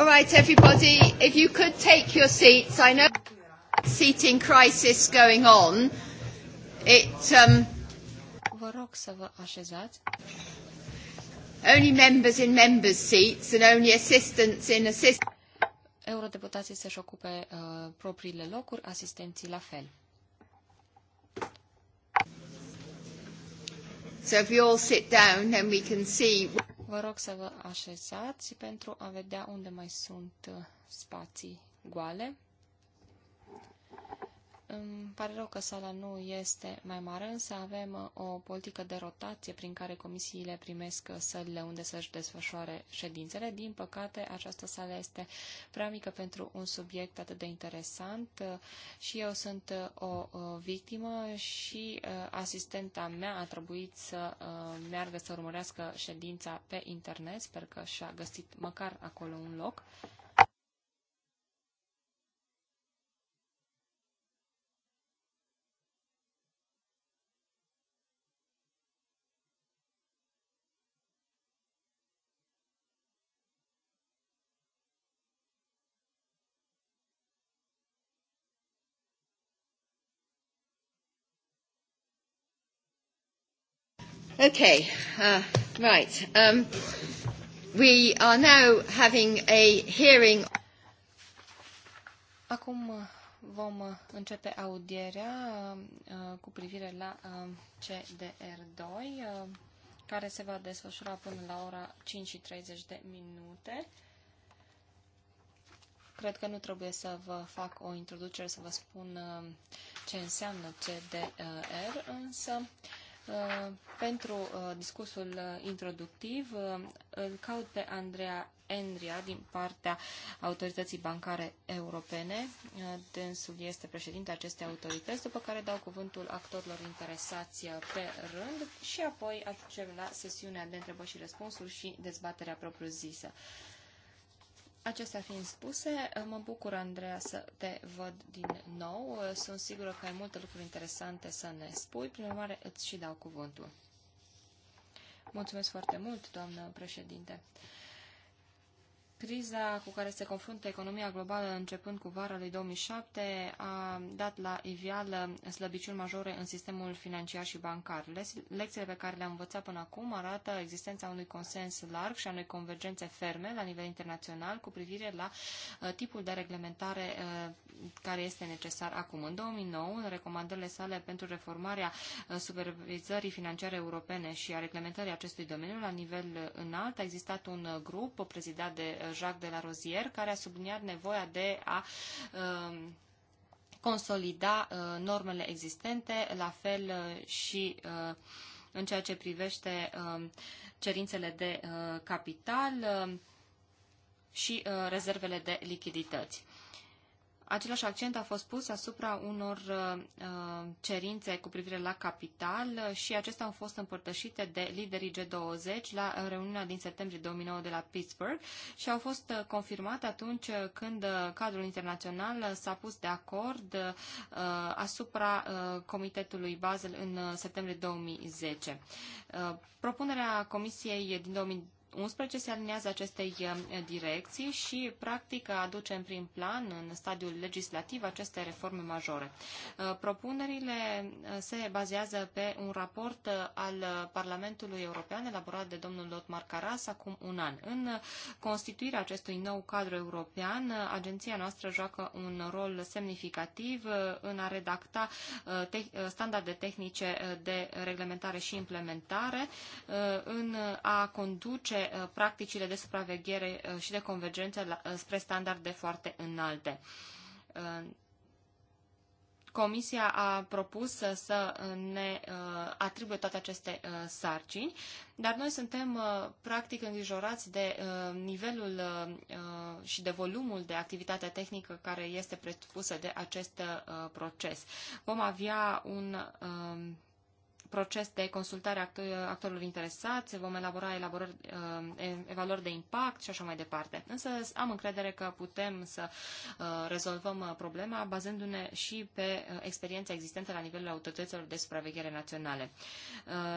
All right, everybody, if you could take your seats. I know seating crisis going on. It, um, vă rog să vă așezați. Only members in members seats and only assistants in assistants. Eurodeputații să-și ocupe uh, propriile locuri, asistenții la fel. So if you all sit down, then we can see... Vă rog să vă așezați pentru a vedea unde mai sunt uh, spații goale. Îmi pare rău că sala nu este mai mare, însă avem uh, o politică de rotație prin care comisiile primesc uh, sălile unde să-și desfășoare ședințele. Din păcate, această sală este prea mică pentru un subiect atât de interesant uh, și eu sunt o victimă și asistenta mea a trebuit să meargă să urmărească ședința pe internet. Sper că și-a găsit măcar acolo un loc. Okay, uh, right. Um, we are now having a hearing. Acum uh, vom uh, începe audierea uh, uh, cu privire la uh, CDR2, uh, care se va desfășura până la ora 5.30 de minute. Cred că nu trebuie să vă fac o introducere, să vă spun ce înseamnă CDR, însă uh, Uh, pentru uh, discursul uh, introductiv îl caut pe Andreea Endria din partea Autorității Bancare Europene. Dânsul este președinte acestei autorități, după care dau cuvântul actorilor interesați pe rând și apoi ajungem la sesiunea de întrebări și răspunsuri și dezbaterea propriu-zisă. Acestea fiind spuse, mă bucur, Andreea, să te văd din nou. Sunt sigură că ai multe lucruri interesante să ne spui, prin urmare îți și dau cuvântul. Mulțumesc foarte mult, doamnă președinte. Criza cu care se confruntă economia globală începând cu vara lui 2007 a dat la ivială slăbiciuni majore în sistemul financiar și bancar. Lecțiile pe care le-am învățat până acum arată existența unui consens larg și a unei convergențe ferme la nivel internațional cu privire la uh, tipul de reglementare uh, care este necesar acum. În 2009, în recomandările sale pentru reformarea uh, supervizării financiare europene și a reglementării acestui domeniu la nivel înalt, a existat un grup prezidat de Jacques de la Rozier, care a subliniat nevoia de a um, consolida uh, normele existente, la fel uh, și uh, în ceea ce privește um, cerințele de capital um, și rezervele de lichidități. Același accent a fost pus asupra unor uh, cerințe cu privire la capital și acestea au fost împărtășite de liderii G20 la reuniunea din septembrie 2009 de la Pittsburgh și au fost uh, confirmate atunci când uh, cadrul internațional s-a pus de acord uh, asupra uh, Comitetului Basel în uh, septembrie 2010. Propunerea Comisiei din 2010 11 se aliniază acestei uh, direcții și, practic, aduce în prim plan, în stadiul legislativ, aceste reforme majore. Uh, propunerile uh, se bazează pe un raport al Parlamentului European elaborat de domnul Lotmar Caras acum un an. În constituirea acestui nou cadru european, agenția noastră joacă un rol semnificativ în a redacta standarde tehnice de reglementare și implementare, în a conduce Uh, practicile de supraveghere uh, și de convergență uh, spre standarde foarte înalte. Comisia a propus să ne atribuie toate aceste sarcini, dar noi suntem practic îngrijorați de nivelul și de volumul de activitate tehnică care este presupusă de acest proces. Vom avea un proces de consultare a actorilor interesați, vom elabora elaborări, uh, evaluări de impact și așa mai departe. Însă am încredere că putem să uh, rezolvăm uh, problema bazându-ne și pe experiența existentă la nivelul autorităților de supraveghere naționale.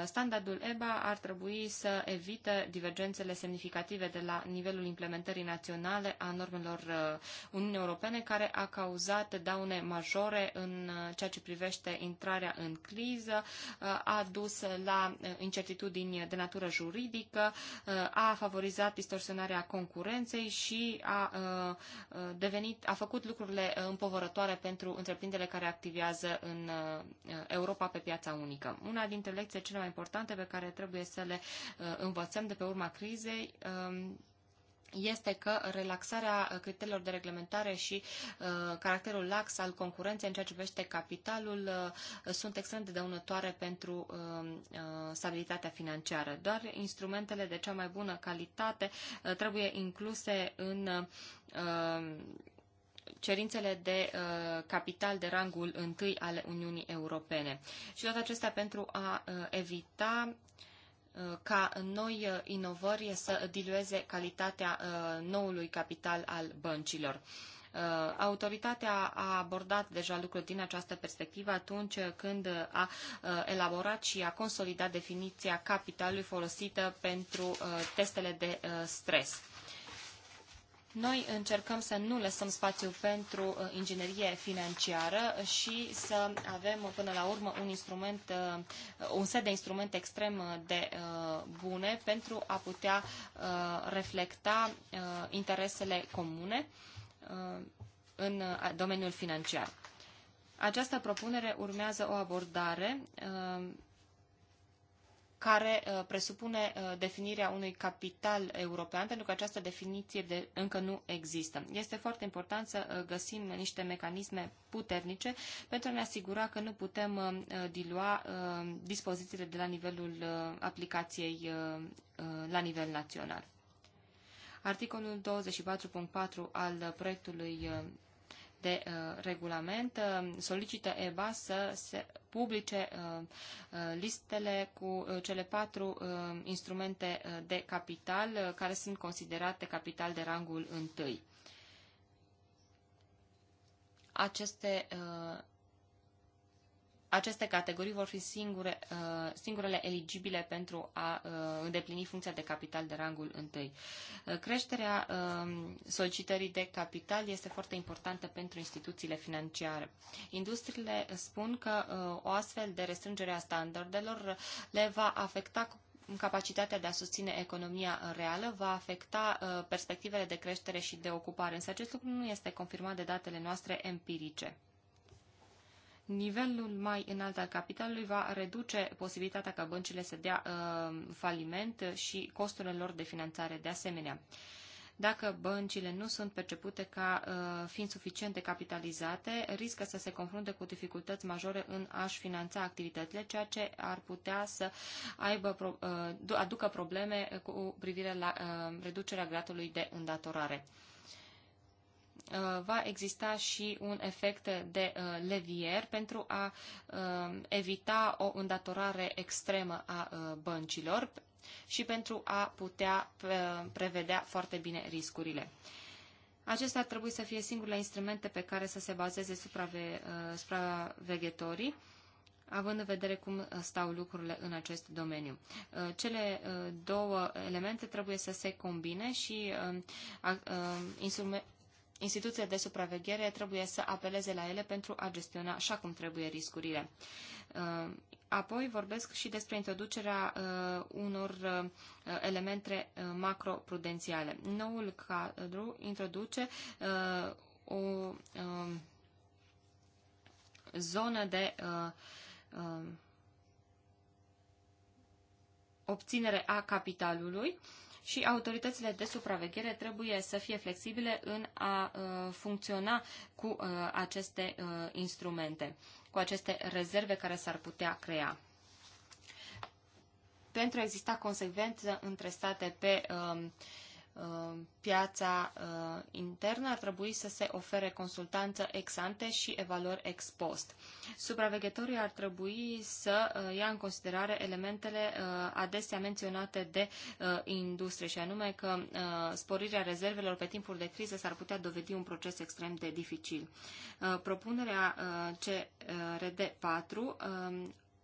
Standardul EBA ar trebui să evite divergențele semnificative de la nivelul implementării naționale a normelor Uniunii Europene, care a cauzat daune majore în ceea ce privește intrarea în criză, a dus la uh, incertitudini de natură juridică, uh, a favorizat distorsionarea concurenței și a uh, devenit, a făcut lucrurile împovărătoare pentru întreprinderile care activează în Europa pe piața unică. Una dintre lecțiile cele mai importante pe care trebuie să le învățăm de pe urma crizei um, este că relaxarea uh, criteriilor de reglementare și uh, caracterul lax al concurenței în ceea ce privește capitalul uh, sunt extrem de dăunătoare pentru um, uh, stabilitatea financiară. Doar instrumentele de cea mai bună calitate uh, trebuie incluse în um, cerințele de uh, capital de rangul întâi ale Uniunii Europene. Și toate acestea pentru a uh, evita uh, Uh, ca noi uh, inovări să dilueze calitatea uh, noului capital al băncilor. Autoritatea a abordat deja lucrul din această perspectivă atunci când a elaborat și a consolidat definiția capitalului folosită pentru testele de stres. Noi încercăm să nu lăsăm spațiu pentru uh, inginerie financiară și să avem uh, până la urmă un instrument, uh, un set de instrumente extrem de bune pentru a putea reflecta interesele comune în domeniul financiar. Această propunere urmează o abordare care uh, presupune uh, definirea unui capital european, pentru că această definiție de, încă nu există. Este foarte important să uh, găsim niște mecanisme puternice pentru a ne asigura că nu putem dilua dispozițiile de la nivelul aplicației la nivel național. Articolul 24.4 al proiectului de uh, regulament uh, solicită EBA să se publice uh, uh listele cu uh, cele patru uh, instrumente de capital care sunt considerate capital de rangul întâi. Aceste uh, aceste categorii vor fi singure, uh, singurele eligibile pentru a uh, îndeplini funcția de capital de rangul întâi. Uh, creșterea uh, solicitării de capital este foarte importantă pentru instituțiile financiare. Industriile spun că uh, o astfel de restrângere a standardelor le va afecta cu capacitatea de a susține economia reală va afecta uh, perspectivele de creștere și de ocupare, însă acest lucru nu este confirmat de datele noastre empirice nivelul mai înalt al capitalului va reduce posibilitatea ca băncile să dea uh, faliment și costurile lor de finanțare de asemenea. Dacă băncile nu sunt percepute ca uh, fiind suficient de capitalizate, riscă să se confrunte cu dificultăți majore în a-și finanța activitățile, ceea ce ar putea să aibă pro, uh, aducă probleme cu privire la uh, reducerea gradului de îndatorare. Uh, va exista și un efect de uh, levier pentru a uh, evita o îndatorare extremă a băncilor și pentru a putea prevedea foarte bine riscurile. Acestea ar trebui să fie singurele instrumente pe care să se bazeze supraveghetorii, având în vedere cum stau lucrurile în acest domeniu. Cele două elemente trebuie să se combine și instituțiile de supraveghere trebuie să apeleze la ele pentru a gestiona așa cum trebuie riscurile. Uh, apoi vorbesc și despre introducerea uh, unor uh, elemente uh, macroprudențiale. Noul cadru introduce uh, o uh, zonă de uh, uh, obținere a capitalului uh, și autoritățile de supraveghere trebuie să fie flexibile în a uh, funcționa cu uh, aceste uh, instrumente, cu aceste rezerve care s-ar putea crea pentru a exista consecvență între state pe uh, Uh, piața uh, internă, ar trebui să se ofere consultanță ex ante și evaluări ex post. Supraveghetorii ar trebui să uh, ia în considerare elementele adesea menționate de industrie și anume că sporirea rezervelor pe timpul de criză s-ar putea dovedi un proces extrem de dificil. Propunerea CRD4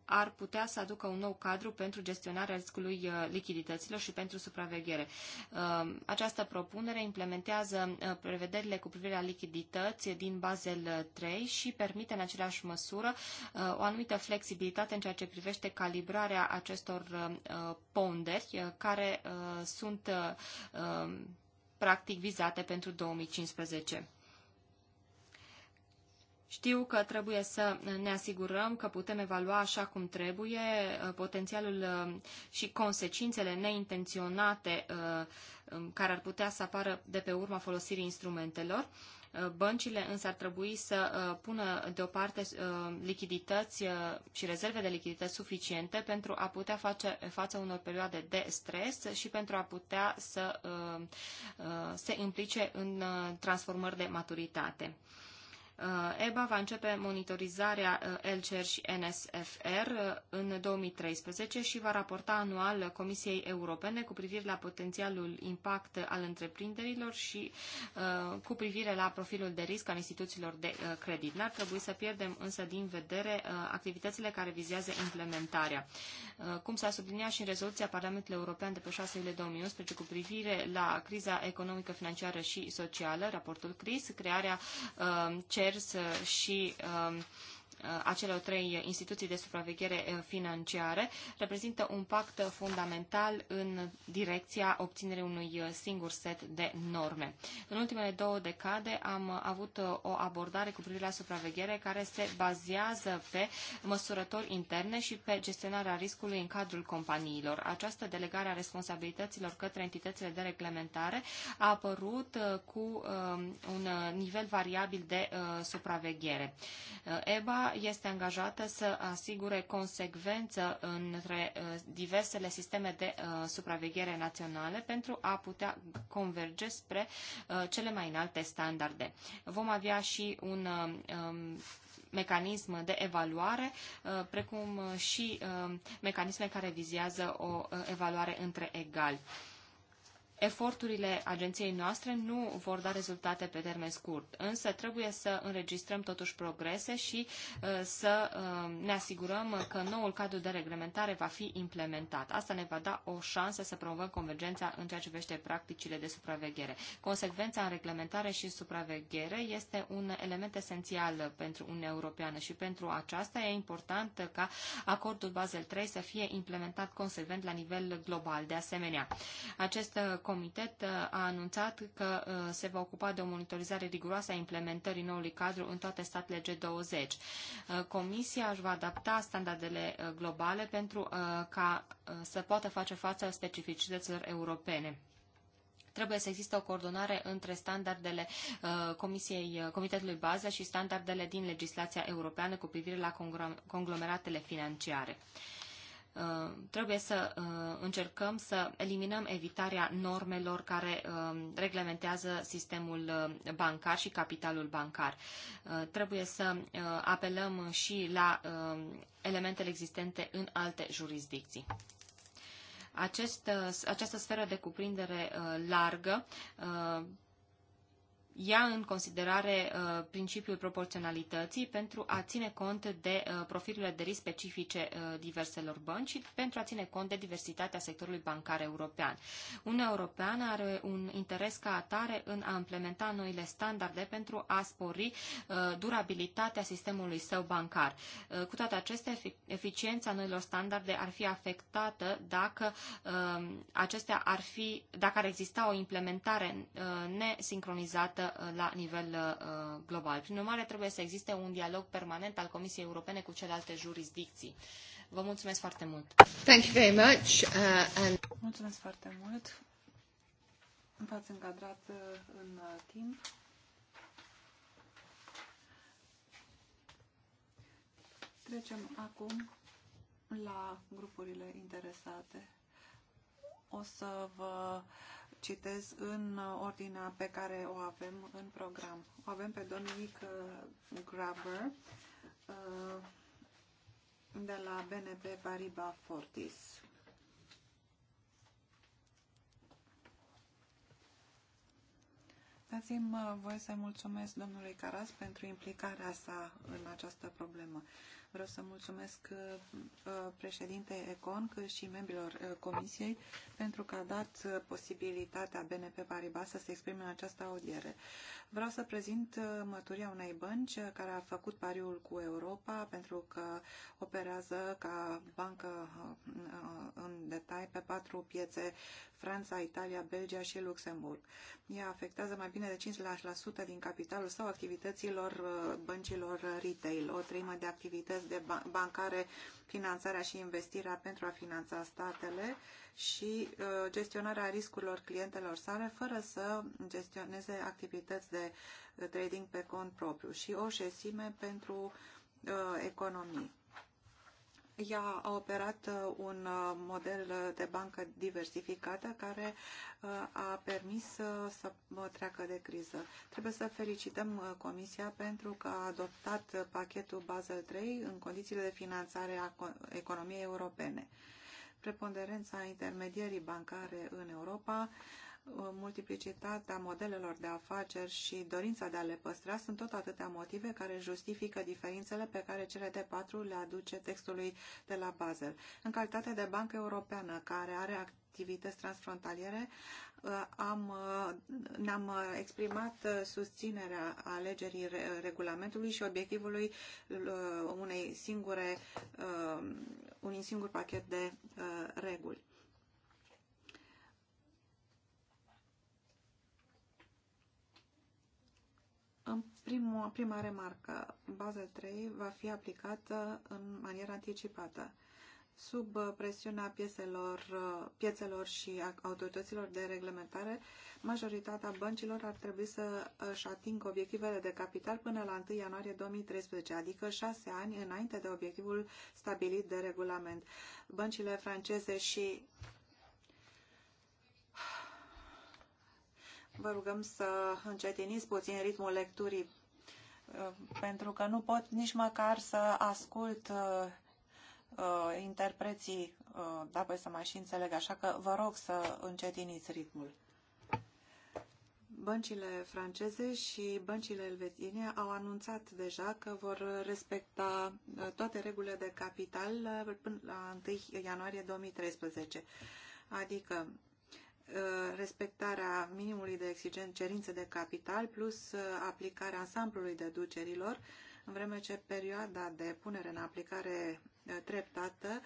ar putea să aducă un nou cadru pentru gestionarea riscului uh, lichidităților și pentru supraveghere. Uh, această propunere implementează uh, prevederile cu privire la lichidități din Basel 3 și permite în aceeași măsură o anumită flexibilitate în ceea ce privește calibrarea acestor ponderi care sunt practic vizate pentru 2015. Știu că trebuie să ne asigurăm că putem evalua așa cum trebuie uh, potențialul uh, și consecințele neintenționate uh, care ar putea să apară de pe urma folosirii instrumentelor. Băncile însă ar trebui să pună deoparte lichidități și rezerve de lichidități suficiente pentru a putea face față unor perioade de stres și pentru a putea să se implice în transformări de maturitate. Uh, EBA va începe monitorizarea uh, LCR și NSFR uh, în 2013 și va raporta anual Comisiei Europene cu privire la potențialul impact al întreprinderilor și cu privire la profilul de risc al instituțiilor de credit. N-ar trebui să pierdem însă din vedere activitățile care vizează implementarea. Cum s-a subliniat și în rezoluția Parlamentului European de pe 6 iulie 2011 cu privire la criza economică, financiară și socială, raportul CRIS, crearea CER invers uh, și um, acele trei instituții de supraveghere eh, financiare reprezintă un pact fundamental în direcția obținerii unui eh, singur set de norme. În ultimele două decade am avut eh, o abordare cu privire la supraveghere care se bazează pe măsurători interne și pe gestionarea riscului în cadrul companiilor. Această delegare a responsabilităților către entitățile de reglementare a apărut cu un nivel variabil de supraveghere. EBA este angajată să asigure consecvență între uh, diversele sisteme de uh, supraveghere naționale pentru a putea converge spre uh, cele mai înalte standarde. Vom avea și un um, mecanism de evaluare, precum și mecanisme care vizează o evaluare între egali eforturile agenției noastre nu vor da rezultate pe termen scurt, însă trebuie să înregistrăm totuși progrese și uh, să uh, ne asigurăm că noul cadru de reglementare va fi implementat. Asta ne va da o șansă să promovăm convergența în ceea ce vește practicile de supraveghere. Consecvența în reglementare și supraveghere este un element esențial pentru Uniunea Europeană și pentru aceasta e important ca acordul Basel III să fie implementat consecvent la nivel global. De asemenea, acest comitet uh, a anunțat că uh, se va ocupa de o monitorizare riguroasă a implementării noului cadru în toate statele G20. Uh, comisia își va adapta standardele globale pentru ca să poată face față specificităților europene trebuie să existe o coordonare între standardele uh, Comisiei uh, Comitetului Bază și standardele din legislația europeană cu privire la conglomeratele financiare. Uh, Uh, trebuie să uh, încercăm să eliminăm evitarea normelor care uh, reglementează sistemul bancar și capitalul bancar. Trebuie să apelăm și la elementele existente în alte jurisdicții. Acest, această sferă de cuprindere largă ia în considerare uh, principiul proporționalității pentru a ține cont de uh, profilurile de risc specifice uh, diverselor bănci și pentru a ține cont de diversitatea sectorului bancar european. Uniunea Europeană are un interes ca atare în a implementa noile standarde pentru a spori durabilitatea sistemului său bancar. Cu toate acestea, eficiența noilor standarde ar fi afectată dacă acestea ar fi, dacă ar exista o implementare nesincronizată la nivel uh, global. Prin urmare, trebuie să existe un dialog permanent al Comisiei Europene cu celelalte jurisdicții. Vă mulțumesc foarte mult! Thank you very much, uh, and... Mulțumesc foarte mult! V-ați încadrat uh, în uh, timp. Trecem acum la grupurile interesate. O să vă citez în uh, ordinea pe care o avem în program. O avem pe Dominic uh, Graber uh, de la BNP Paribas Fortis. Dați-mi voie să mulțumesc domnului Caras pentru implicarea sa în această problemă. Vreau să mulțumesc uh, uh, președintei Econ cât și membrilor uh, comisiei pentru că a dat posibilitatea BNP Paribas să se exprime în această audiere. Vreau să prezint măturia unei bănci care a făcut pariul cu Europa pentru că operează ca bancă în detai pe patru piețe Franța, Italia, Belgia și Luxemburg. Ea afectează mai bine de 5% din capitalul sau activităților băncilor retail, o treime de activități activități de bancare, finanțarea și investirea pentru a finanța statele și uh, gestionarea riscurilor clientelor sale fără să gestioneze activități de uh, trading pe cont propriu și o șesime pentru uh, economii ea a operat uh, un uh, model de bancă diversificată care uh, a permis să treacă de criză. Trebuie să felicităm Comisia pentru că a adoptat pachetul Basel III în condițiile de finanțare a economiei europene. Preponderența intermedierii bancare în Europa multiplicitatea modelelor de afaceri și dorința de a le păstra sunt tot atâtea motive care justifică diferențele pe care cele de patru le aduce textului de la Basel. În calitate de bancă europeană care are activități transfrontaliere, uh, am, uh, ne-am uh, exprimat susținerea alegerii regulamentului și obiectivului unei singure, unui singur pachet de reguli. Primul, prima remarcă, baza 3 va fi aplicată în manieră anticipată. Sub uh, presiunea pieselor, uh, piețelor și autorităților de reglementare, majoritatea băncilor ar trebui să își atingă obiectivele de capital până la 1 ianuarie 2013, adică șase ani înainte de obiectivul stabilit de regulament. Băncile franceze și Vă rugăm să încetiniți puțin ritmul lecturii Uh, pentru că nu pot nici măcar să ascult uh, uh, interpreții, da, să mai și înțeleg, așa că vă rog să încetiniți ritmul. Băncile franceze și băncile elvețiene au anunțat deja că vor respecta toate regulile de capital până la 1 ianuarie 2013. Adică Uh, respectarea minimului de exigent cerințe de capital plus uh, aplicarea ansamblului deducerilor, în vreme ce perioada de punere în aplicare uh, treptată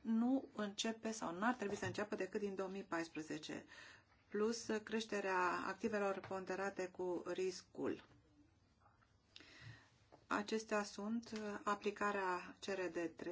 nu începe sau nu ar trebui să înceapă decât din 2014, plus creșterea activelor ponderate cu riscul. Acestea sunt aplicarea CRD3,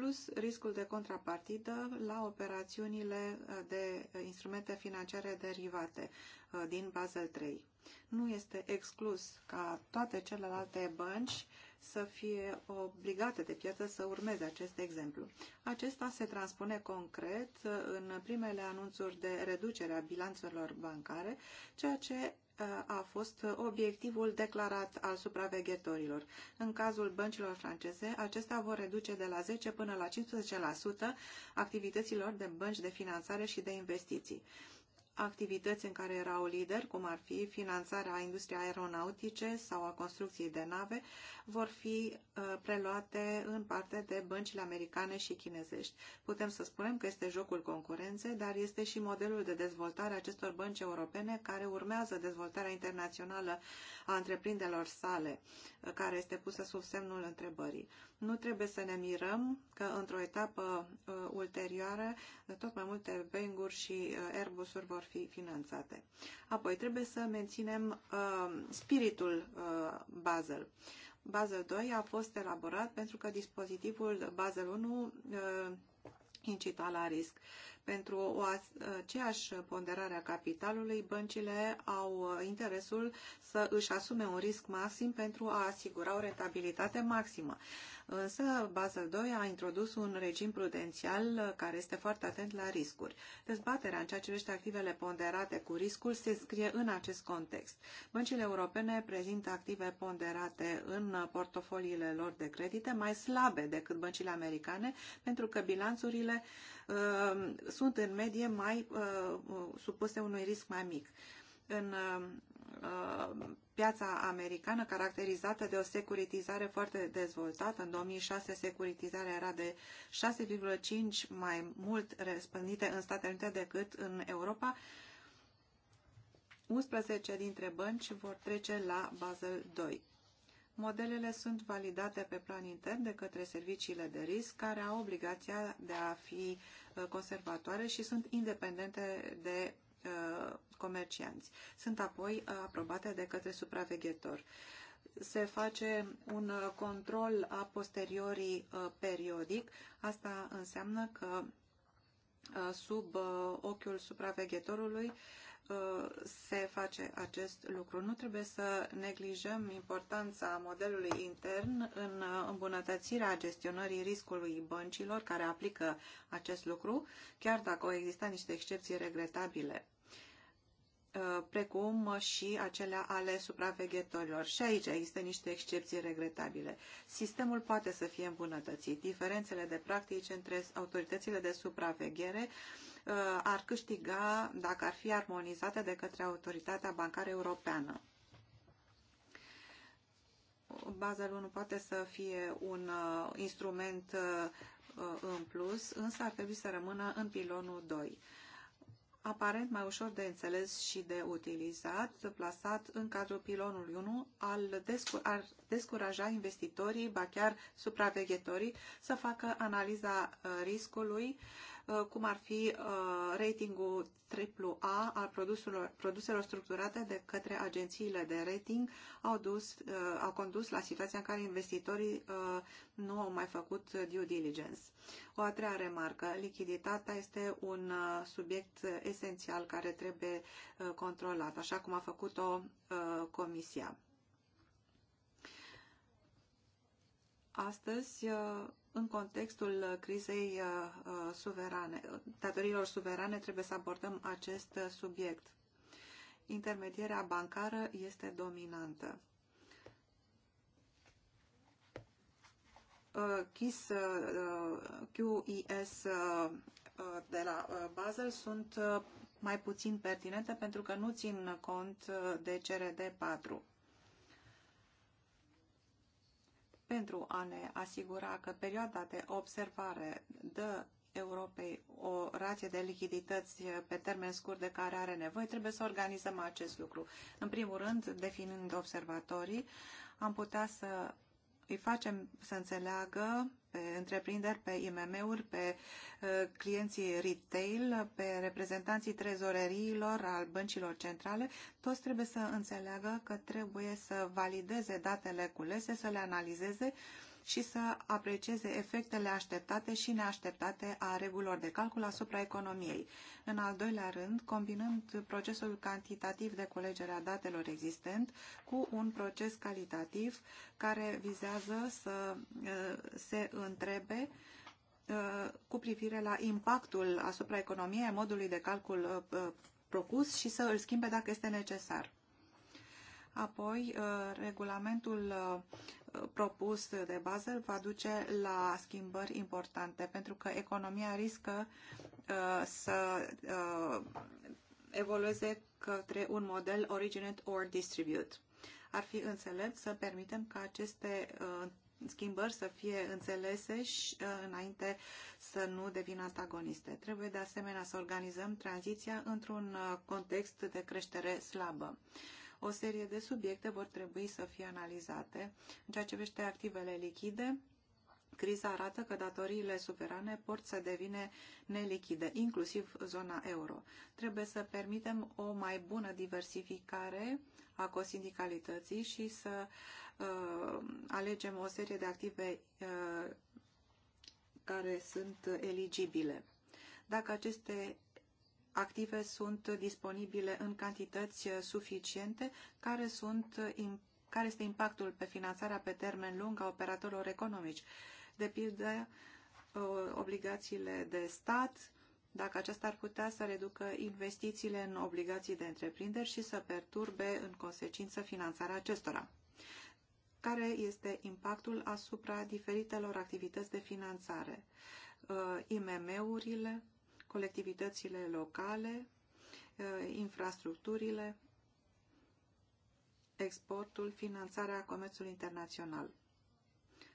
plus riscul de contrapartidă la operațiunile de instrumente financiare derivate uh, din Basel III. Nu este exclus ca toate celelalte bănci să fie obligate de piață să urmeze acest exemplu. Acesta se transpune concret uh, în primele anunțuri de reducere a bilanțelor bancare, ceea ce a fost obiectivul declarat al supraveghetorilor. În cazul băncilor franceze, acestea vor reduce de la 10 până la 15% activităților de bănci de finanțare și de investiții activități în care erau lideri, cum ar fi finanțarea industriei aeronautice sau a construcției de nave, vor fi uh, preluate în parte de băncile americane și chinezești. Putem să spunem că este jocul concurenței, dar este și modelul de dezvoltare a acestor bănci europene care urmează dezvoltarea internațională a întreprinderilor sale, uh, care este pusă sub semnul întrebării. Nu trebuie să ne mirăm că într-o etapă uh, ulterioară uh, tot mai multe boeing și și uh, Airbus-uri vor fi finanțate. Apoi trebuie să menținem uh, spiritul uh, Basel. Basel 2 a fost elaborat pentru că dispozitivul Basel 1 incita la risc. Pentru o aceeași ponderare a capitalului, băncile au interesul să își asume un risc maxim pentru a asigura o rentabilitate maximă. Însă, Basel II a introdus un regim prudențial uh, care este foarte atent la riscuri. Dezbaterea în ceea ce privește activele ponderate cu riscul se scrie în acest context. Băncile europene prezintă active ponderate în uh, portofoliile lor de credite mai slabe decât băncile americane, pentru că bilanțurile uh, sunt în medie mai uh, uh supuse unui risc mai mic. În uh, Uh, piața americană caracterizată de o securitizare foarte dezvoltată. În 2006 securitizarea era de 6,5 mai mult răspândită în Statele Unite decât în Europa. 11 dintre bănci vor trece la Basel II. Modelele sunt validate pe plan intern de către serviciile de risc, care au obligația de a fi uh, conservatoare și sunt independente de Uh, comercianți. Sunt apoi uh, aprobate de către supraveghetor. Se face un uh, control a posteriorii periodic. Asta înseamnă că sub ochiul supraveghetorului Uh, se face acest lucru. Nu trebuie să neglijăm importanța modelului intern în îmbunătățirea gestionării riscului băncilor care aplică acest lucru, chiar dacă au existat niște excepții regretabile uh, precum și acelea ale supraveghetorilor. Și aici există niște excepții regretabile. Sistemul poate să fie îmbunătățit. Diferențele de practici între autoritățile de supraveghere uh, Uh, ar câștiga dacă ar fi armonizate de către Autoritatea Bancară Europeană. Basel 1 poate să fie un uh, instrument uh, în plus, însă ar trebui să rămână în pilonul 2 aparent mai ușor de înțeles și de utilizat, plasat în cadrul pilonului 1, al descur ar descuraja investitorii, ba chiar supraveghetorii, să facă analiza riscului Uh, cum ar fi uh, ratingul AAA al produselor, produselor structurate de către agențiile de rating, au, dus, uh, au condus la situația în care investitorii nu au mai făcut due diligence. O a treia remarcă, lichiditatea este un subiect esențial care trebuie controlat, așa cum a făcut-o Comisia. Astăzi, în contextul uh, crizei uh, uh, suverane, datorilor suverane, trebuie să abordăm acest subiect. Intermedierea bancară este dominantă. KIS, QIS de la Basel sunt mai puțin pertinente pentru că nu țin cont de CRD 4. pentru a ne asigura că perioada de observare dă Europei o rație de lichidități pe termen scurt de care are nevoie, trebuie să organizăm acest lucru. În primul rând, definind observatorii, am putea să îi facem să înțeleagă pe întreprinderi, pe IMM-uri, pe uh, clienții retail, pe reprezentanții trezoreriilor, al băncilor centrale, toți trebuie să înțeleagă că trebuie să valideze datele culese, să le analizeze și să aprecieze efectele așteptate și neașteptate a regulilor de calcul asupra economiei. În al doilea rând, combinând procesul cantitativ de colegere a datelor existent cu un proces calitativ care vizează să se întrebe cu privire la impactul asupra economiei a modului de calcul propus și să îl schimbe dacă este necesar. Apoi, regulamentul propus de Basel va duce la schimbări importante, pentru că economia riscă uh, să uh, evolueze către un model originate or distribute. Ar fi înțelept să permitem ca aceste uh, schimbări să fie înțelese și înainte să nu devină antagoniste. Trebuie de asemenea să organizăm tranziția într-un context de creștere slabă. Uh, o serie de subiecte vor trebui să fie analizate. În ceea ce vește activele lichide, criza arată că datoriile suverane pot să devine nelichide, inclusiv zona euro. Trebuie să permitem o mai bună diversificare a cosindicalității și să uh, alegem o serie de active uh, care sunt eligibile. Dacă aceste active sunt disponibile în cantități suficiente, care, sunt, care este impactul pe finanțarea pe termen lung a operatorilor economici. De pildă, obligațiile de stat, dacă aceasta ar putea să reducă investițiile în obligații de întreprinderi și să perturbe în consecință finanțarea acestora. Care este impactul asupra diferitelor activități de finanțare? Ă, IMM-urile, colectivitățile locale, eh, infrastructurile, exportul, finanțarea comerțului internațional.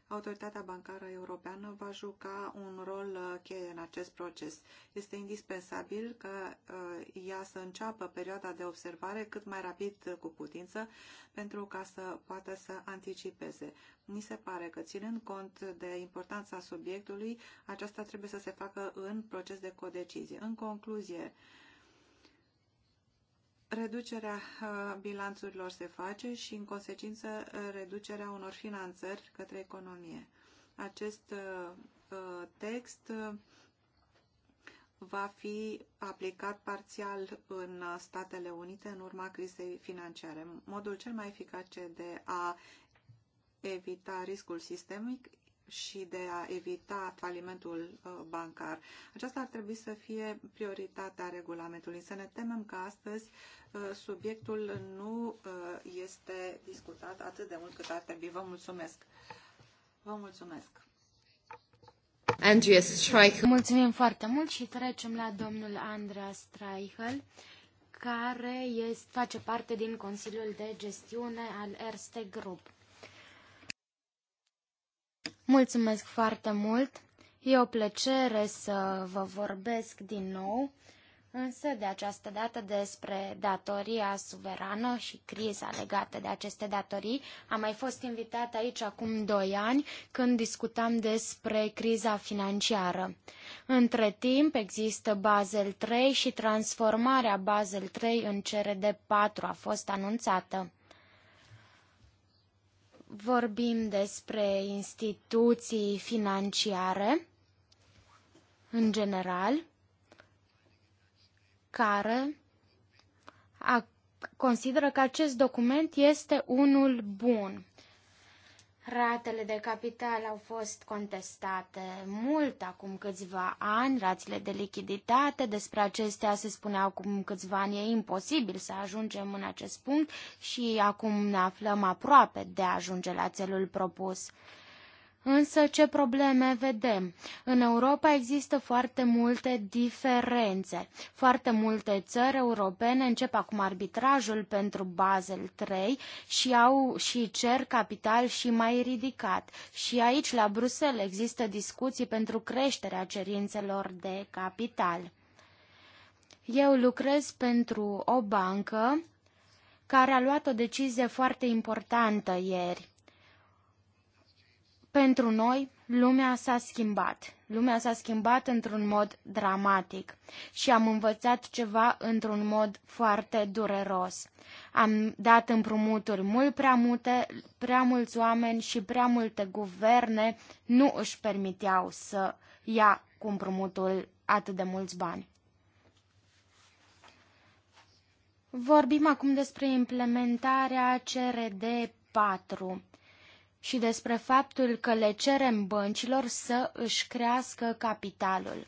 Autoritatea Bancară Europeană va juca un rol uh, cheie în acest proces. Este indispensabil ca uh, ea să înceapă perioada de observare cât mai rapid uh, cu putință pentru ca să poată să anticipeze. Mi se pare că, ținând cont de importanța subiectului, aceasta trebuie să se facă în proces de codecizie. În concluzie, Reducerea bilanțurilor se face și, în consecință, reducerea unor finanțări către economie. Acest text va fi aplicat parțial în Statele Unite în urma crizei financiare. Modul cel mai eficace de a evita riscul sistemic și de a evita falimentul uh, bancar. Aceasta ar trebui să fie prioritatea regulamentului. Să ne temem că astăzi uh, subiectul nu uh, este discutat atât de mult cât ar trebui. Vă mulțumesc! Vă mulțumesc! Andreas Streichel. Mulțumim foarte mult și trecem la domnul Andreas Streichel, care este, face parte din Consiliul de Gestiune al Erste Group. Mulțumesc foarte mult! E o plăcere să vă vorbesc din nou, însă de această dată despre datoria suverană și criza legată de aceste datorii. Am mai fost invitat aici acum doi ani când discutam despre criza financiară. Între timp există Basel III și transformarea Basel III în CRD 4 a fost anunțată vorbim despre instituții financiare în general care consideră că acest document este unul bun Ratele de capital au fost contestate mult acum câțiva ani, rațele de lichiditate, despre acestea se spunea acum câțiva ani, e imposibil să ajungem în acest punct și acum ne aflăm aproape de a ajunge la țelul propus. Însă ce probleme vedem? În Europa există foarte multe diferențe. Foarte multe țări europene încep acum arbitrajul pentru Basel III și au și cer capital și mai ridicat. Și aici la Bruxelles există discuții pentru creșterea cerințelor de capital. Eu lucrez pentru o bancă care a luat o decizie foarte importantă ieri pentru noi, lumea s-a schimbat. Lumea s-a schimbat într-un mod dramatic și am învățat ceva într-un mod foarte dureros. Am dat împrumuturi mult prea multe, prea mulți oameni și prea multe guverne nu își permiteau să ia cu împrumutul atât de mulți bani. Vorbim acum despre implementarea CRD 4 și despre faptul că le cerem băncilor să își crească capitalul.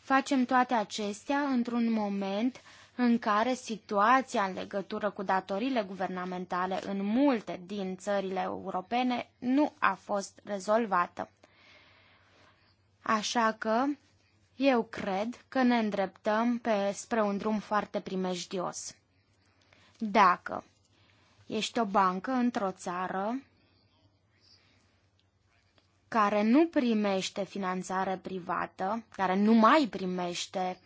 Facem toate acestea într-un moment în care situația în legătură cu datorile guvernamentale în multe din țările europene nu a fost rezolvată. Așa că eu cred că ne îndreptăm pe, spre un drum foarte primejdios. Dacă ești o bancă într-o țară care nu primește finanțare privată, care nu mai primește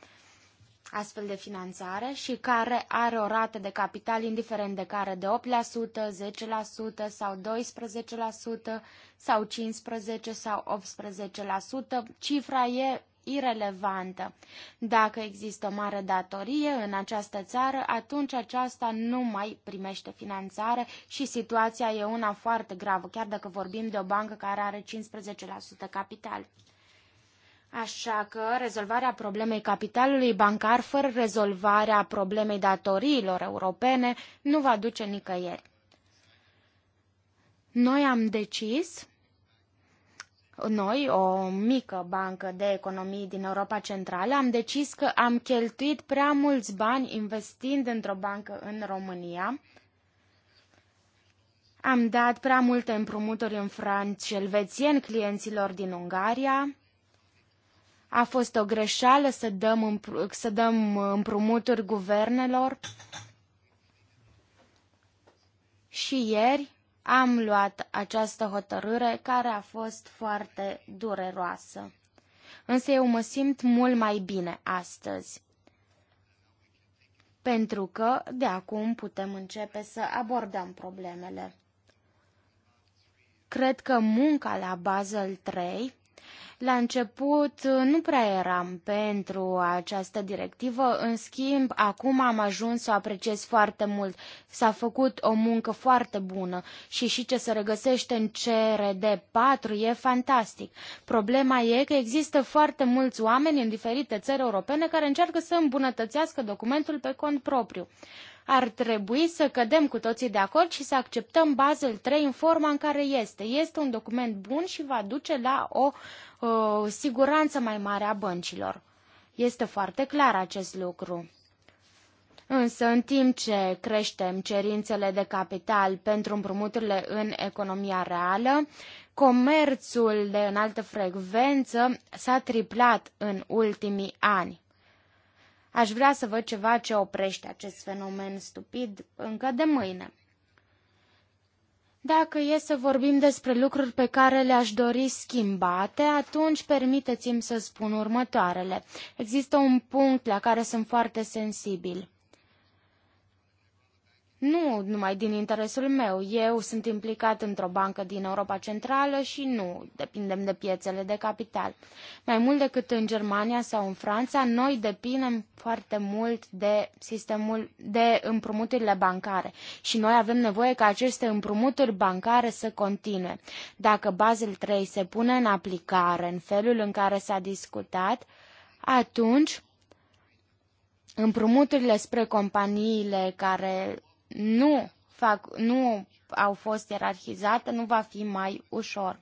astfel de finanțare și care are o rată de capital indiferent de care de 8%, 10% sau 12% sau 15% sau 18%. Cifra e irelevantă. Dacă există o mare datorie în această țară, atunci aceasta nu mai primește finanțare și situația e una foarte gravă, chiar dacă vorbim de o bancă care are 15% capital. Așa că rezolvarea problemei capitalului bancar fără rezolvarea problemei datoriilor europene nu va duce nicăieri. Noi am decis noi, o mică bancă de economii din Europa Centrală, am decis că am cheltuit prea mulți bani investind într-o bancă în România. Am dat prea multe împrumuturi în franci și elvețieni clienților din Ungaria. A fost o greșeală să dăm, să dăm împrumuturi guvernelor. Și ieri am luat această hotărâre care a fost foarte dureroasă. Însă eu mă simt mult mai bine astăzi. Pentru că de acum putem începe să abordăm problemele. Cred că munca la Basel 3 la început uh, nu prea eram pentru această directivă, în schimb acum am ajuns să o apreciez foarte mult. S-a făcut o muncă foarte bună și și ce se regăsește în CRD 4 e fantastic. Problema e că există foarte mulți oameni în diferite țări europene care încearcă să îmbunătățească documentul pe cont propriu. Ar trebui să cădem cu toții de acord și să acceptăm Basel 3 în forma în care este. Este un document bun și va duce la o uh, siguranță mai mare a băncilor. Este foarte clar acest lucru. Însă, în timp ce creștem cerințele de capital pentru împrumuturile în economia reală, comerțul de înaltă frecvență s-a triplat în ultimii ani. Aș vrea să văd ceva ce oprește acest fenomen stupid încă de mâine. Dacă e să vorbim despre lucruri pe care le-aș dori schimbate, atunci permiteți-mi să spun următoarele. Există un punct la care sunt foarte sensibil nu numai din interesul meu. Eu sunt implicat într-o bancă din Europa Centrală și nu depindem de piețele de capital. Mai mult decât în Germania sau în Franța, noi depindem foarte mult de sistemul de împrumuturile bancare și noi avem nevoie ca aceste împrumuturi bancare să continue. Dacă Basel III se pune în aplicare în felul în care s-a discutat, atunci împrumuturile spre companiile care nu, fac, nu au fost ierarhizate, nu va fi mai ușor.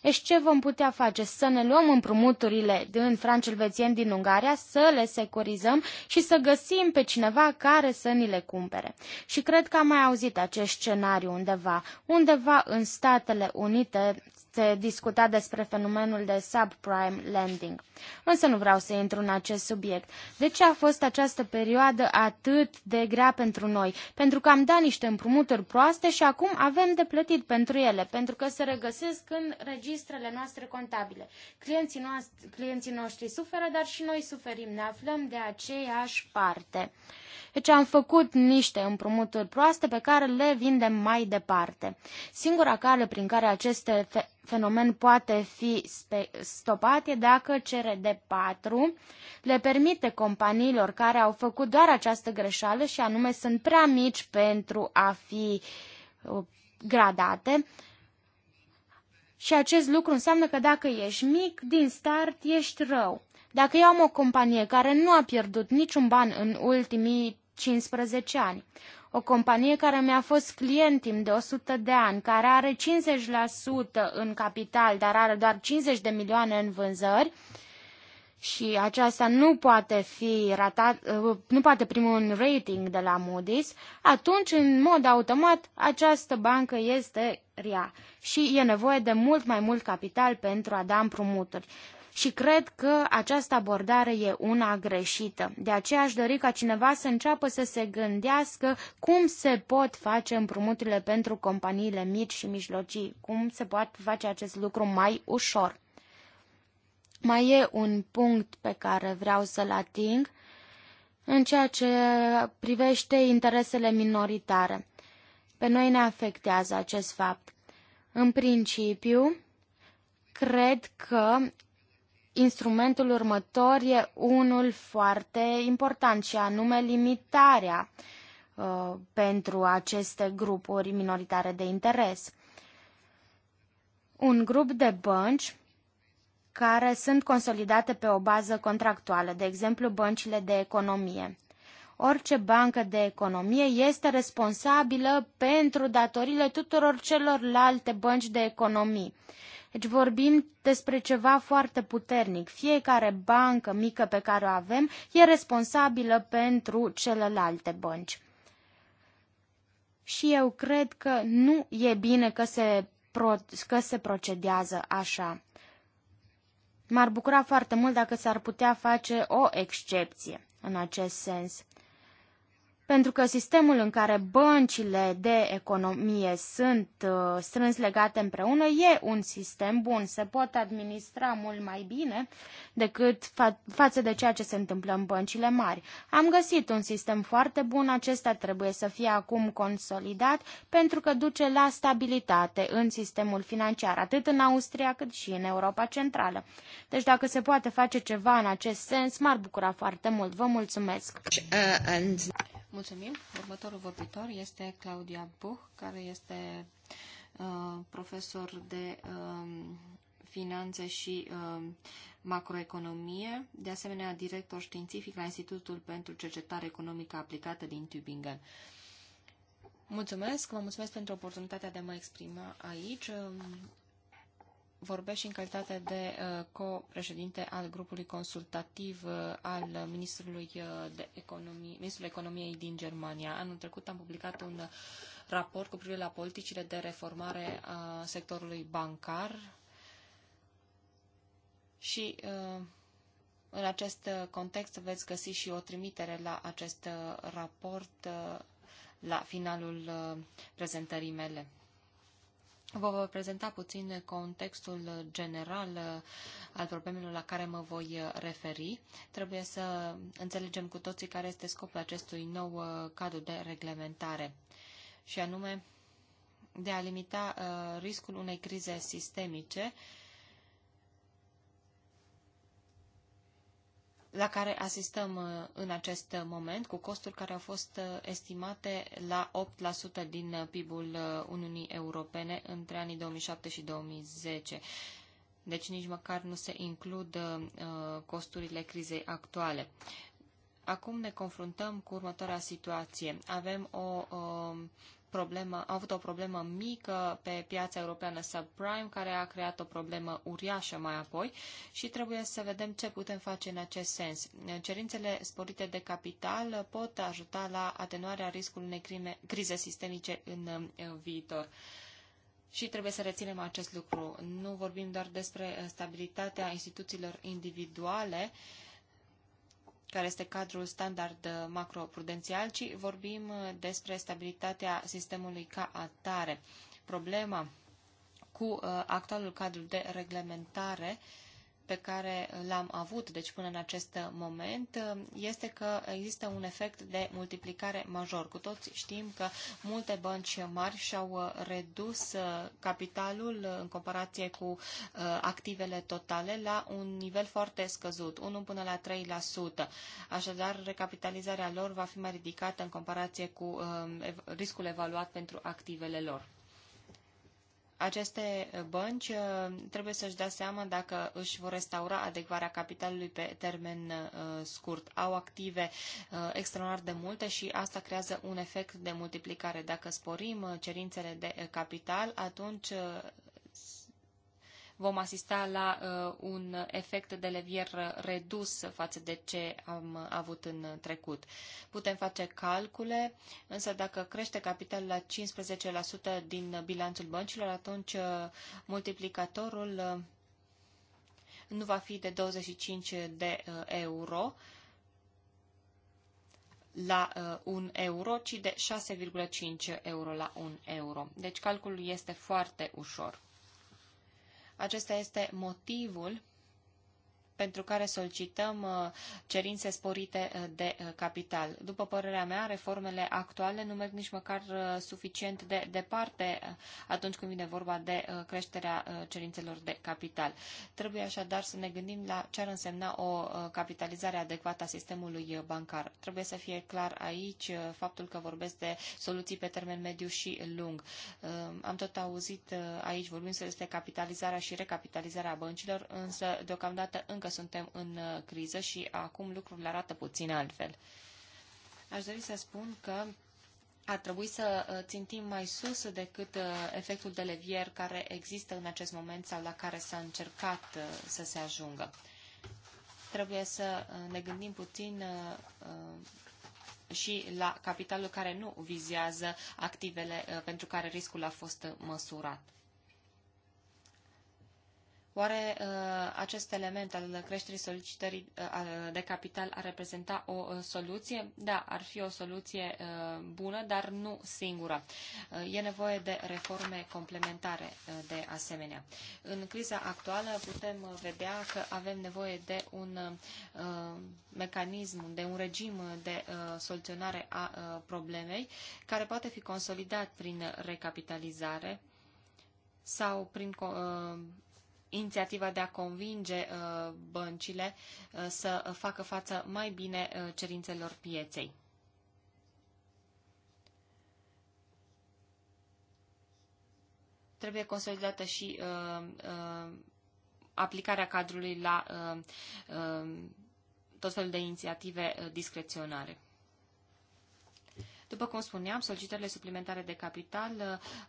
Deci ce vom putea face? Să ne luăm împrumuturile din francelvețieni din Ungaria, să le securizăm și să găsim pe cineva care să ni le cumpere. Și cred că am mai auzit acest scenariu undeva. Undeva în Statele Unite se discuta despre fenomenul de subprime lending. Însă nu vreau să intru în acest subiect. De ce a fost această perioadă atât de grea pentru noi? Pentru că am dat niște împrumuturi proaste și acum avem de plătit pentru ele, pentru că se regăsesc în registrele noastre contabile. Clienții, noastri, clienții noștri suferă, dar și noi suferim, ne aflăm de aceeași parte. Deci am făcut niște împrumuturi proaste pe care le vindem mai departe. Singura cale prin care aceste fenomen poate fi stopat e dacă CRD4 le permite companiilor care au făcut doar această greșeală și anume sunt prea mici pentru a fi uh, gradate, și acest lucru înseamnă că dacă ești mic, din start ești rău. Dacă eu am o companie care nu a pierdut niciun ban în ultimii 15 ani, o companie care mi-a fost client timp de 100 de ani, care are 50% în capital, dar are doar 50 de milioane în vânzări și aceasta nu poate fi ratat, nu poate primi un rating de la Moody's, atunci, în mod automat, această bancă este rea și e nevoie de mult mai mult capital pentru a da împrumuturi și cred că această abordare e una greșită. De aceea aș dori ca cineva să înceapă să se gândească cum se pot face împrumuturile pentru companiile mici și mijlocii, cum se poate face acest lucru mai ușor. Mai e un punct pe care vreau să-l ating în ceea ce privește interesele minoritare. Pe noi ne afectează acest fapt. În principiu, cred că instrumentul următor e unul foarte important și anume limitarea uh, pentru aceste grupuri minoritare de interes. Un grup de bănci care sunt consolidate pe o bază contractuală, de exemplu băncile de economie. Orice bancă de economie este responsabilă pentru datorile tuturor celorlalte bănci de economie. Deci vorbim despre ceva foarte puternic. Fiecare bancă mică pe care o avem e responsabilă pentru celelalte bănci. Și eu cred că nu e bine că se, pro- că se procedează așa. M-ar bucura foarte mult dacă s-ar putea face o excepție în acest sens pentru că sistemul în care băncile de economie sunt uh, strâns legate împreună e un sistem bun, se pot administra mult mai bine decât fa- față de ceea ce se întâmplă în băncile mari. Am găsit un sistem foarte bun, acesta trebuie să fie acum consolidat pentru că duce la stabilitate în sistemul financiar, atât în Austria cât și în Europa Centrală. Deci dacă se poate face ceva în acest sens, m-ar bucura foarte mult. Vă mulțumesc! Uh, and... Mulțumim. Următorul vorbitor este Claudia Buch, care este uh, profesor de uh, finanțe și uh, macroeconomie, de asemenea director științific la Institutul pentru Cercetare Economică Aplicată din Tübingen. Mulțumesc, vă mulțumesc pentru oportunitatea de a mă exprima aici vorbesc și în calitate de uh, co-președinte al grupului consultativ uh, al Ministrului, uh, de Economie, Ministrul Economiei din Germania. Anul trecut am publicat un raport cu privire la politicile de reformare a sectorului bancar și în acest context veți găsi și o trimitere la acest raport la finalul prezentării mele. Vă voi prezenta puțin contextul general al problemelor la care mă voi referi. Trebuie să înțelegem cu toții care este scopul acestui nou uh, cadru de reglementare și anume de a limita uh, riscul unei crize sistemice uh, la care asistăm uh, în acest moment, cu costuri care au fost uh, estimate la 8% din uh, PIB-ul Uniunii Europene între anii 2007 și 2010. Deci nici măcar nu se includ costurile crizei actuale. Acum ne confruntăm cu următoarea situație. Avem o, o problemă, au avut o problemă mică pe piața europeană subprime, care a creat o problemă uriașă mai apoi și trebuie să vedem ce putem face în acest sens. Cerințele sporite de capital pot ajuta la atenuarea riscului unei crime, crize sistemice în viitor. Și trebuie să reținem acest lucru. Nu vorbim doar despre stabilitatea instituțiilor individuale, uh, care este cadrul standard macroprudențial, ci vorbim uh, despre stabilitatea sistemului ca atare. Problema cu uh, actualul cadru de reglementare uh, pe care l-am avut, deci până în acest moment, este că există un efect de multiplicare major. Cu toți știm că multe bănci mari și-au uh, redus uh, capitalul uh, în comparație cu activele totale la un nivel foarte scăzut, 1 până la 3%. Așadar, recapitalizarea lor va fi mai ridicată în comparație cu riscul evaluat pentru activele lor. Aceste bănci uh, trebuie să-și dea seama dacă își vor restaura adecvarea capitalului pe termen uh, scurt. Au active uh, extraordinar de multe și asta creează un efect de multiplicare. Dacă sporim cerințele de capital, atunci vom asista la uh, un efect de levier redus față de ce am avut în trecut. Putem face calcule, însă dacă crește capitalul la 15% din bilanțul băncilor, atunci uh, multiplicatorul uh, nu va fi de 25 de euro la uh, euro, ci de 6,5 euro la 1 euro. Deci calculul este foarte ușor. Acesta este motivul pentru care solicităm uh, cerințe sporite uh, de uh, capital. După părerea mea, reformele actuale nu merg nici măcar suficient de departe atunci când vine vorba de creșterea cerințelor de capital. Trebuie așadar să ne gândim la ce ar însemna o capitalizare adecvată a sistemului bancar. Trebuie să fie clar aici faptul că vorbesc de soluții pe termen mediu și lung. Am tot auzit aici vorbind despre capitalizarea și recapitalizarea băncilor, însă deocamdată încă suntem în uh, criză și acum lucrurile arată puțin altfel. Aș dori să spun că ar trebui să uh, țintim mai sus decât uh, efectul de levier care există în acest moment sau la care s-a încercat să se ajungă. Trebuie să ne gândim puțin și la capitalul care nu vizează activele pentru care riscul a fost măsurat. Oare uh, acest element al creșterii solicitării uh, de capital ar reprezenta o uh, soluție? Da, ar fi o soluție bună, dar nu singură. E nevoie de reforme complementare de asemenea. În criza actuală putem vedea că avem nevoie de un mecanism, de un regim de soluționare a problemei care poate fi consolidat prin recapitalizare sau prin inițiativa de a convinge uh, băncile uh, să facă față mai bine uh, cerințelor pieței. Trebuie consolidată și aplicarea cadrului la tot felul de inițiative discreționare. După cum spuneam, solicitările suplimentare de capital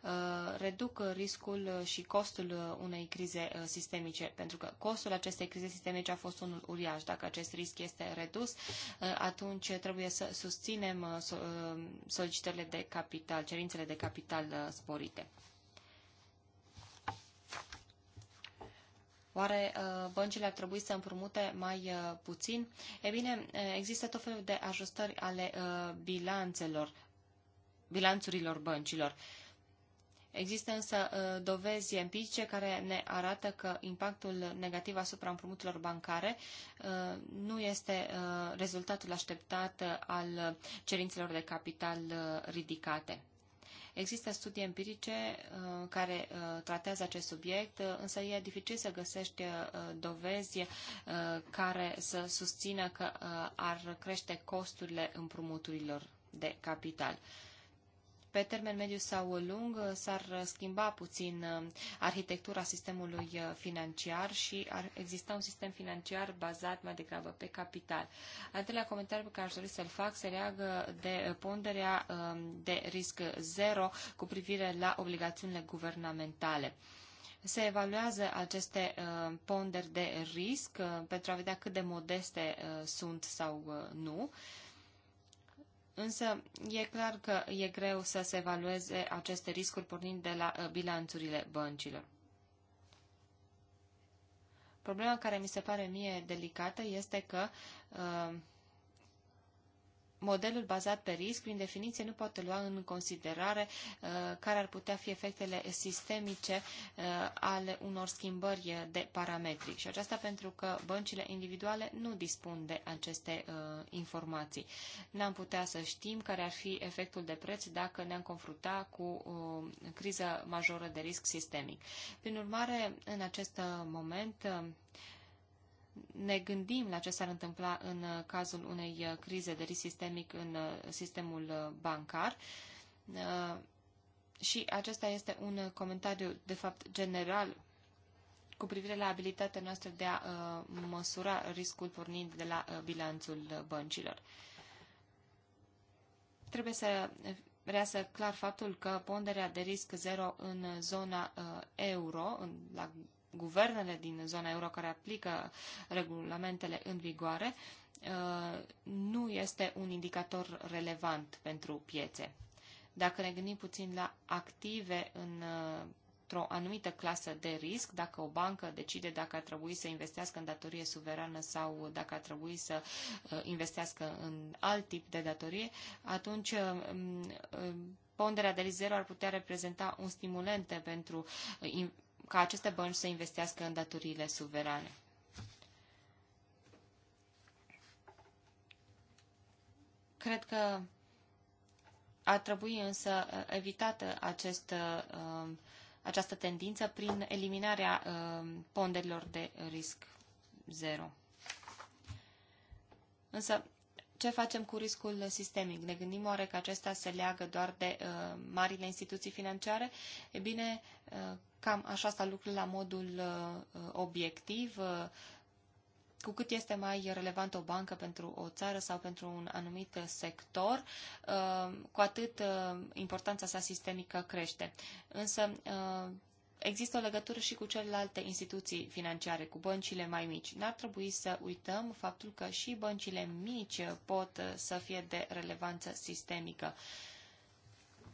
uh, reduc riscul și costul unei crize uh, sistemice, pentru că costul acestei crize sistemice a fost unul uriaș. Dacă acest risc este redus, uh, atunci trebuie să susținem solicitările de capital, cerințele de capital sporite. Oare uh, băncile ar trebui să împrumute mai uh, puțin? E bine, uh, există tot felul de ajustări ale bilanțelor, bilanțurilor băncilor. Există însă dovezi empirice care ne arată că impactul negativ asupra împrumuturilor bancare nu este rezultatul așteptat al cerințelor de capital ridicate. Există studii empirice uh, care uh, tratează acest subiect, uh, însă e dificil să găsești dovezi care să susțină că ar crește costurile împrumuturilor de capital pe termen mediu sau lung s-ar schimba puțin uh, arhitectura sistemului uh, financiar și ar exista un sistem financiar bazat mai degrabă pe capital. Al treilea comentariu pe care aș dori să-l fac se leagă de ponderea um, de risc zero cu privire la obligațiunile guvernamentale se evaluează aceste uh, ponderi de risc uh, pentru a vedea cât de modeste uh, sunt sau uh, nu. Uh, Însă e clar că e greu să se evalueze aceste riscuri pornind de la uh, bilanțurile băncilor. Problema care mi se pare mie delicată este că uh, modelul bazat pe risc, prin definiție, nu poate lua în considerare uh, care ar putea fi efectele sistemice uh, ale unor schimbări de parametri. Și aceasta pentru că băncile individuale nu dispun de aceste uh, informații. N-am putea să știm care ar fi efectul de preț dacă ne-am confrunta cu o uh, criză majoră de risc sistemic. Prin urmare, în acest uh, moment, uh, ne gândim la ce s-ar întâmpla în uh, cazul unei uh, crize de risc sistemic în uh, sistemul bancar. Și acesta este un comentariu, de fapt, general cu privire la abilitatea noastră de a măsura riscul pornind de la bilanțul băncilor. Trebuie să reasă clar faptul că ponderea de risc zero în zona euro, la guvernele din zona euro care aplică regulamentele în vigoare, uh, nu este un indicator relevant pentru piețe. Dacă ne gândim puțin la active în uh, într-o anumită clasă de risc, dacă o bancă decide dacă ar trebui să investească în datorie suverană sau dacă ar trebui să uh, investească în alt tip de datorie, atunci mm, ponderea de risc zero ar putea reprezenta un stimulente pentru ca aceste bănci să investească în datoriile suverane. Cred că ar trebui însă uh, evitată acest, uh, această tendință prin eliminarea uh, ponderilor de risc zero. Însă ce facem cu riscul sistemic? Ne gândim oare că acesta se leagă doar de uh, marile instituții financiare? E bine, uh, cam așa stau lucrurile la modul uh, uh obiectiv. Uh, cu cât este mai relevantă o bancă pentru o țară sau pentru un anumit sector, uh, cu atât uh, importanța sa sistemică crește. Însă, există o legătură și cu celelalte instituții financiare, cu băncile mai mici. N-ar trebui să uităm faptul că și băncile mici pot să fie de relevanță sistemică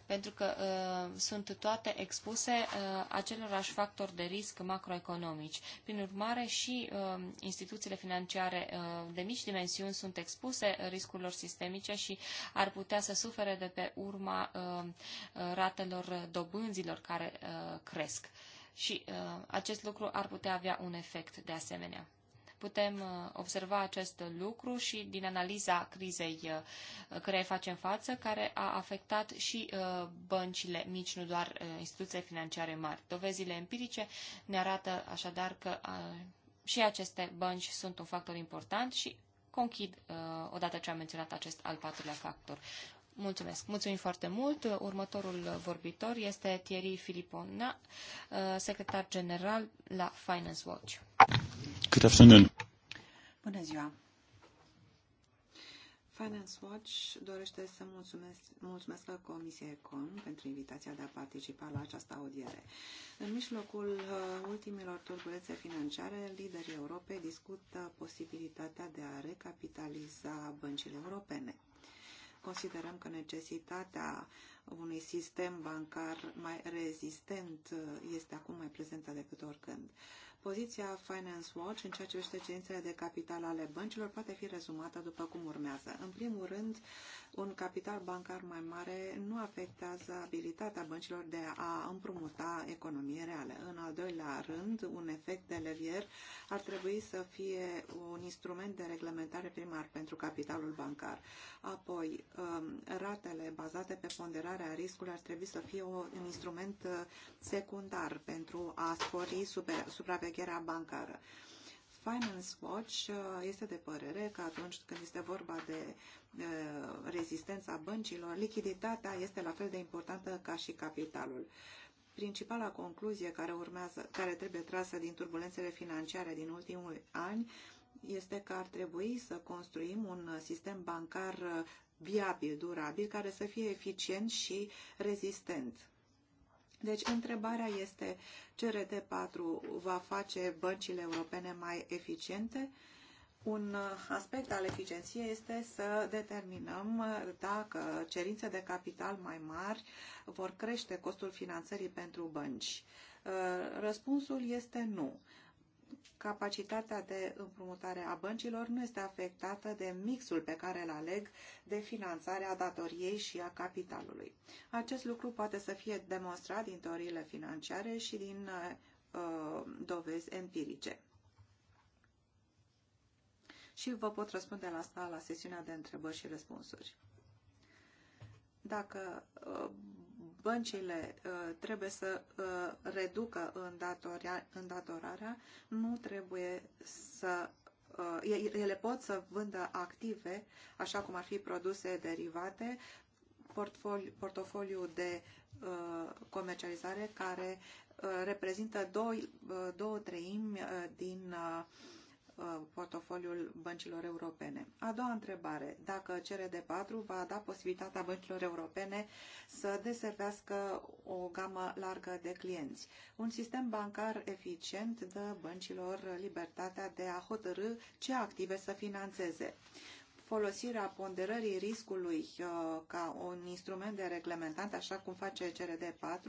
pentru că uh, sunt toate expuse uh, acelorași factori de risc macroeconomici. Prin urmare, și uh, instituțiile financiare uh, de mici dimensiuni sunt expuse uh, riscurilor sistemice și ar putea să sufere de pe urma uh, uh, ratelor dobânzilor care uh, cresc. Și uh, acest lucru ar putea avea un efect de asemenea. Putem uh, observa acest lucru și din analiza crizei uh, care facem față, care a afectat și uh, băncile mici, nu doar instituții financiare mari. Dovezile empirice ne arată așadar că și aceste bănci sunt un factor important și conchid odată ce am menționat acest al patrulea factor. Mulțumesc. Mulțumim foarte mult. Următorul vorbitor este Thierry Filipona, uh, secretar general la Finance Watch. Good afternoon. Bună ziua. Finance Watch dorește să mulțumesc, mulțumesc Comisiei Econ pentru invitația de a participa la această audiere. În mijlocul uh, ultimilor turbulențe financiare, liderii Europei discută posibilitatea de a recapitaliza băncile europene considerăm că necesitatea unui sistem bancar mai rezistent uh, este acum mai prezentă decât oricând. Poziția Finance Watch în ceea ce privește cerințele de capital ale băncilor poate fi rezumată după cum urmează. În primul rând, un capital bancar mai mare nu afectează abilitatea băncilor de a împrumuta economie reală. În al doilea rând, un efect de levier ar trebui să fie un instrument de reglementare primar pentru capitalul bancar. Apoi, um, ratele bazate pe ponderarea riscului ar trebui să fie un instrument uh, secundar pentru a spori supravegherea bancară Finance Watch uh, este de părere că atunci când este vorba de uh, rezistența băncilor, lichiditatea este la fel de importantă ca și capitalul. Principala concluzie care, urmează, care trebuie trasă din turbulențele financiare din ultimul ani este că ar trebui să construim un sistem bancar uh, viabil, durabil, care să fie eficient și rezistent deci, întrebarea este, CRD4 va face băncile europene mai eficiente? Un aspect al eficienției este să determinăm dacă cerințe de capital mai mari vor crește costul finanțării pentru bănci. Răspunsul este nu capacitatea de împrumutare a băncilor nu este afectată de mixul pe care îl aleg de finanțare a datoriei și a capitalului. Acest lucru poate să fie demonstrat din teoriile financiare și din uh, dovezi empirice. Și vă pot răspunde la asta la sesiunea de întrebări și răspunsuri. Dacă uh, băncile uh, trebuie să uh, reducă îndatorarea, nu trebuie să uh, ele pot să vândă active, așa cum ar fi produse derivate, portofoliu, portofoliu de comercializare care reprezintă două, două treimi din uh, Uh, portofoliul băncilor europene. A doua întrebare, dacă CRD4 va da posibilitatea băncilor europene să deservească o gamă largă de clienți. Un sistem bancar eficient dă băncilor libertatea de a hotărâ ce active să finanțeze folosirea ponderării riscului uh, ca un instrument de reglementare, așa cum face CRD4,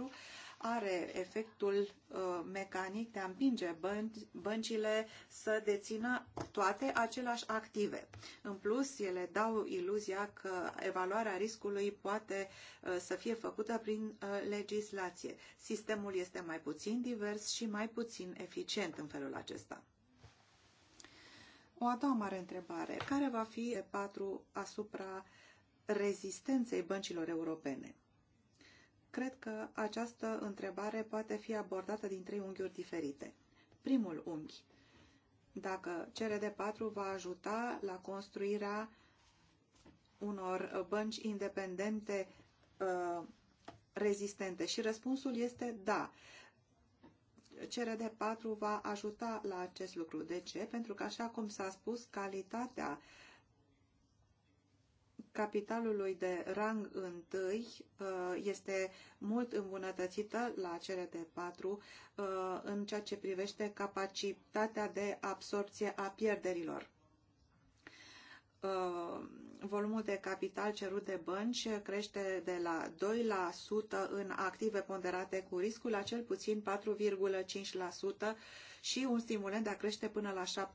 are efectul uh, mecanic de a împinge bân- băncile să dețină toate aceleași active. În plus, ele dau iluzia că evaluarea riscului poate uh, să fie făcută prin uh, legislație. Sistemul este mai puțin divers și mai puțin eficient în felul acesta. O a doua mare întrebare. Care va fi E4 asupra rezistenței băncilor europene? Cred că această întrebare poate fi abordată din trei unghiuri diferite. Primul unghi. Dacă CRD4 va ajuta la construirea unor bănci independente uh, rezistente? Și răspunsul este da. CRD4 va ajuta la acest lucru. De ce? Pentru că, așa cum s-a spus, calitatea uh, capitalului de rang întâi uh, este mult îmbunătățită la cele de patru uh, în ceea ce privește capacitatea de absorție a pierderilor. Uh, volumul de capital cerut de bănci crește de la 2% în active ponderate cu riscul la cel puțin 4,5% și un stimulent de a crește până la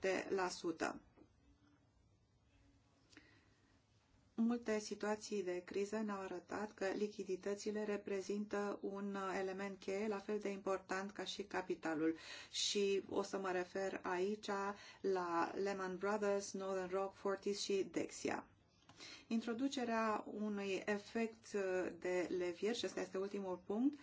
7%. Multe situații de criză ne-au arătat că lichiditățile reprezintă un element cheie la fel de important ca și capitalul. Și o să mă refer aici la Lehman Brothers, Northern Rock, Fortis și Dexia. Introducerea unui efect de levier, și ăsta este ultimul punct,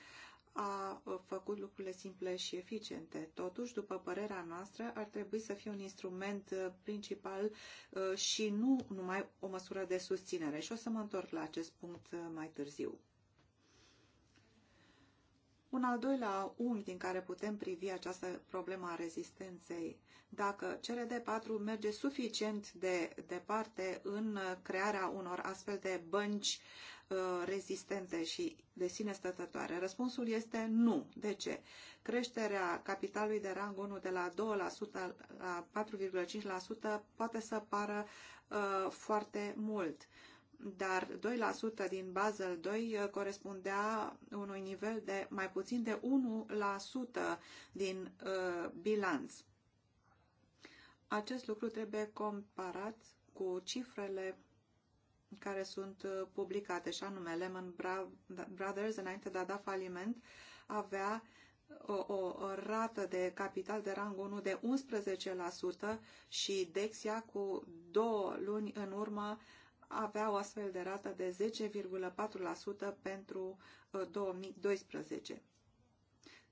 a făcut lucrurile simple și eficiente. Totuși, după părerea noastră, ar trebui să fie un instrument uh, principal uh, și nu numai o măsură de susținere. Și o să mă întorc la acest punct uh, mai târziu. Un al doilea unghi din care putem privi această problemă a rezistenței, dacă CRD4 merge suficient de departe în crearea unor astfel de bănci uh, Uh, rezistente și de sine stătătoare? Răspunsul este nu. De ce? Creșterea capitalului de rang 1 de la 2% la 4,5% poate să pară uh, foarte mult dar 2% din Basel 2 uh, corespundea unui nivel de mai puțin de 1% din uh, bilanț. Acest lucru trebuie comparat cu cifrele care sunt uh, publicate, și anume Lehman Brothers, înainte de a da faliment, avea uh, o, o rată de capital de rang 1 de 11% și Dexia cu două luni în urmă avea o astfel de rată de 10,4% pentru 2012. Uh,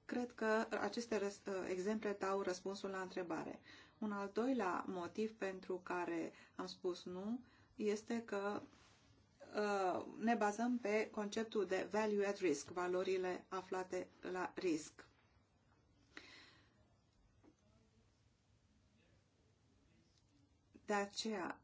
Cred că aceste exemple dau răspunsul la întrebare. Un al doilea motiv pentru care am spus nu este că uh, ne bazăm pe conceptul de value at risk, valorile aflate la risc. De aceea,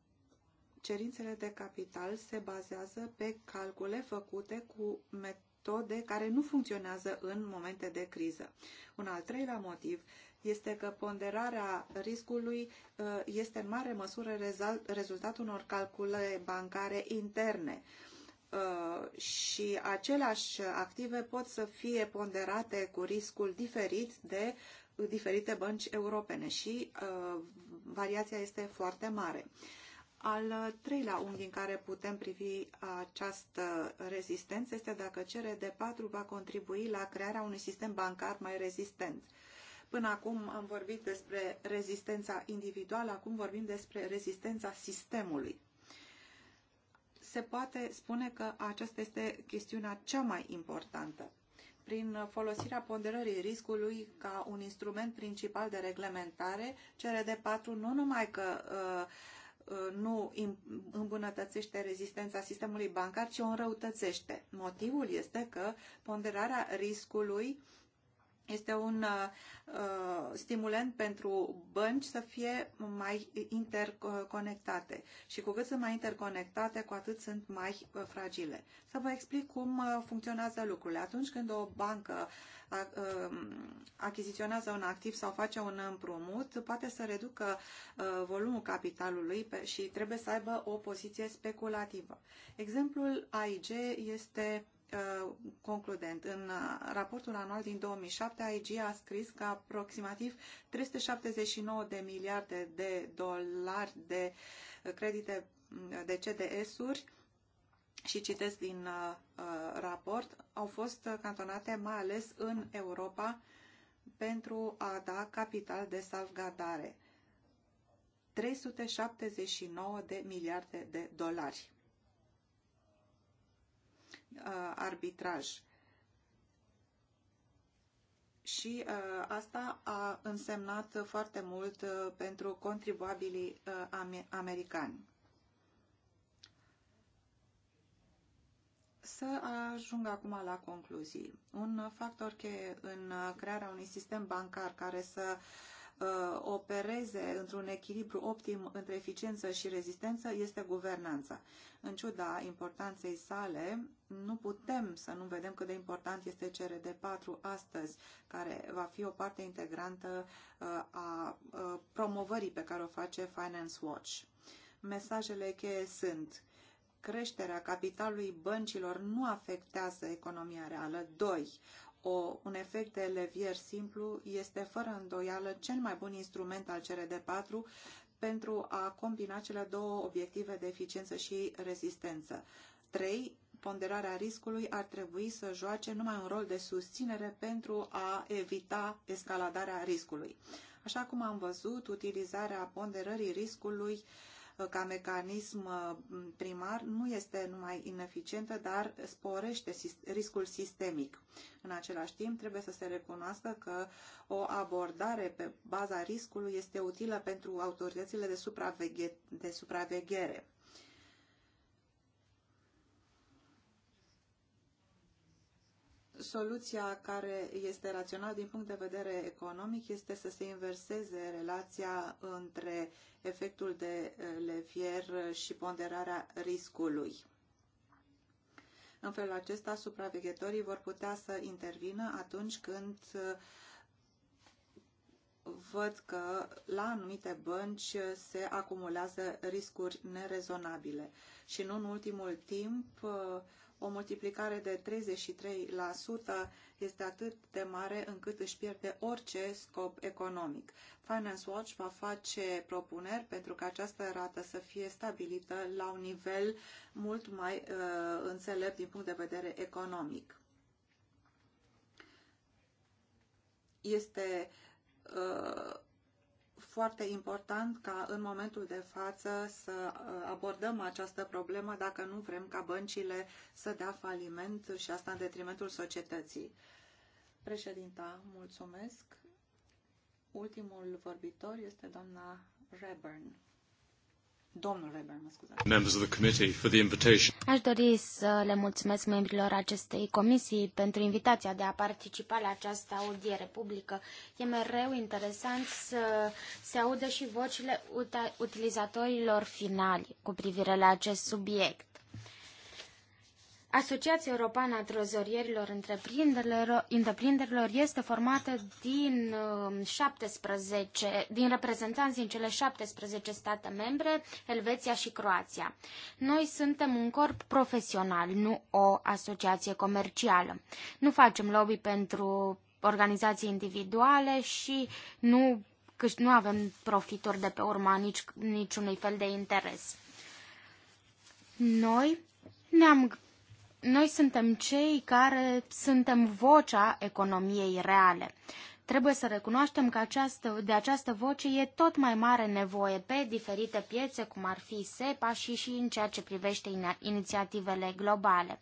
cerințele de capital se bazează pe calcule făcute cu metode care nu funcționează în momente de criză. Un al treilea motiv este că ponderarea riscului uh, este în mare măsură rezultatul unor calcule bancare interne uh, și aceleași active pot să fie ponderate cu riscul diferit de diferite bănci europene și uh, variația este foarte mare. Al treilea unghi în care putem privi această rezistență este dacă cere de patru va contribui la crearea unui sistem bancar mai rezistent. Până acum am vorbit despre rezistența individuală, acum vorbim despre rezistența sistemului. Se poate spune că aceasta este chestiunea cea mai importantă. Prin folosirea ponderării riscului ca un instrument principal de reglementare, CRD4 nu numai că uh, uh nu îmbunătățește rezistența sistemului bancar, ci o înrăutățește. Motivul este că ponderarea riscului este un uh, stimulant pentru bănci să fie mai interconectate. Și cu cât sunt mai interconectate, cu atât sunt mai uh, fragile. Să vă explic cum uh, funcționează lucrurile. Atunci când o bancă um, achiziționează un activ sau face un împrumut, poate să reducă uh, volumul capitalului și trebuie să aibă o poziție speculativă. Exemplul AIG este Uh, concludent. În uh, raportul anual din 2007, AIG a scris că aproximativ 379 de miliarde de dolari de uh, credite de CDS-uri și citesc din raport, au fost cantonate mai ales în Europa pentru a da capital de salvgardare. 379 de miliarde de dolari. Uh, arbitraj. Și uh, asta a însemnat foarte mult uh, pentru contribuabilii americani. Să ajung acum la concluzii. Un factor cheie în crearea unui sistem bancar care să uh, Uh, opereze într-un echilibru optim între eficiență și rezistență este guvernanța. În ciuda importanței sale, nu putem să nu vedem cât de important este CRD4 astăzi, care va fi o parte integrantă uh, a uh, promovării pe care o face Finance Watch. Mesajele cheie sunt creșterea capitalului băncilor nu afectează economia reală. 2 o, un efect de levier simplu este fără îndoială cel mai bun instrument al CRD4 pentru a combina cele două obiective de eficiență și rezistență. 3. Ponderarea riscului ar trebui să joace numai un rol de susținere pentru a evita escaladarea riscului. Așa cum am văzut, utilizarea ponderării riscului uh, ca mecanism uh, primar nu este numai ineficientă, dar sporește riscul sistemic. În același timp, trebuie să se recunoască că o abordare pe baza riscului este utilă pentru autoritățile de, de supraveghere Soluția care este rațională din punct de vedere economic este să se inverseze relația între efectul de eh, levier și ponderarea riscului. În felul acesta, supraveghetorii vor putea să intervină atunci când eh, văd că la anumite bănci se acumulează riscuri nerezonabile. Și nu în ultimul timp, eh, o multiplicare de 33% este atât de mare încât își pierde orice scop economic. Finance Watch va face propuneri pentru ca această rată să fie stabilită la un nivel mult mai uh, înțelept din punct de vedere economic. Este uh, foarte important ca în momentul de față să uh, abordăm această problemă dacă nu vrem ca băncile să dea faliment și asta în detrimentul societății. Președinta, mulțumesc. Ultimul vorbitor este doamna Reburn. Aș dori să le mulțumesc membrilor acestei comisii pentru invitația de a participa la această audiere publică. E mereu interesant să se audă și vocile utilizatorilor finali cu privire la acest subiect. Asociația Europeană a Trezorierilor întreprinderilor, este formată din, 17, um, din reprezentanți din cele 17 state membre, Elveția și Croația. Noi suntem un corp profesional, nu o asociație comercială. Nu facem lobby pentru organizații individuale și nu, nu avem profituri de pe urma nici, niciunui fel de interes. Noi ne-am noi suntem cei care suntem vocea economiei reale. Trebuie să recunoaștem că această, de această voce e tot mai mare nevoie pe diferite piețe, cum ar fi SEPA și și în ceea ce privește inițiativele globale.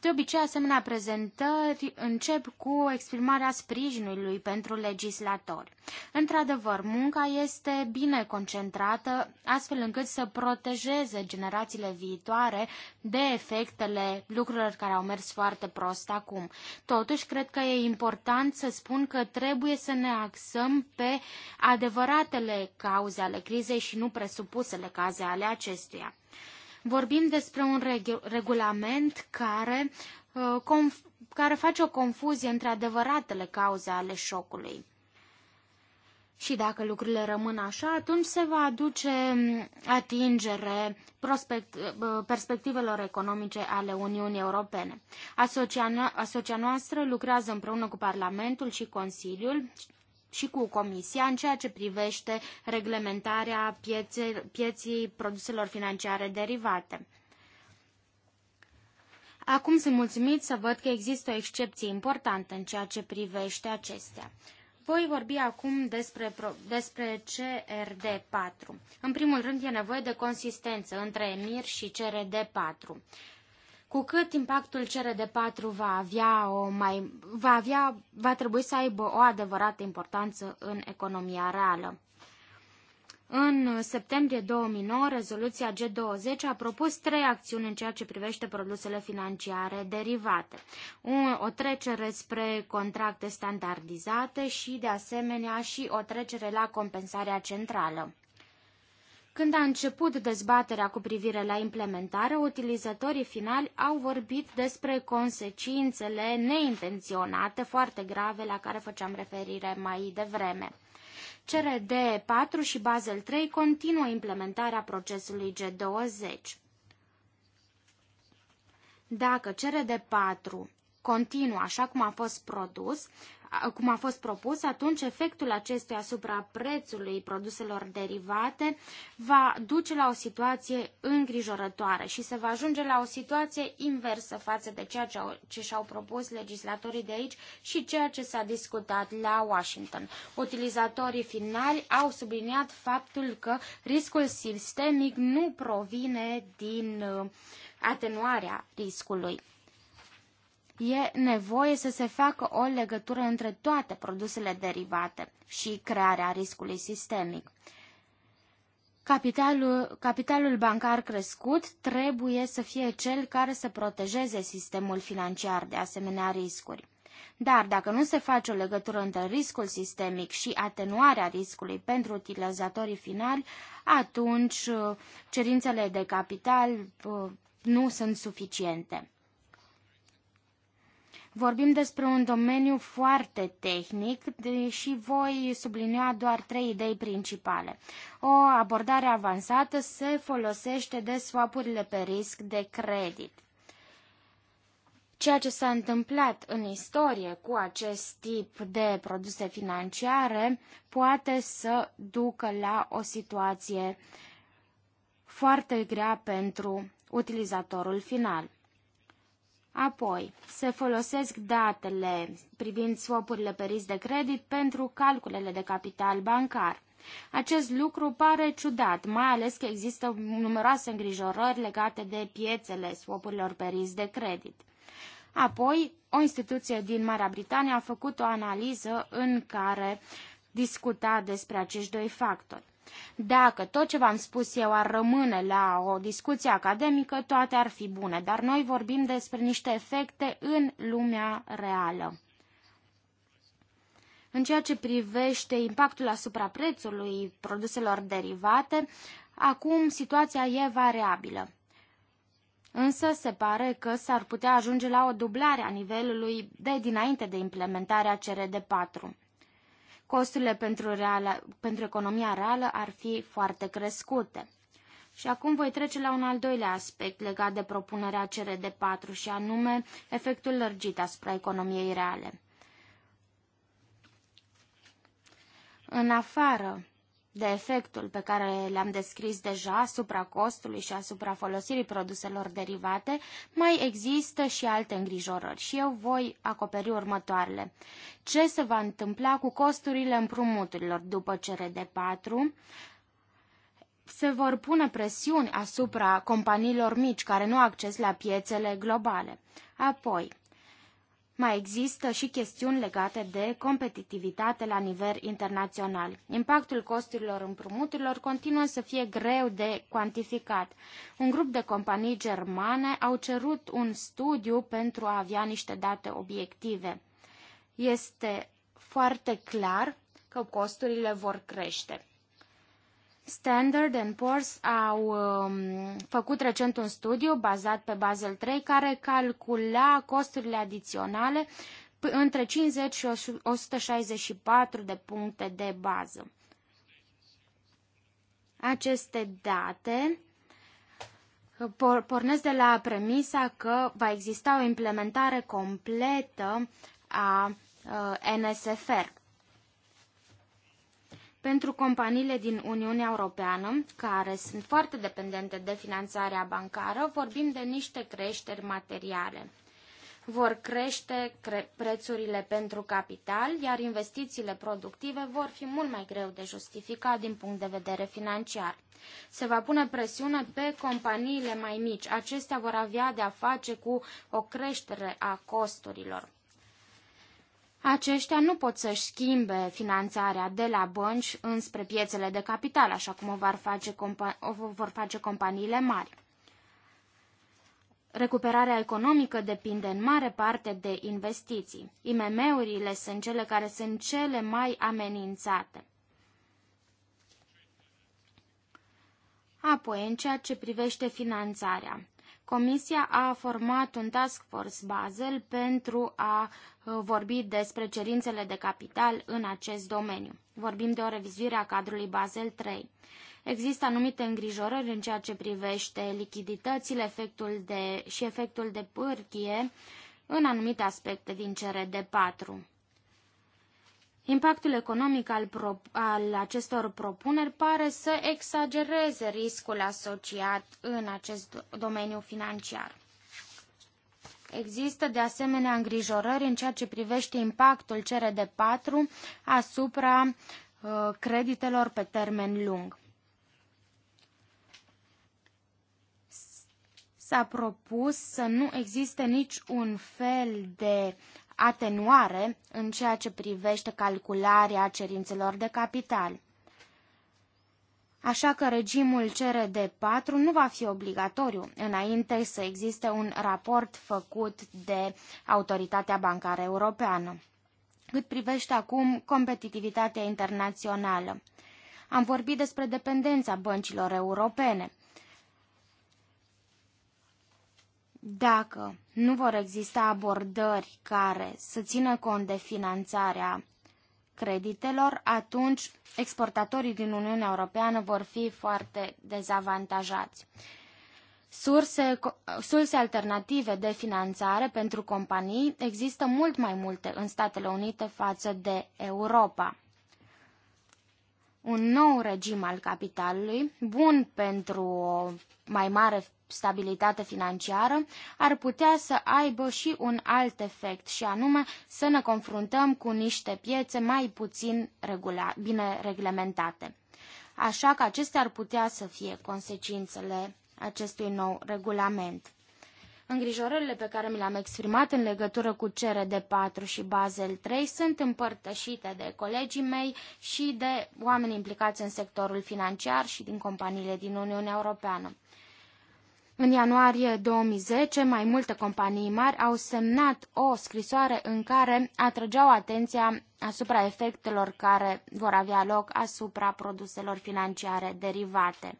De obicei, asemenea prezentări încep cu exprimarea sprijinului pentru legislatori. Într-adevăr, munca este bine concentrată, astfel încât să protejeze generațiile viitoare de efectele lucrurilor care au mers foarte prost acum. Totuși, cred că e important să spun că trebuie să ne axăm pe adevăratele cauze ale crizei și nu presupusele caze ale acestuia. Vorbim despre un regulament care, uh, care face o confuzie între adevăratele cauze ale șocului. Și dacă lucrurile rămân așa, atunci se va aduce mm, atingere prospect, uh, perspectivelor economice ale Uniunii Europene. Asocia, asocia noastră lucrează împreună cu Parlamentul și Consiliul și cu Comisia în ceea ce privește reglementarea pieței, pieții produselor financiare derivate. Acum sunt mulțumit să văd că există o excepție importantă în ceea ce privește acestea. Voi vorbi acum despre, despre CRD4. În primul rând, e nevoie de consistență între EMIR și CRD4. Cu cât impactul CRD4 va avea o mai va avea va trebui să aibă o adevărată importanță în economia reală. În septembrie 2009, rezoluția G20 a propus trei acțiuni în ceea ce privește produsele financiare derivate. O trecere spre contracte standardizate și, de asemenea, și o trecere la compensarea centrală. Când a început dezbaterea cu privire la implementare, utilizatorii finali au vorbit despre consecințele neintenționate foarte grave la care făceam referire mai devreme. CRD 4 și Basel 3 continuă implementarea procesului G20. Dacă CRD 4 continuă așa cum a fost produs, cum a fost propus, atunci efectul acestuia asupra prețului produselor derivate va duce la o situație îngrijorătoare și se va ajunge la o situație inversă față de ceea ce, au, ce și-au propus legislatorii de aici și ceea ce s-a discutat la Washington. Utilizatorii finali au subliniat faptul că riscul sistemic nu provine din uh, atenuarea riscului e nevoie să se facă o legătură între toate produsele derivate și crearea riscului sistemic. Capitalul, capitalul bancar crescut trebuie să fie cel care să protejeze sistemul financiar de asemenea riscuri. Dar dacă nu se face o legătură între riscul sistemic și atenuarea riscului pentru utilizatorii finali, atunci uh, cerințele de capital uh, nu sunt suficiente. Vorbim despre un domeniu foarte tehnic și voi sublinia doar trei idei principale. O abordare avansată se folosește de swapurile pe risc de credit. Ceea ce s-a întâmplat în istorie cu acest tip de produse financiare poate să ducă la o situație foarte grea pentru utilizatorul final. Apoi, se folosesc datele privind swapurile pe risc de credit pentru calculele de capital bancar. Acest lucru pare ciudat, mai ales că există numeroase îngrijorări legate de piețele swapurilor pe risc de credit. Apoi, o instituție din Marea Britanie a făcut o analiză în care discuta despre acești doi factori. Dacă tot ce v-am spus eu ar rămâne la o discuție academică, toate ar fi bune, dar noi vorbim despre niște efecte în lumea reală. În ceea ce privește impactul asupra prețului produselor derivate, acum situația e variabilă. Însă se pare că s-ar putea ajunge la o dublare a nivelului de dinainte de implementarea CRD 4 costurile pentru, reala, pentru economia reală ar fi foarte crescute. Și acum voi trece la un al doilea aspect legat de propunerea CRD4 și anume efectul lărgit asupra economiei reale. În afară de efectul pe care l-am descris deja asupra costului și asupra folosirii produselor derivate, mai există și alte îngrijorări și eu voi acoperi următoarele. Ce se va întâmpla cu costurile împrumuturilor după CRD4? Se vor pune presiuni asupra companiilor mici care nu au acces la piețele globale. Apoi, mai există și chestiuni legate de competitivitate la nivel internațional. Impactul costurilor împrumuturilor continuă să fie greu de cuantificat. Un grup de companii germane au cerut un studiu pentru a avea niște date obiective. Este foarte clar că costurile vor crește. Standard and Poor's au um, făcut recent un studiu bazat pe Basel III care calcula costurile adiționale între 50 și 164 de puncte de bază. Aceste date por pornesc de la premisa că va exista o implementare completă a uh, NSFR. Pentru companiile din Uniunea Europeană, care sunt foarte dependente de finanțarea bancară, vorbim de niște creșteri materiale. Vor crește cre- prețurile pentru capital, iar investițiile productive vor fi mult mai greu de justificat din punct de vedere financiar. Se va pune presiune pe companiile mai mici. Acestea vor avea de-a face cu o creștere a costurilor. Aceștia nu pot să-și schimbe finanțarea de la bănci înspre piețele de capital, așa cum o, vor face, o vor face companiile mari. Recuperarea economică depinde în mare parte de investiții. IMM-urile sunt cele care sunt cele mai amenințate. Apoi, în ceea ce privește finanțarea, Comisia a format un task force Basel pentru a uh, vorbi despre cerințele de capital în acest domeniu. Vorbim de o revizuire a cadrului Basel 3. Există anumite îngrijorări în ceea ce privește lichiditățile efectul de, și efectul de pârghie în anumite aspecte din CRD 4. Impactul economic al, pro, al acestor propuneri pare să exagereze riscul asociat în acest domeniu financiar. Există de asemenea îngrijorări în ceea ce privește impactul CRD4 asupra uh, creditelor pe termen lung. S-a propus să nu existe nici un fel de atenuare în ceea ce privește calcularea cerințelor de capital. Așa că regimul CRD4 nu va fi obligatoriu înainte să existe un raport făcut de Autoritatea Bancară Europeană. Cât privește acum competitivitatea internațională. Am vorbit despre dependența băncilor europene. Dacă nu vor exista abordări care să țină cont de finanțarea creditelor, atunci exportatorii din Uniunea Europeană vor fi foarte dezavantajați. Surse, surse alternative de finanțare pentru companii există mult mai multe în Statele Unite față de Europa. Un nou regim al capitalului, bun pentru o mai mare stabilitate financiară, ar putea să aibă și un alt efect, și anume să ne confruntăm cu niște piețe mai puțin regula, bine reglementate. Așa că acestea ar putea să fie consecințele acestui nou regulament. Îngrijorările pe care mi le-am exprimat în legătură cu CRD4 și Basel 3 sunt împărtășite de colegii mei și de oameni implicați în sectorul financiar și din companiile din Uniunea Europeană. În ianuarie 2010, mai multe companii mari au semnat o scrisoare în care atrăgeau atenția asupra efectelor care vor avea loc asupra produselor financiare derivate.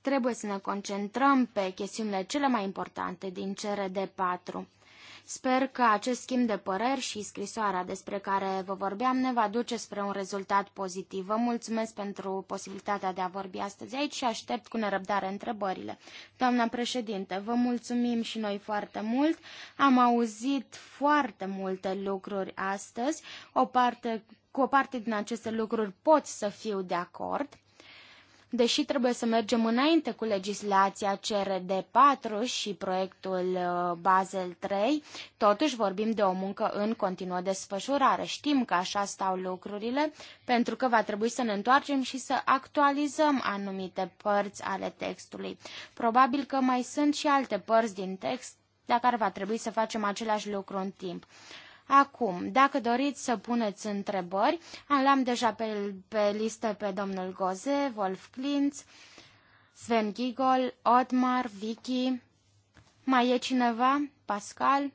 Trebuie să ne concentrăm pe chestiunile cele mai importante din CRD 4. Sper că acest schimb de păreri și scrisoarea despre care vă vorbeam ne va duce spre un rezultat pozitiv. Vă mulțumesc pentru posibilitatea de a vorbi astăzi aici și aștept cu nerăbdare întrebările. Doamna președinte, vă mulțumim și noi foarte mult. Am auzit foarte multe lucruri astăzi. O parte, cu o parte din aceste lucruri pot să fiu de acord deși trebuie să mergem înainte cu legislația CRD4 și proiectul uh, Basel 3, totuși vorbim de o muncă în continuă desfășurare. Știm că așa stau lucrurile, pentru că va trebui să ne întoarcem și să actualizăm anumite părți ale textului. Probabil că mai sunt și alte părți din text la care va trebui să facem același lucru în timp. Acum, dacă doriți să puneți întrebări, l-am deja pe, pe listă pe domnul Goze, Wolf Klintz, Sven Gigol, Otmar, Vicky. Mai e cineva? Pascal?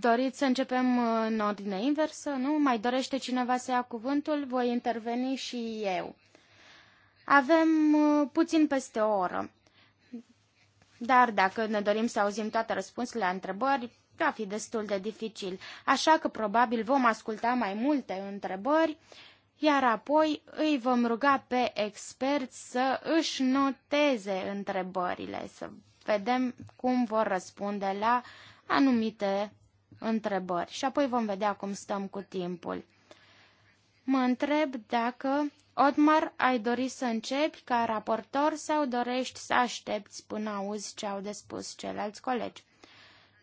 Doriți să începem în ordine inversă, nu? Mai dorește cineva să ia cuvântul? Voi interveni și eu. Avem uh, puțin peste o oră. Dar dacă ne dorim să auzim toate răspunsurile la întrebări, va fi destul de dificil. Așa că probabil vom asculta mai multe întrebări, iar apoi îi vom ruga pe experți să își noteze întrebările, să vedem cum vor răspunde la anumite întrebări și apoi vom vedea cum stăm cu timpul. Mă întreb dacă Otmar, ai dori să începi ca raportor sau dorești să aștepți până auzi ce au de spus ceilalți colegi?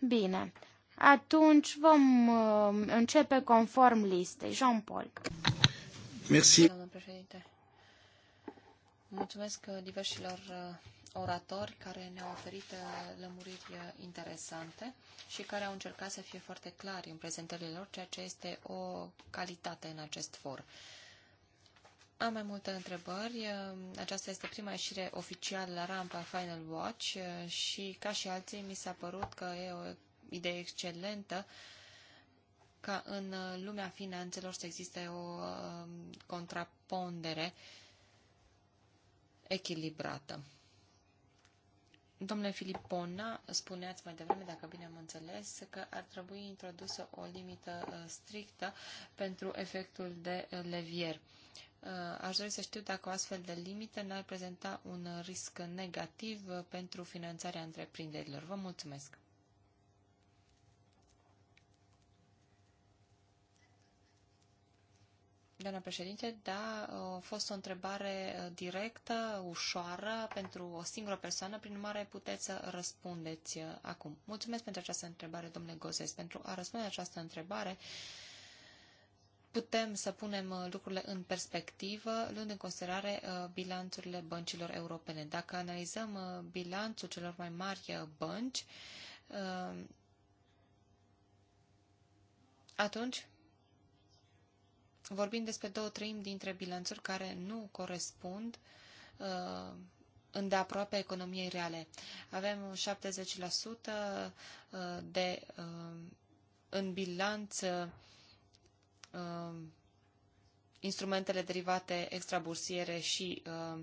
Bine, atunci vom uh, începe conform listei. Jean-Paul. Mersi. președinte. Mulțumesc diversilor uh, oratori care ne-au oferit uh, lămuriri uh, interesante și care au încercat să fie foarte clari în prezentările lor, ceea ce este o calitate în acest for. Am mai multe întrebări. Aceasta este prima ieșire oficială la rampa Final Watch și, ca și alții, mi s-a părut că e o idee excelentă ca în lumea finanțelor să existe o um, contrapondere echilibrată. Domnule Filipona, spuneați mai devreme, dacă bine am înțeles, că ar trebui introdusă o limită uh, strictă pentru efectul de levier. Uh, aș dori să știu dacă o astfel de limită n-ar prezenta un risc negativ uh, pentru finanțarea întreprinderilor. Vă mulțumesc! Doamna președinte, da, a fost o întrebare uh, directă, ușoară, pentru o singură persoană, prin urmare puteți să răspundeți acum. Mulțumesc pentru această întrebare, domnule Gozes. Pentru a răspunde această întrebare, putem să punem uh, lucrurile în perspectivă, luând în considerare uh, bilanțurile băncilor europene. Dacă analizăm uh, bilanțul celor mai mari bănci, atunci vorbim despre două treimi dintre bilanțuri care nu corespund îndeaproape economiei reale. Avem 70% de în bilanț uh, instrumentele derivate extrabursiere și uh,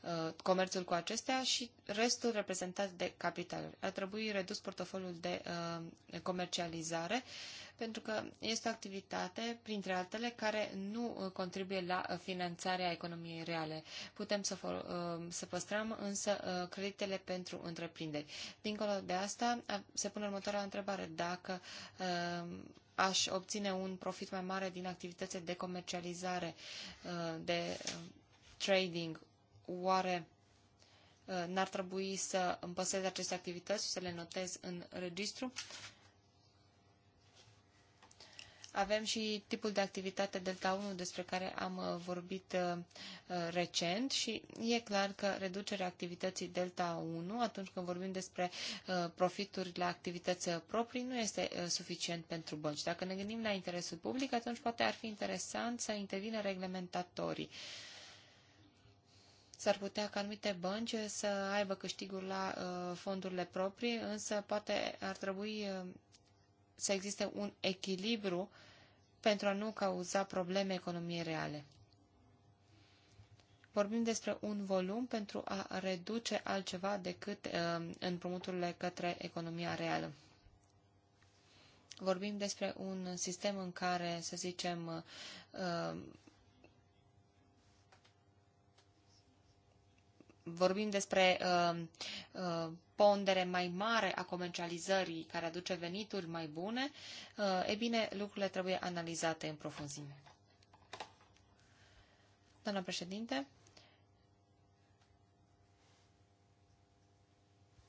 uh, comerțul cu acestea și restul reprezentat de capital Ar trebui redus portofoliul de uh, comercializare pentru că este o activitate, printre altele, care nu uh, contribuie la uh, finanțarea economiei reale. Putem să, for, să păstrăm însă uh, creditele pentru întreprinderi. Dincolo de asta, se pune următoarea întrebare. Dacă aș obține un profit mai mare din activitățile de comercializare, uh, de uh, trading, oare uh, n-ar trebui să împăsez aceste activități și să le notez în registru? Avem și tipul de activitate Delta 1 despre care am uh, vorbit uh, uh, recent și e clar că reducerea activității Delta 1 atunci când vorbim despre profituri la activități proprii nu este suficient pentru bănci. Dacă ne gândim la interesul public, atunci poate ar fi interesant să intervină reglementatorii s-ar putea ca anumite bănci să aibă câștiguri la uh, fondurile proprii, însă poate ar trebui să existe un echilibru pentru a nu cauza probleme economiei reale. Vorbim despre un volum pentru a reduce altceva decât uh, împrumuturile către economia reală. Vorbim despre un sistem în care, să zicem, uh, vorbim despre uh, uh, pondere mai mare a comercializării care aduce venituri mai bune, uh, e bine, lucrurile trebuie analizate în profunzime. Doamna președinte,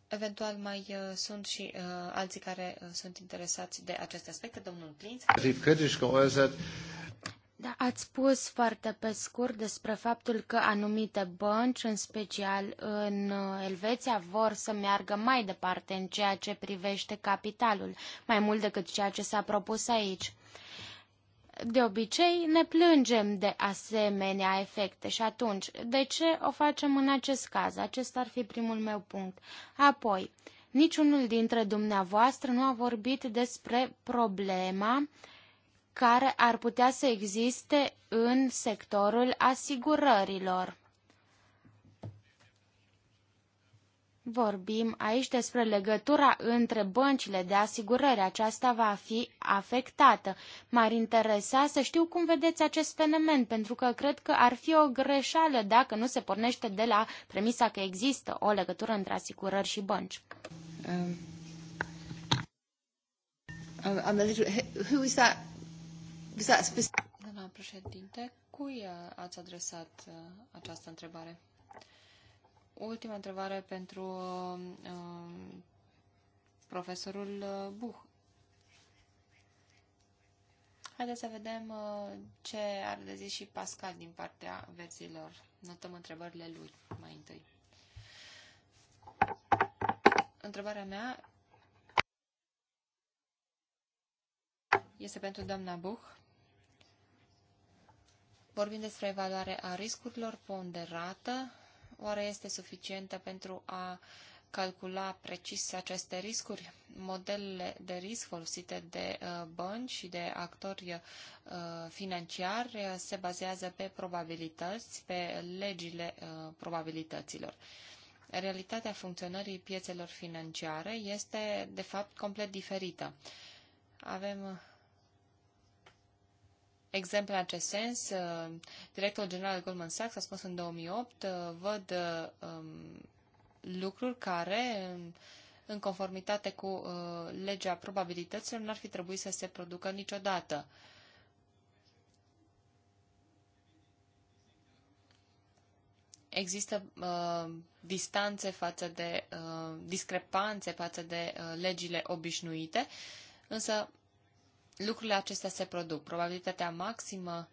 Eventual mai uh, sunt și uh, alții care uh, sunt interesați de aceste aspecte. Domnul Clinț. Da, ați spus foarte pe scurt despre faptul că anumite bănci, în special în Elveția, vor să meargă mai departe în ceea ce privește capitalul, mai mult decât ceea ce s-a propus aici. De obicei ne plângem de asemenea efecte și atunci, de ce o facem în acest caz? Acesta ar fi primul meu punct. Apoi, niciunul dintre dumneavoastră nu a vorbit despre problema uh, care ar putea să existe în sectorul asigurărilor. Vorbim aici despre legătura între băncile de asigurări. Aceasta va fi afectată. M-ar interesa să știu cum vedeți acest fenomen, pentru că cred că ar fi o greșeală dacă nu se pornește de la premisa că există o legătură între asigurări și bănci. Um, I'm a little, who is that Exact, doamna președinte, cui uh, ați adresat uh, această întrebare? Ultima întrebare pentru uh, profesorul Buch. Haideți să vedem ce are de zis și Pascal din partea verzilor. Notăm întrebările lui mai întâi. Întrebarea mea este pentru doamna Buch. Vorbim despre evaluare a riscurilor ponderată. Oare este suficientă pentru a calcula precis aceste riscuri? Modelele de risc folosite de uh, bănci și de actori uh, financiari uh, se bazează pe probabilități, pe legile probabilităților realitatea funcționării piețelor financiare este, de fapt, complet diferită. Avem exemple în acest sens, uh, directorul general al Goldman Sachs a spus în 2008, uh, văd um, lucruri care, în conformitate cu uh, legea probabilităților, n-ar fi trebuit să se producă niciodată. Există uh, distanțe față de, uh, discrepanțe față de uh, legile obișnuite, însă lucrurile acestea se produc. Probabilitatea maximă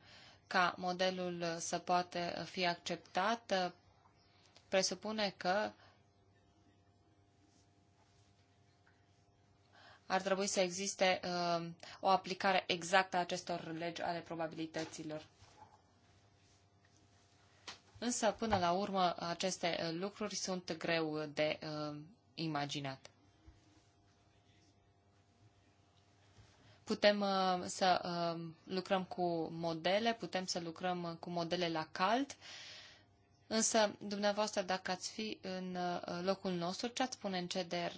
ca modelul să poată fi acceptat uh, presupune că ar trebui să existe uh, o aplicare exactă a acestor legi ale probabilităților. Însă, până la urmă, aceste uh, lucruri sunt greu de uh, imaginat. Putem uh, să uh, lucrăm cu modele, putem să lucrăm uh, cu modele la cald, însă dumneavoastră dacă ați fi în locul nostru, ce ați spune în CDR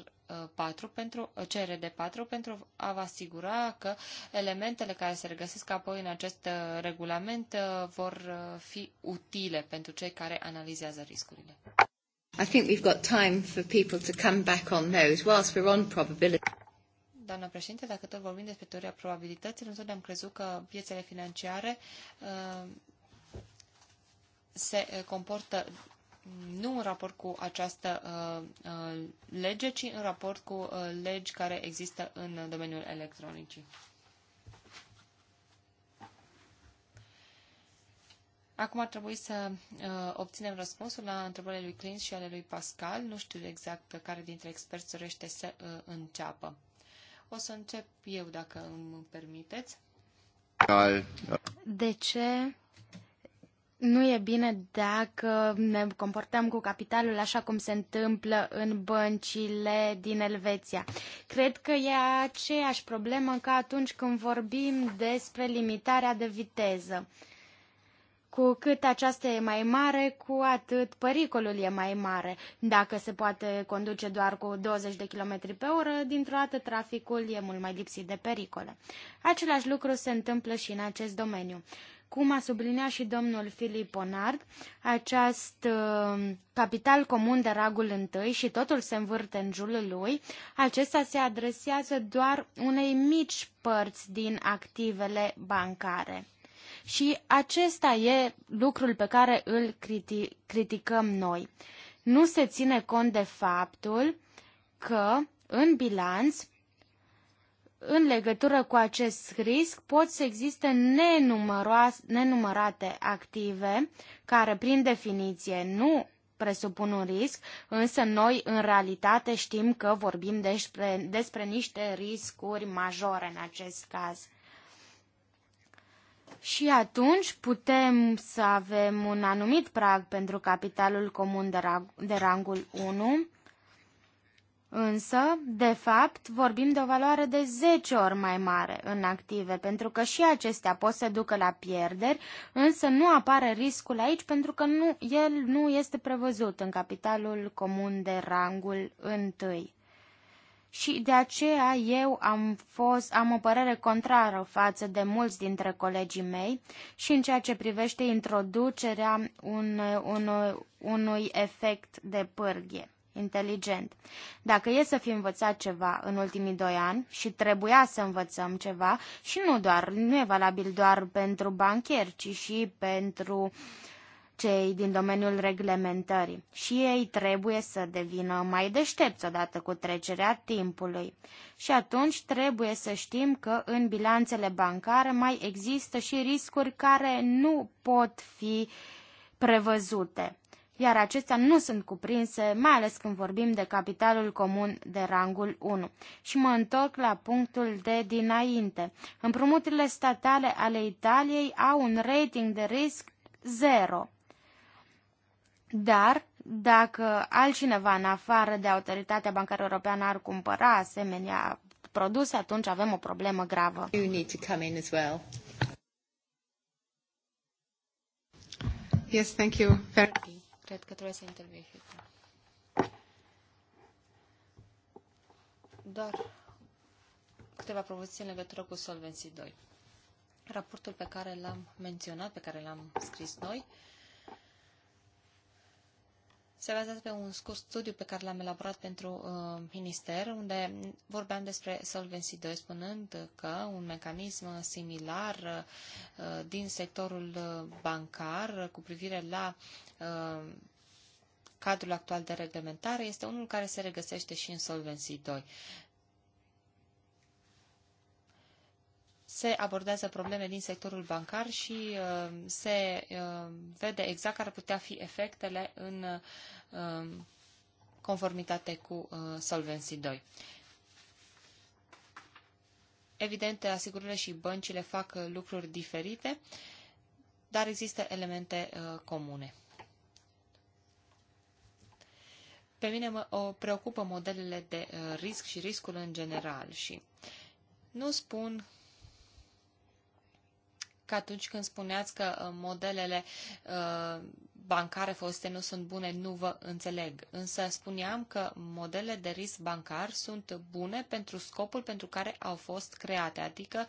4 pentru, CRD 4 pentru a vă asigura că elementele care se regăsesc apoi în acest regulament vor fi utile pentru cei care analizează riscurile. I think we've got time for people to come back on those whilst we're on probability doamnă președinte, dacă tot vorbim despre teoria probabilităților, întotdeauna am crezut că piețele financiare uh, se uh, comportă nu în raport cu această uh, lege, ci în raport cu legi care există în domeniul electronicii. Acum ar trebui să uh, obținem răspunsul la întrebările lui Clint și ale lui Pascal. Nu știu exact care dintre experți dorește să uh, înceapă. O să încep eu, dacă îmi permiteți. De ce nu e bine dacă ne comportăm cu capitalul așa cum se întâmplă în băncile din Elveția. Cred că e aceeași problemă ca atunci când vorbim despre limitarea de viteză. Uh, cu cât aceasta e mai mare, cu atât pericolul e mai mare. Dacă se poate conduce doar cu 20 de km pe oră, dintr-o dată traficul e mult mai lipsit de pericole. Același lucru se întâmplă și în acest domeniu. Cum a subliniat și domnul Filip Ponard, acest uh, capital comun de ragul întâi și totul se învârte în jurul lui, acesta se adresează doar unei mici părți din activele bancare. Și acesta e lucrul pe care îl criti- criticăm noi. Nu se ține cont de faptul că în bilanț în legătură cu acest risc pot să existe nenumărate active care, prin definiție, nu presupun un risc, însă noi, în realitate, știm că vorbim despre, despre niște riscuri majore în acest caz și atunci putem să avem un anumit prag pentru capitalul comun de, rang, de rangul 1, însă, de fapt, vorbim de o valoare de 10 ori mai mare în active, pentru că și acestea pot să ducă la pierderi, însă nu apare riscul aici pentru că nu, el nu este prevăzut în capitalul comun de rangul 1 și de aceea eu am, fost, am o părere contrară față de mulți dintre colegii mei și în ceea ce privește introducerea un, un, unui efect de pârghie inteligent. Dacă e să fi învățat ceva în ultimii doi ani și trebuia să învățăm ceva și nu doar, nu e valabil doar pentru bancheri, ci și pentru uh, cei din domeniul reglementării și ei trebuie să devină mai deștepți odată cu trecerea timpului. Și atunci trebuie să știm că în bilanțele bancare mai există și riscuri care nu pot fi prevăzute, iar acestea nu sunt cuprinse, mai ales când vorbim de capitalul comun de rangul 1. Și mă întorc la punctul de dinainte. Împrumuturile statale ale Italiei au un rating de risc 0 dar dacă altcineva în afară de Autoritatea Bancară Europeană ar cumpăra asemenea produse, atunci avem o problemă gravă. You need to come in as well. Yes, thank you. Very... Cred că trebuie să intervii și tu. Doar câteva propoziții în legătură cu Solvency 2. Raportul pe care l-am menționat, pe care l-am scris noi, uh, se bazează pe un scurt studiu pe care l-am elaborat pentru uh, minister, unde vorbeam despre Solvency 2, spunând că un mecanism similar uh, din sectorul uh, bancar cu privire la uh, cadrul actual de reglementare este unul care se regăsește și în Solvency 2. se abordează probleme din sectorul bancar și uh, se uh, vede exact care ar putea fi efectele în uh, conformitate cu Solvency 2. Evident, asigurările și băncile fac lucruri diferite, dar există elemente comune. Pe mine mă preocupă modelele de risc și riscul în general și nu spun că atunci când spuneați că uh, modelele uh, bancare foste nu sunt bune, nu vă înțeleg. Însă spuneam că modelele de risc bancar sunt bune pentru scopul pentru care au fost create, adică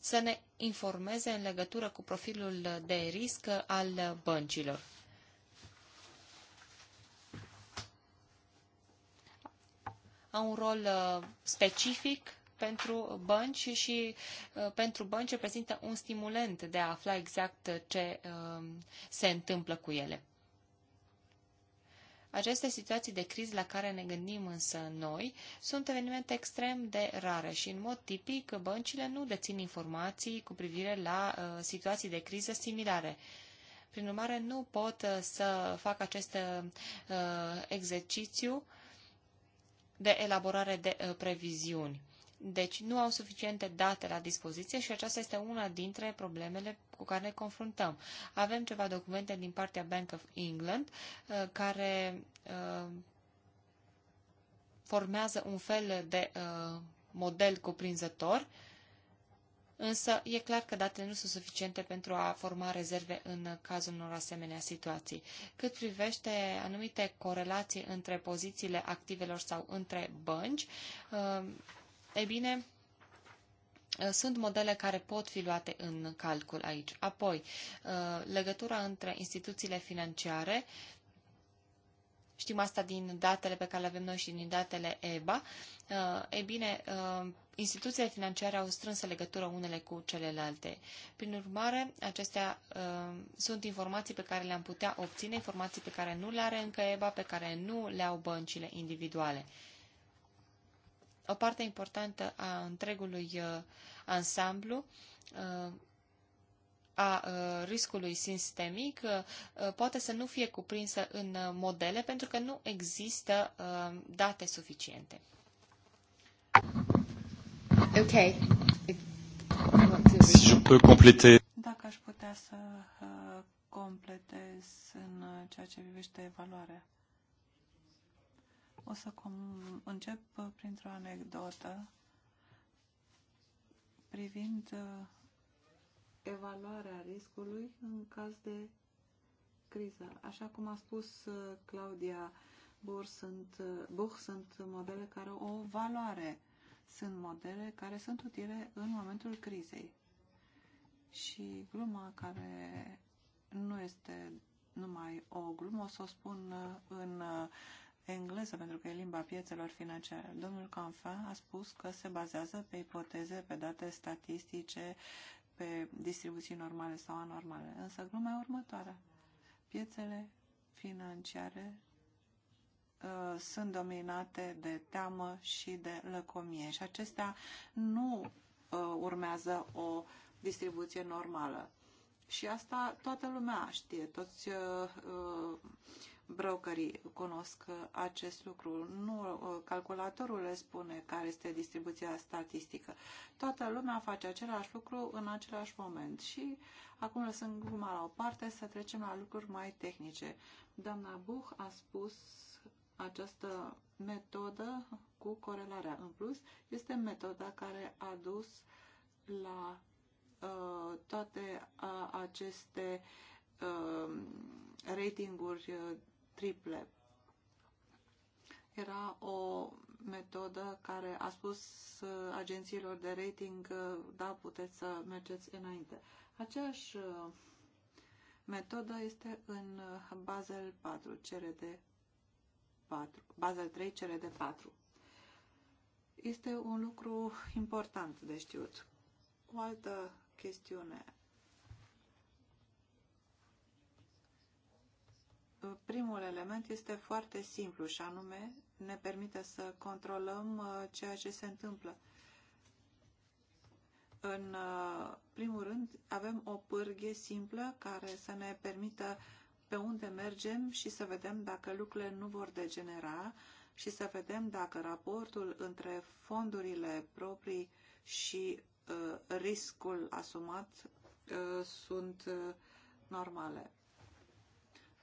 să ne informeze în legătură cu profilul de risc al băncilor. Au un rol uh, specific pentru bănci și uh, pentru bănci reprezintă un stimulent de a afla exact ce uh, se întâmplă cu ele. Aceste situații de criză la care ne gândim însă noi sunt evenimente extrem de rare și, în mod tipic, băncile nu dețin informații cu privire la uh, situații de criză similare. Prin urmare, nu pot uh, să fac acest uh, uh exercițiu de elaborare de uh, previziuni. Deci nu au suficiente date la dispoziție și aceasta este una dintre problemele cu care ne confruntăm. Avem ceva documente din partea Bank of England uh, care uh, formează un fel de uh, model cuprinzător, însă e clar că datele nu sunt suficiente pentru a forma rezerve în cazul unor asemenea situații. Cât privește anumite corelații între pozițiile activelor sau între bănci, ei bine, uh, sunt modele care pot fi luate în calcul aici. Apoi, uh, legătura între instituțiile financiare, știm asta din datele pe care le avem noi și din datele EBA, uh, ei bine, instituțiile financiare au strânsă legătură unele cu celelalte. Prin urmare, acestea sunt informații pe care le-am putea obține, informații pe care nu le are încă EBA, pe care nu le au băncile individuale o parte importantă a întregului uh, ansamblu uh, a uh, riscului sistemic poate să nu fie cuprinsă în modele pentru că nu există date suficiente. Ok. Si je peux compléter. Dacă aș putea să completez în ceea ce privește evaluarea. O să încep printr-o anecdotă privind uh, evaluarea riscului în caz de criză. Așa cum a spus uh, Claudia Bur, sunt, uh, Buch, sunt modele care au o valoare. Sunt modele care sunt utile în momentul crizei. Și gluma care nu este numai o glumă, o să o spun în engleză, pentru că e limba piețelor financiare. Domnul Canfa a spus că se bazează pe ipoteze, pe date statistice, pe distribuții normale sau anormale. Însă glumea următoare. Piețele financiare uh, sunt dominate de teamă și de lăcomie și acestea nu uh, urmează o distribuție normală. Și asta toată lumea știe, toți uh, uh brokerii cunosc acest lucru. Nu, calculatorul le spune care este distribuția statistică. Toată lumea face același lucru în același moment. Și acum lăsând gluma la o parte să trecem la lucruri mai tehnice. Doamna Buch a spus această metodă cu corelarea în plus este metoda care a dus la uh, toate uh, aceste uh, ratinguri uh, triple. Era o metodă care a spus uh, agențiilor de rating, uh, da, puteți să mergeți înainte. Aceeași uh, metodă este în Basel 4, CRD 4, Basel 3, CRD 4. Este un lucru important de știut. O altă chestiune primul element este foarte simplu și anume ne permite să controlăm uh, ceea ce se întâmplă. În uh, primul rând, avem o pârghie simplă care să ne permită pe unde mergem și să vedem dacă lucrurile nu vor degenera și să vedem dacă raportul între fondurile proprii și uh, riscul asumat uh, sunt uh, normale.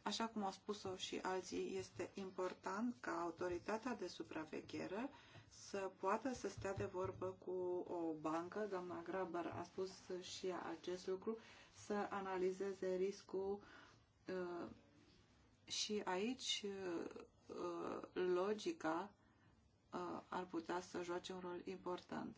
Așa cum au spus-o și alții, este important ca autoritatea de supraveghere să poată să stea de vorbă cu o bancă, doamna Graber a spus și acest lucru, să analizeze riscul uh, și aici uh, logica uh, ar putea să joace un rol important.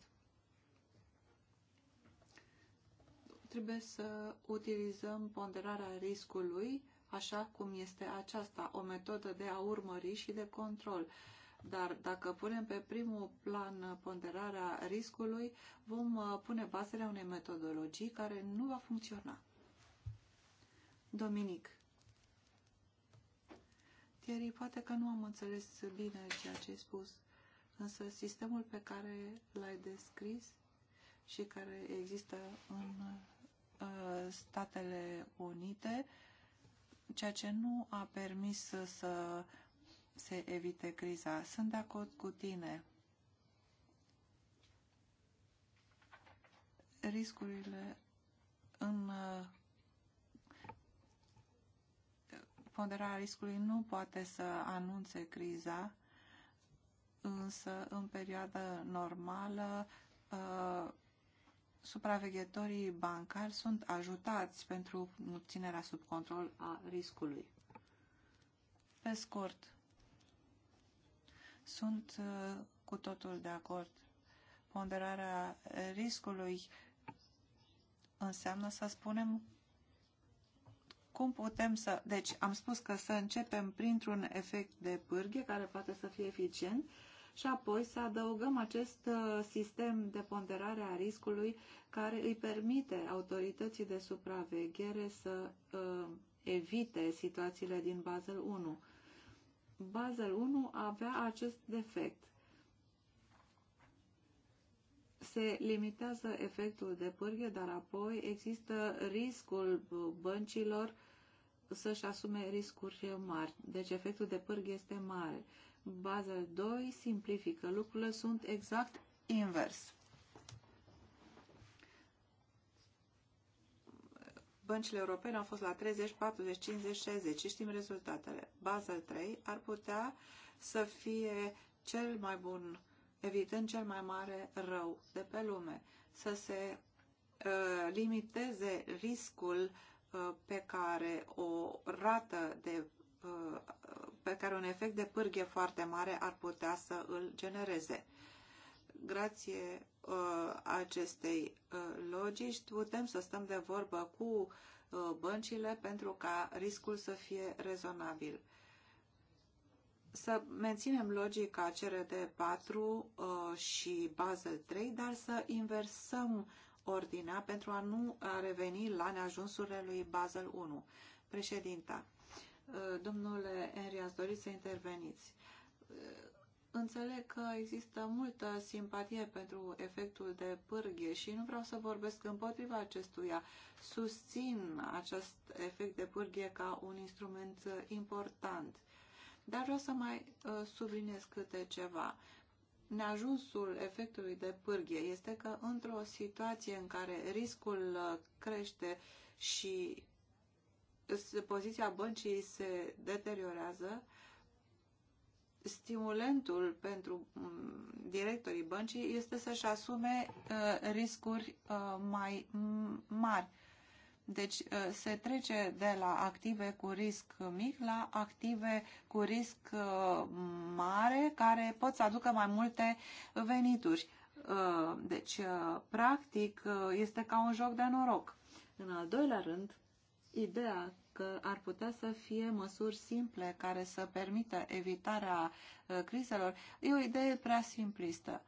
Trebuie să utilizăm ponderarea riscului așa cum este aceasta, o metodă de a urmări și de control. Dar dacă punem pe primul plan ponderarea riscului, vom uh, pune bazele unei metodologii care nu va funcționa. Dominic. Thierry, poate că nu am înțeles bine ceea ce ai spus, însă sistemul pe care l-ai descris și care există în uh, Statele Unite ceea ce nu a permis să se evite criza. Sunt de acord cu tine. Riscurile în uh, ponderarea riscului nu poate să anunțe criza, însă în perioada normală uh, supraveghetorii bancari sunt ajutați pentru ținerea sub control a riscului. Pe scurt, sunt uh, cu totul de acord. Ponderarea riscului înseamnă să spunem cum putem să... Deci am spus că să începem printr-un efect de pârghie care poate să fie eficient și apoi să adăugăm acest uh, sistem de ponderare a riscului care îi permite autorității de supraveghere să uh, evite situațiile din Basel 1. Basel 1 avea acest defect. Se limitează efectul de pârghie, dar apoi există riscul uh, băncilor să-și asume riscuri mari. Deci efectul de pârghie este mare. Baza 2 simplifică. Lucrurile sunt exact invers. Băncile europene au fost la 30, 40, 50, 60 și știm rezultatele. Baza 3 ar putea să fie cel mai bun, evitând cel mai mare rău de pe lume, să se uh, limiteze riscul uh, pe care o rată de pe care un efect de pârghie foarte mare ar putea să îl genereze. Grație uh, acestei uh, logici putem să stăm de vorbă cu uh, băncile pentru ca riscul să fie rezonabil. Să menținem logica CRD4 și Basel 3, dar să inversăm ordinea pentru a nu reveni la neajunsurile lui Basel 1. Președinta, Eh, domnule Henry, ați dorit să interveniți. Eh, înțeleg că există multă simpatie pentru efectul de pârghie și nu vreau să vorbesc împotriva acestuia. Susțin acest efect de pârghie ca un instrument eh, important. Dar vreau să mai subliniez câte ceva. Neajunsul efectului de pârghie este că într-o situație în care riscul crește și poziția băncii se deteriorează, stimulentul pentru mm, directorii băncii este să-și asume uh, riscuri uh, mai mari. Deci uh, se trece de la active cu risc mic la active cu risc mare care pot să aducă mai multe venituri. Deci, practic, este ca un joc de noroc. În al doilea rând, ideea că ar putea să fie măsuri simple care să permită evitarea uh, crizelor, e o idee prea simplistă.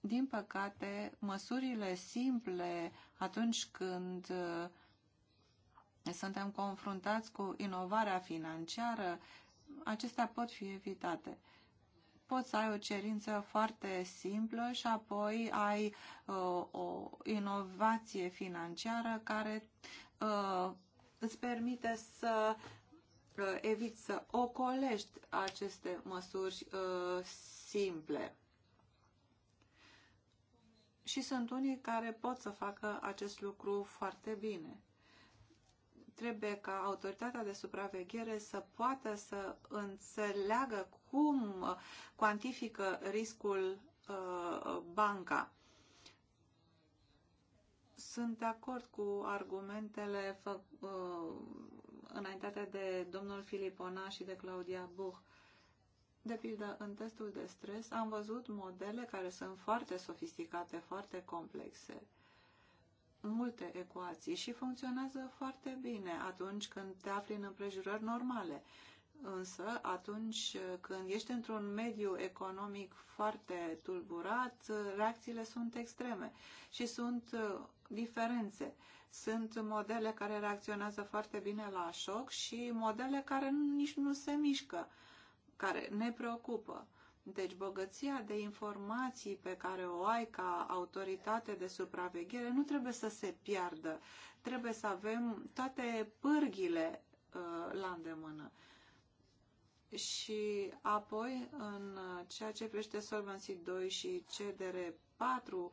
Din păcate, măsurile simple atunci când uh, suntem confruntați cu inovarea financiară, acestea pot fi evitate poți să ai o cerință foarte simplă și apoi ai uh, o inovație financiară care uh, îți permite să uh, eviți să ocolești aceste măsuri uh, simple. Și sunt unii care pot să facă acest lucru foarte bine. Trebuie ca autoritatea de supraveghere să poată să înțeleagă cum uh, cuantifică riscul banca sunt de acord cu argumentele fă, uh, înaintate de domnul Filipona și de Claudia Buch. De pildă, în testul de stres am văzut modele care sunt foarte sofisticate, foarte complexe, multe ecuații și funcționează foarte bine atunci când te afli în împrejurări normale însă atunci când ești într-un mediu economic foarte tulburat, reacțiile sunt extreme și sunt uh, diferențe. Sunt modele care reacționează foarte bine la șoc și modele care nici nu se mișcă, care ne preocupă. Deci bogăția de informații pe care o ai ca autoritate de supraveghere nu trebuie să se piardă. Trebuie să avem toate pârghile uh, la îndemână și apoi în ceea ce privește Solvency 2 și CDR 4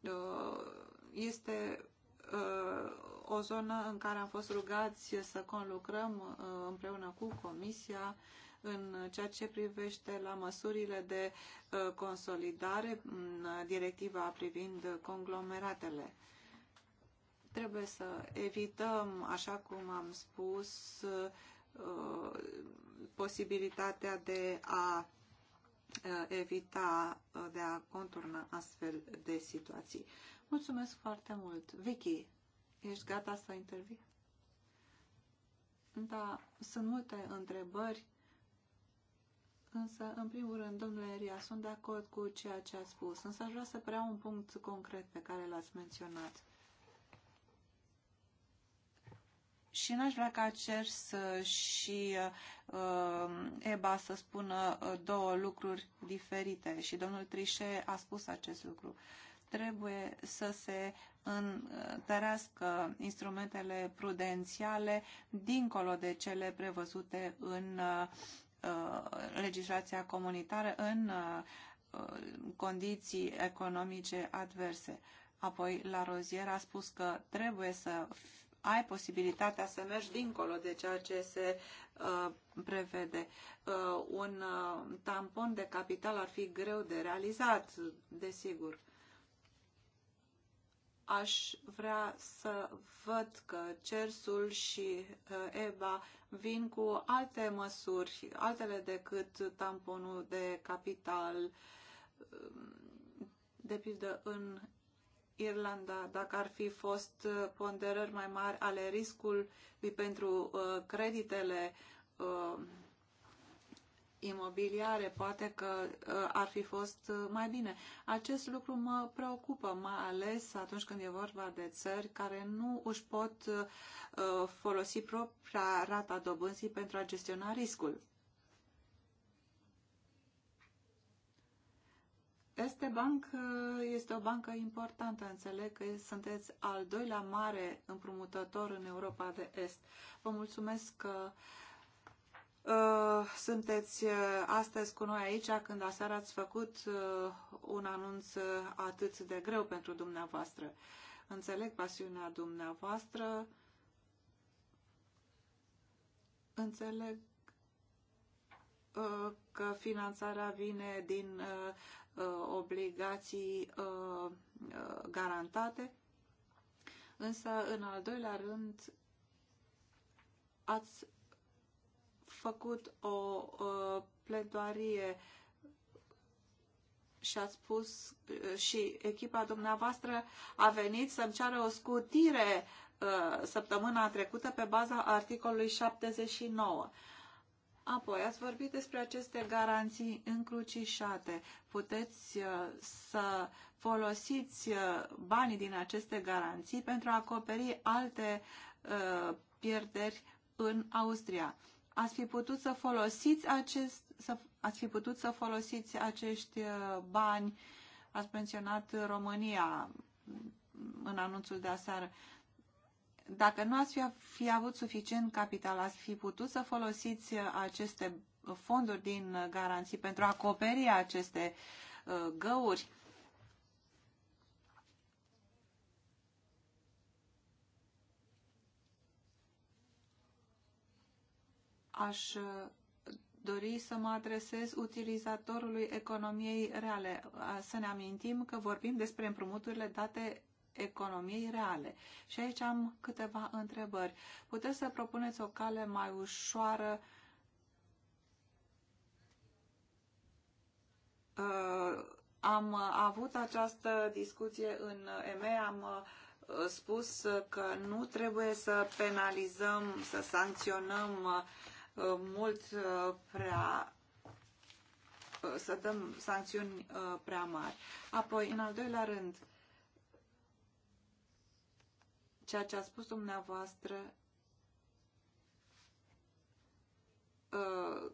uh, este uh, o zonă în care am fost rugați să conlucrăm uh, împreună cu Comisia în ceea ce privește la măsurile de consolidare în directiva privind conglomeratele. Trebuie să evităm, așa cum am spus, Uh, posibilitatea de a uh, evita, uh, de a conturna astfel de situații. Mulțumesc foarte mult. Vicky, ești gata să intervii? Da, sunt multe întrebări, însă, în primul rând, domnule Ria, sunt de acord cu ceea ce a spus, însă aș vrea să preau un punct concret pe care l-ați menționat și n-aș vrea ca CERS și uh, EBA să spună uh, două lucruri diferite și domnul Trișe a spus acest lucru. Trebuie să se întărească instrumentele prudențiale dincolo de cele prevăzute în uh, uh legislația comunitară în uh, uh, condiții economice adverse. Apoi, la Rozier a spus că trebuie să ai posibilitatea să mergi dincolo de ceea ce se uh, prevede. Uh, un uh, tampon de capital ar fi greu de realizat, desigur. Aș vrea să văd că CERSUL și EBA vin cu alte măsuri, altele decât tamponul de capital um, de pildă în Irlanda, dacă ar fi fost uh, ponderări mai mari ale riscului uh, pentru uh, creditele uh, imobiliare, poate că uh, ar fi fost uh, mai bine. Acest lucru mă preocupă, mai ales atunci când e vorba de țări care nu își pot folosi propria rata dobânzii pentru a gestiona riscul. Este Bank este o bancă importantă, înțeleg că sunteți al doilea mare împrumutător în Europa de Est. Vă mulțumesc că uh, sunteți uh, astăzi cu noi aici, când aseară ați făcut uh, un anunț atât de greu pentru dumneavoastră. Înțeleg pasiunea dumneavoastră, înțeleg uh, că finanțarea vine din uh, Uh, obligații uh, uh, garantate, însă în al doilea rând ați făcut o pledoarie și ați spus și echipa dumneavoastră a venit să-mi ceară o scutire săptămâna trecută pe baza articolului 79. Apoi, ați vorbit despre aceste garanții încrucișate. Puteți uh, să folosiți uh, banii din aceste garanții pentru a acoperi alte uh, pierderi în Austria. Ați fi putut să folosiți, acest, să, ați fi putut să folosiți acești bani, ați menționat România în anunțul de aseară, dacă nu ați fi, fi avut suficient capital, ați fi putut să folosiți aceste fonduri din garanții pentru a acoperi aceste uh, găuri. Aș uh, dori să mă adresez utilizatorului economiei reale. Să ne amintim că vorbim despre împrumuturile date economiei reale. Și aici am câteva întrebări. Puteți să propuneți o cale mai ușoară uh, am avut această discuție în EME, am uh, spus că nu trebuie să penalizăm, să sancționăm uh, mult uh, prea să dăm sancțiuni prea mari. Apoi, în al doilea rând, ceea ce a spus dumneavoastră uh,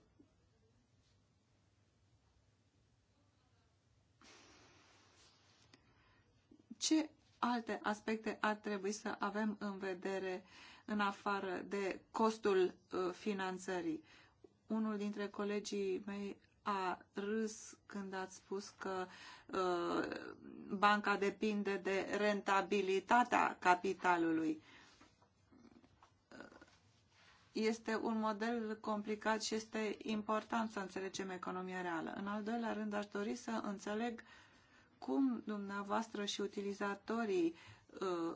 ce alte aspecte ar trebui să avem în vedere în afară de costul uh, finanțării? Unul dintre colegii mei a râs când ați spus că uh, banca depinde de rentabilitatea capitalului. Uh, este un model complicat și este important să înțelegem economia reală. În al doilea rând, aș dori să înțeleg cum dumneavoastră și utilizatorii uh,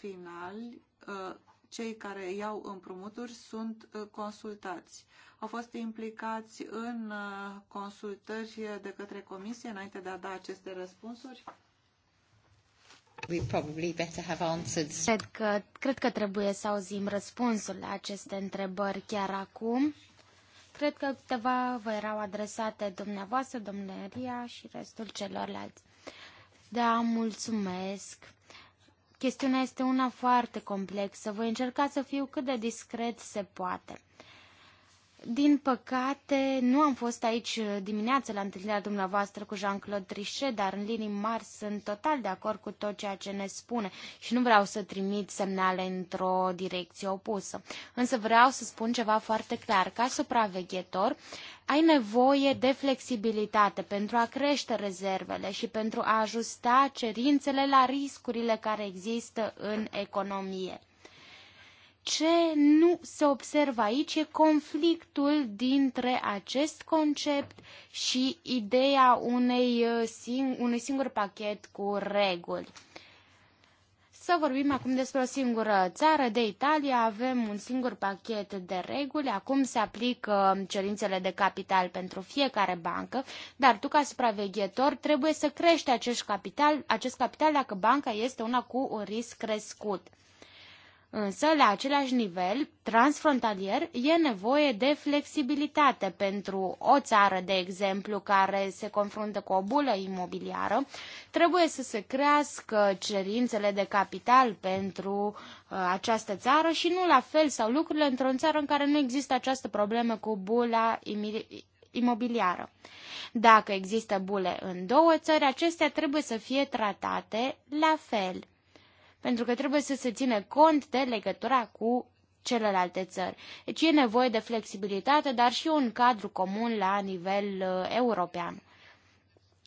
finali uh, cei care iau împrumuturi sunt uh, consultați. Au fost implicați în uh, consultări de către comisie înainte de a da aceste răspunsuri? We probably better have answered. Cred că, cred că trebuie să auzim răspunsul la aceste întrebări chiar acum. Cred că câteva vă erau adresate dumneavoastră, domnule Ria și restul celorlalți. Da, mulțumesc. Chestiunea este una foarte complexă. Voi încerca să fiu cât de discret se poate. Din păcate, nu am fost aici dimineață la întâlnirea dumneavoastră cu Jean-Claude Trichet, dar în linii mari sunt total de acord cu tot ceea ce ne spune și nu vreau să trimit semnale într-o direcție opusă. Însă vreau să spun ceva foarte clar. Ca supraveghetor, ai nevoie de flexibilitate pentru a crește rezervele și pentru a ajusta cerințele la riscurile care există în economie. Ce nu se observă aici e conflictul dintre acest concept și ideea unei uh, sing- unui singur pachet cu reguli. Să vorbim acum despre o singură țară, de Italia avem un singur pachet de reguli, acum se aplică cerințele de capital pentru fiecare bancă, dar tu ca supraveghetor trebuie să crești acest capital, acest capital dacă banca este una cu un risc crescut. Însă, la același nivel, transfrontalier, e nevoie de flexibilitate pentru o țară, de exemplu, care se confruntă cu o bulă imobiliară. Trebuie să se crească cerințele de capital pentru uh, această țară și nu la fel sau lucrurile într-o țară în care nu există această problemă cu bula imobiliară. Dacă există bule în două țări, acestea trebuie să fie tratate la fel pentru că trebuie să se ține cont de legătura cu celelalte țări. Deci e nevoie de flexibilitate, dar și un cadru comun la nivel uh, european.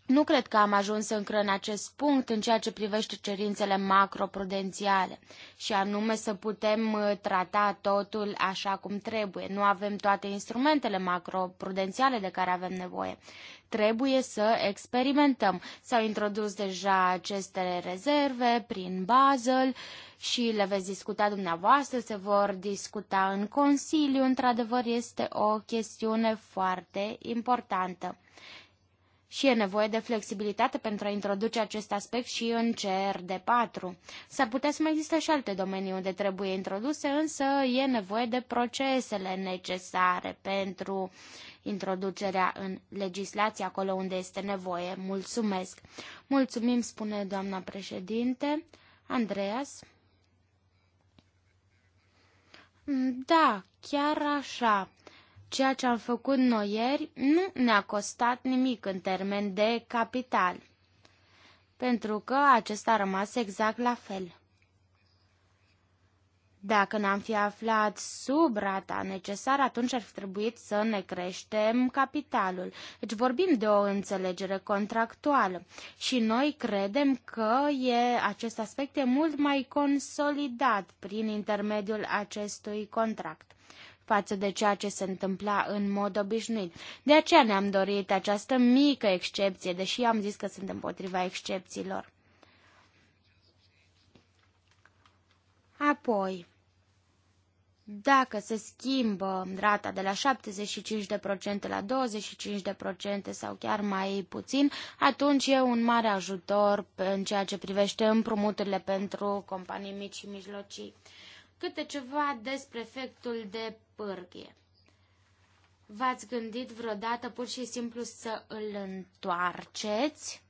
Nu cred că am ajuns încă în acest punct în ceea ce privește cerințele macroprudențiale și anume să putem uh, trata totul așa cum trebuie. Nu avem toate instrumentele macroprudențiale de care avem nevoie. Trebuie să experimentăm. S-au introdus deja aceste rezerve prin Basel și le veți discuta dumneavoastră, se vor discuta în Consiliu. Într-adevăr, este o chestiune foarte importantă și e nevoie de flexibilitate pentru a introduce acest aspect și în CRD4. S-ar putea să mai există și alte domenii unde trebuie introduse, însă e nevoie de procesele necesare pentru introducerea în legislație acolo unde este nevoie. Mulțumesc! Mulțumim, spune doamna președinte. Andreas? Da, chiar așa. Ceea ce am făcut noi ieri nu ne-a costat nimic în termen de capital, pentru că acesta a rămas exact la fel. Dacă n-am fi aflat sub rata necesară, atunci ar fi trebuit să ne creștem capitalul. Deci vorbim de o înțelegere contractuală și noi credem că e, acest aspect e mult mai consolidat prin intermediul acestui contract față de ceea ce se întâmpla în mod obișnuit. De aceea ne-am dorit această mică excepție, deși am zis că sunt împotriva excepțiilor. Apoi, dacă se schimbă rata de la 75% la 25% sau chiar mai puțin, atunci e un mare ajutor în ceea ce privește împrumuturile pentru companii mici și mijlocii câte ceva despre efectul de pârghie. V-ați gândit vreodată pur și simplu să îl întoarceți?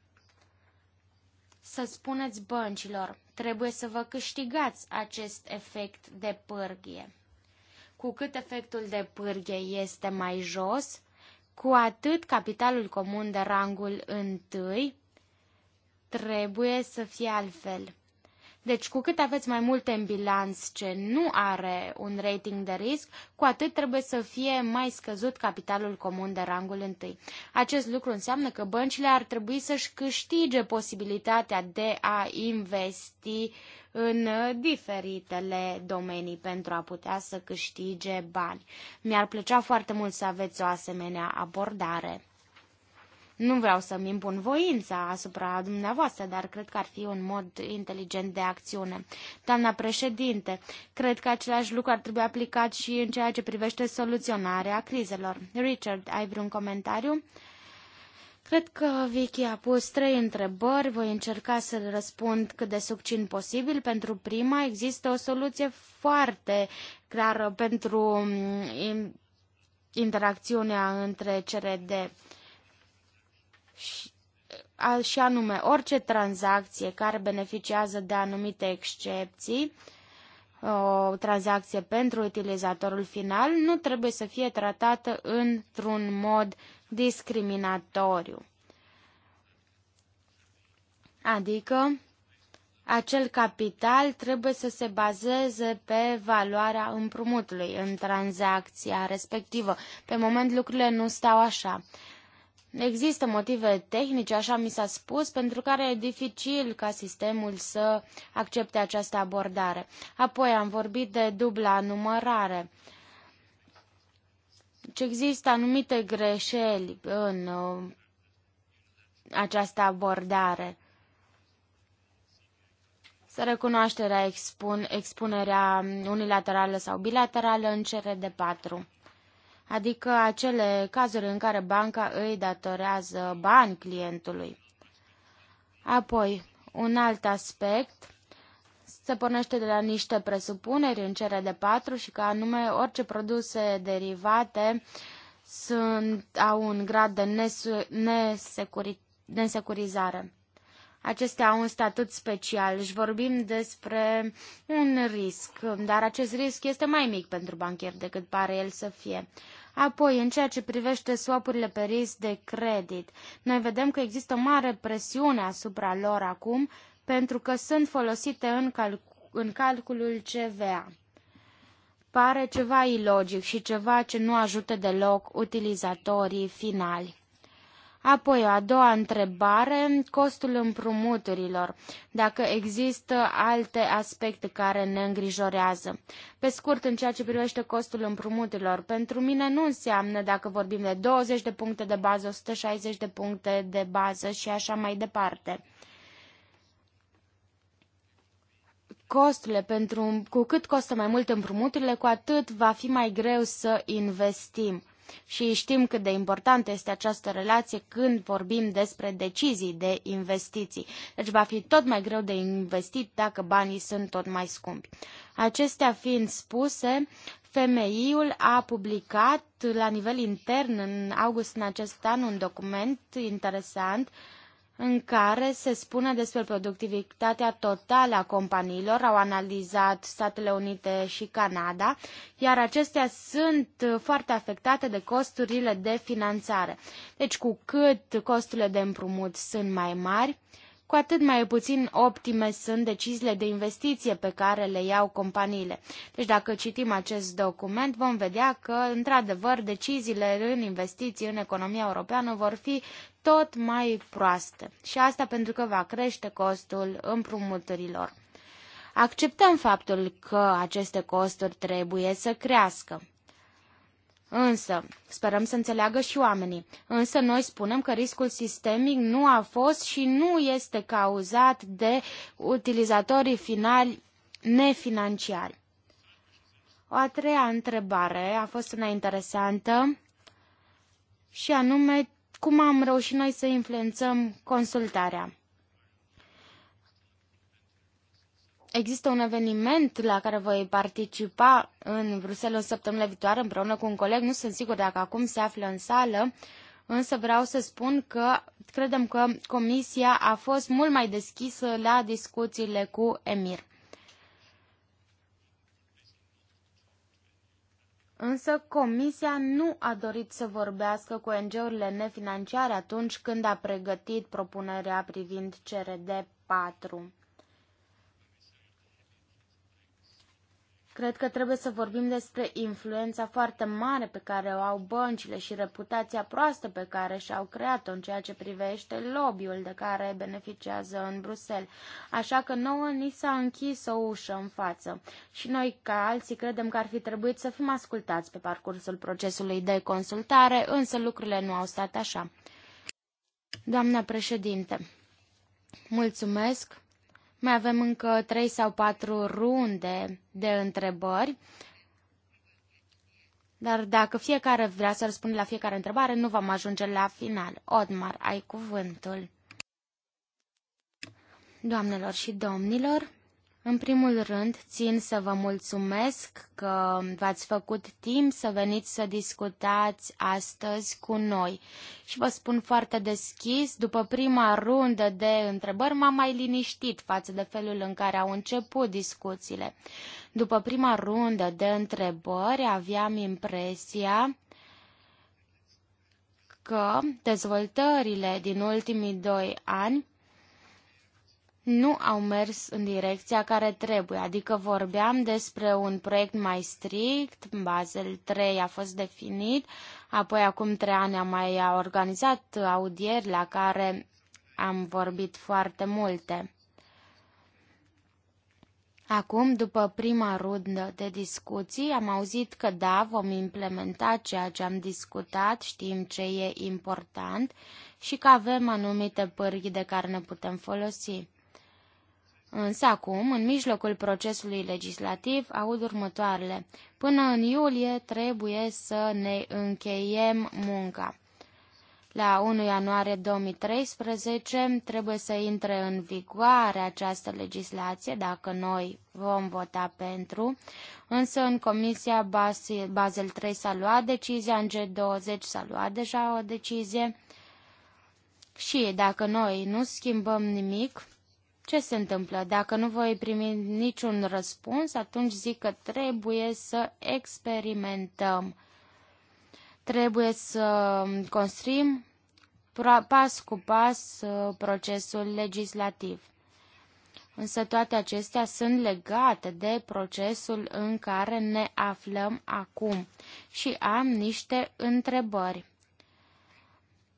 Să spuneți băncilor, trebuie să vă câștigați acest efect de pârghie. Cu cât efectul de pârghie este mai jos, cu atât capitalul comun de rangul întâi trebuie să fie altfel. Deci, cu cât aveți mai multe în bilanț ce nu are un rating de risc, cu atât trebuie să fie mai scăzut capitalul comun de rangul întâi. Acest lucru înseamnă că băncile ar trebui să-și câștige posibilitatea de a investi în diferitele domenii pentru a putea să câștige bani. Mi-ar plăcea foarte mult să aveți o asemenea abordare. Nu vreau să-mi impun voința asupra dumneavoastră, dar cred că ar fi un mod inteligent de acțiune. Doamna președinte, cred că același lucru ar trebui aplicat și în ceea ce privește soluționarea crizelor. Richard, ai vreun comentariu? Cred că Vicky a pus trei întrebări, voi încerca să le răspund cât de succint posibil. Pentru prima există o soluție foarte clară pentru mm, interacțiunea între CRD și, și anume orice tranzacție care beneficiază de anumite excepții, o tranzacție pentru utilizatorul final, nu trebuie să fie tratată într-un mod discriminatoriu. Adică, acel capital trebuie să se bazeze pe valoarea împrumutului în tranzacția respectivă. Pe moment lucrurile nu stau așa. Există motive tehnice, așa mi s-a spus, pentru care e dificil ca sistemul să accepte această abordare. Apoi am vorbit de dubla numărare. Ce deci există anumite greșeli în uh, această abordare. Să recunoașterea expun, expunerea unilaterală sau bilaterală în cere de patru adică acele cazuri în care banca îi datorează bani clientului. Apoi, un alt aspect se pornește de la niște presupuneri în cele de patru și că anume orice produse derivate sunt, au un grad de nesu, nesecurizare. Acestea au un statut special și vorbim despre un risc, dar acest risc este mai mic pentru banchier decât pare el să fie. Apoi, în ceea ce privește swapurile pe risc de credit, noi vedem că există o mare presiune asupra lor acum pentru că sunt folosite în, calc- în calculul CVA. Pare ceva ilogic și ceva ce nu ajută deloc utilizatorii finali. Apoi, o a doua întrebare, costul împrumuturilor, dacă există alte aspecte care ne îngrijorează. Pe scurt, în ceea ce privește costul împrumuturilor, pentru mine nu înseamnă dacă vorbim de 20 de puncte de bază, 160 de puncte de bază și așa mai departe. costurile pentru, cu cât costă mai mult împrumuturile, cu atât va fi mai greu să investim și știm cât de importantă este această relație când vorbim despre decizii de investiții. Deci va fi tot mai greu de investit dacă banii sunt tot mai scumpi. Acestea fiind spuse, FMI-ul a publicat la nivel intern în august în acest an un document interesant uh, în care se spune despre productivitatea totală a companiilor, au analizat Statele Unite și Canada, iar acestea sunt foarte afectate de costurile de finanțare. Deci cu cât costurile de împrumut sunt mai mari, cu atât mai puțin optime sunt deciziile de investiție pe care le iau companiile. Deci dacă citim acest document, vom vedea că, într-adevăr, deciziile în investiții în economia europeană vor fi tot mai proaste și asta pentru că va crește costul împrumuturilor. Acceptăm faptul că aceste costuri trebuie să crească. Însă, sperăm să înțeleagă și oamenii, însă noi spunem că riscul sistemic nu a fost și nu este cauzat de utilizatorii finali nefinanciari. O a treia întrebare a fost una interesantă și anume cum am reușit noi să influențăm consultarea. Există un eveniment la care voi participa în Bruxelles în săptămâna viitoare împreună cu un coleg. Nu sunt sigur dacă acum se află în sală, însă vreau să spun că credem că Comisia a fost mult mai deschisă la discuțiile cu Emir. Însă Comisia nu a dorit să vorbească cu ONG-urile nefinanciare atunci când a pregătit propunerea privind CRD 4. Cred că trebuie să vorbim despre influența foarte mare pe care o au băncile și reputația proastă pe care și-au creat-o în ceea ce privește lobby-ul de care beneficiază în Bruxelles. Așa că nouă ni s-a închis o ușă în față și noi, ca alții, credem că ar fi trebuit să fim ascultați pe parcursul procesului de consultare, însă lucrurile nu au stat așa. Doamna președinte, mulțumesc! Mai avem încă trei sau patru runde de întrebări. Dar dacă fiecare vrea să răspundă la fiecare întrebare, nu vom ajunge la final. Odmar, ai cuvântul. Doamnelor și domnilor, în primul rând, țin să vă mulțumesc că v-ați făcut timp să veniți să discutați astăzi cu noi. Și vă spun foarte deschis, după prima rundă de întrebări m-am mai liniștit față de felul în care au început discuțiile. După prima rundă de întrebări aveam impresia că dezvoltările din ultimii doi ani nu au mers în direcția care trebuie, adică vorbeam despre un proiect mai strict, Basel 3 a fost definit, apoi acum trei ani am mai organizat audieri la care am vorbit foarte multe. Acum, după prima rundă de discuții, am auzit că da, vom implementa ceea ce am discutat, știm ce e important și că avem anumite pârghii de care ne putem folosi. Însă acum, în mijlocul procesului legislativ, aud următoarele. Până în iulie trebuie să ne încheiem munca. La 1 ianuarie 2013 trebuie să intre în vigoare această legislație, dacă noi vom vota pentru, însă în Comisia Basel 3 s-a luat decizia, în G20 s-a luat deja o decizie și dacă noi nu schimbăm nimic, ce se întâmplă? Dacă nu voi primi niciun răspuns, atunci zic că trebuie să experimentăm. Trebuie să construim pas cu pas uh, procesul legislativ. Însă toate acestea sunt legate de procesul în care ne aflăm acum și am niște întrebări.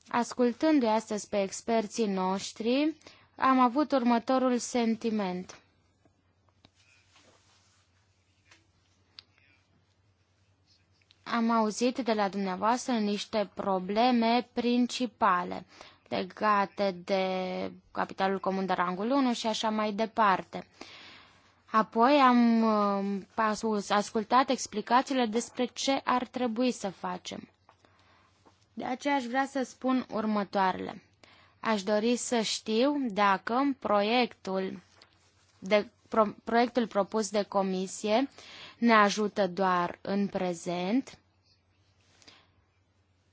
Ascultându-i astăzi pe experții noștri, am avut următorul sentiment. Am auzit de la dumneavoastră niște probleme principale legate de capitalul comun de rangul 1 și așa mai departe. Apoi am um, ascultat explicațiile despre ce ar trebui să facem. De aceea aș vrea să spun următoarele. Aș dori să știu dacă în proiectul, de, pro, proiectul propus de comisie ne ajută doar în prezent,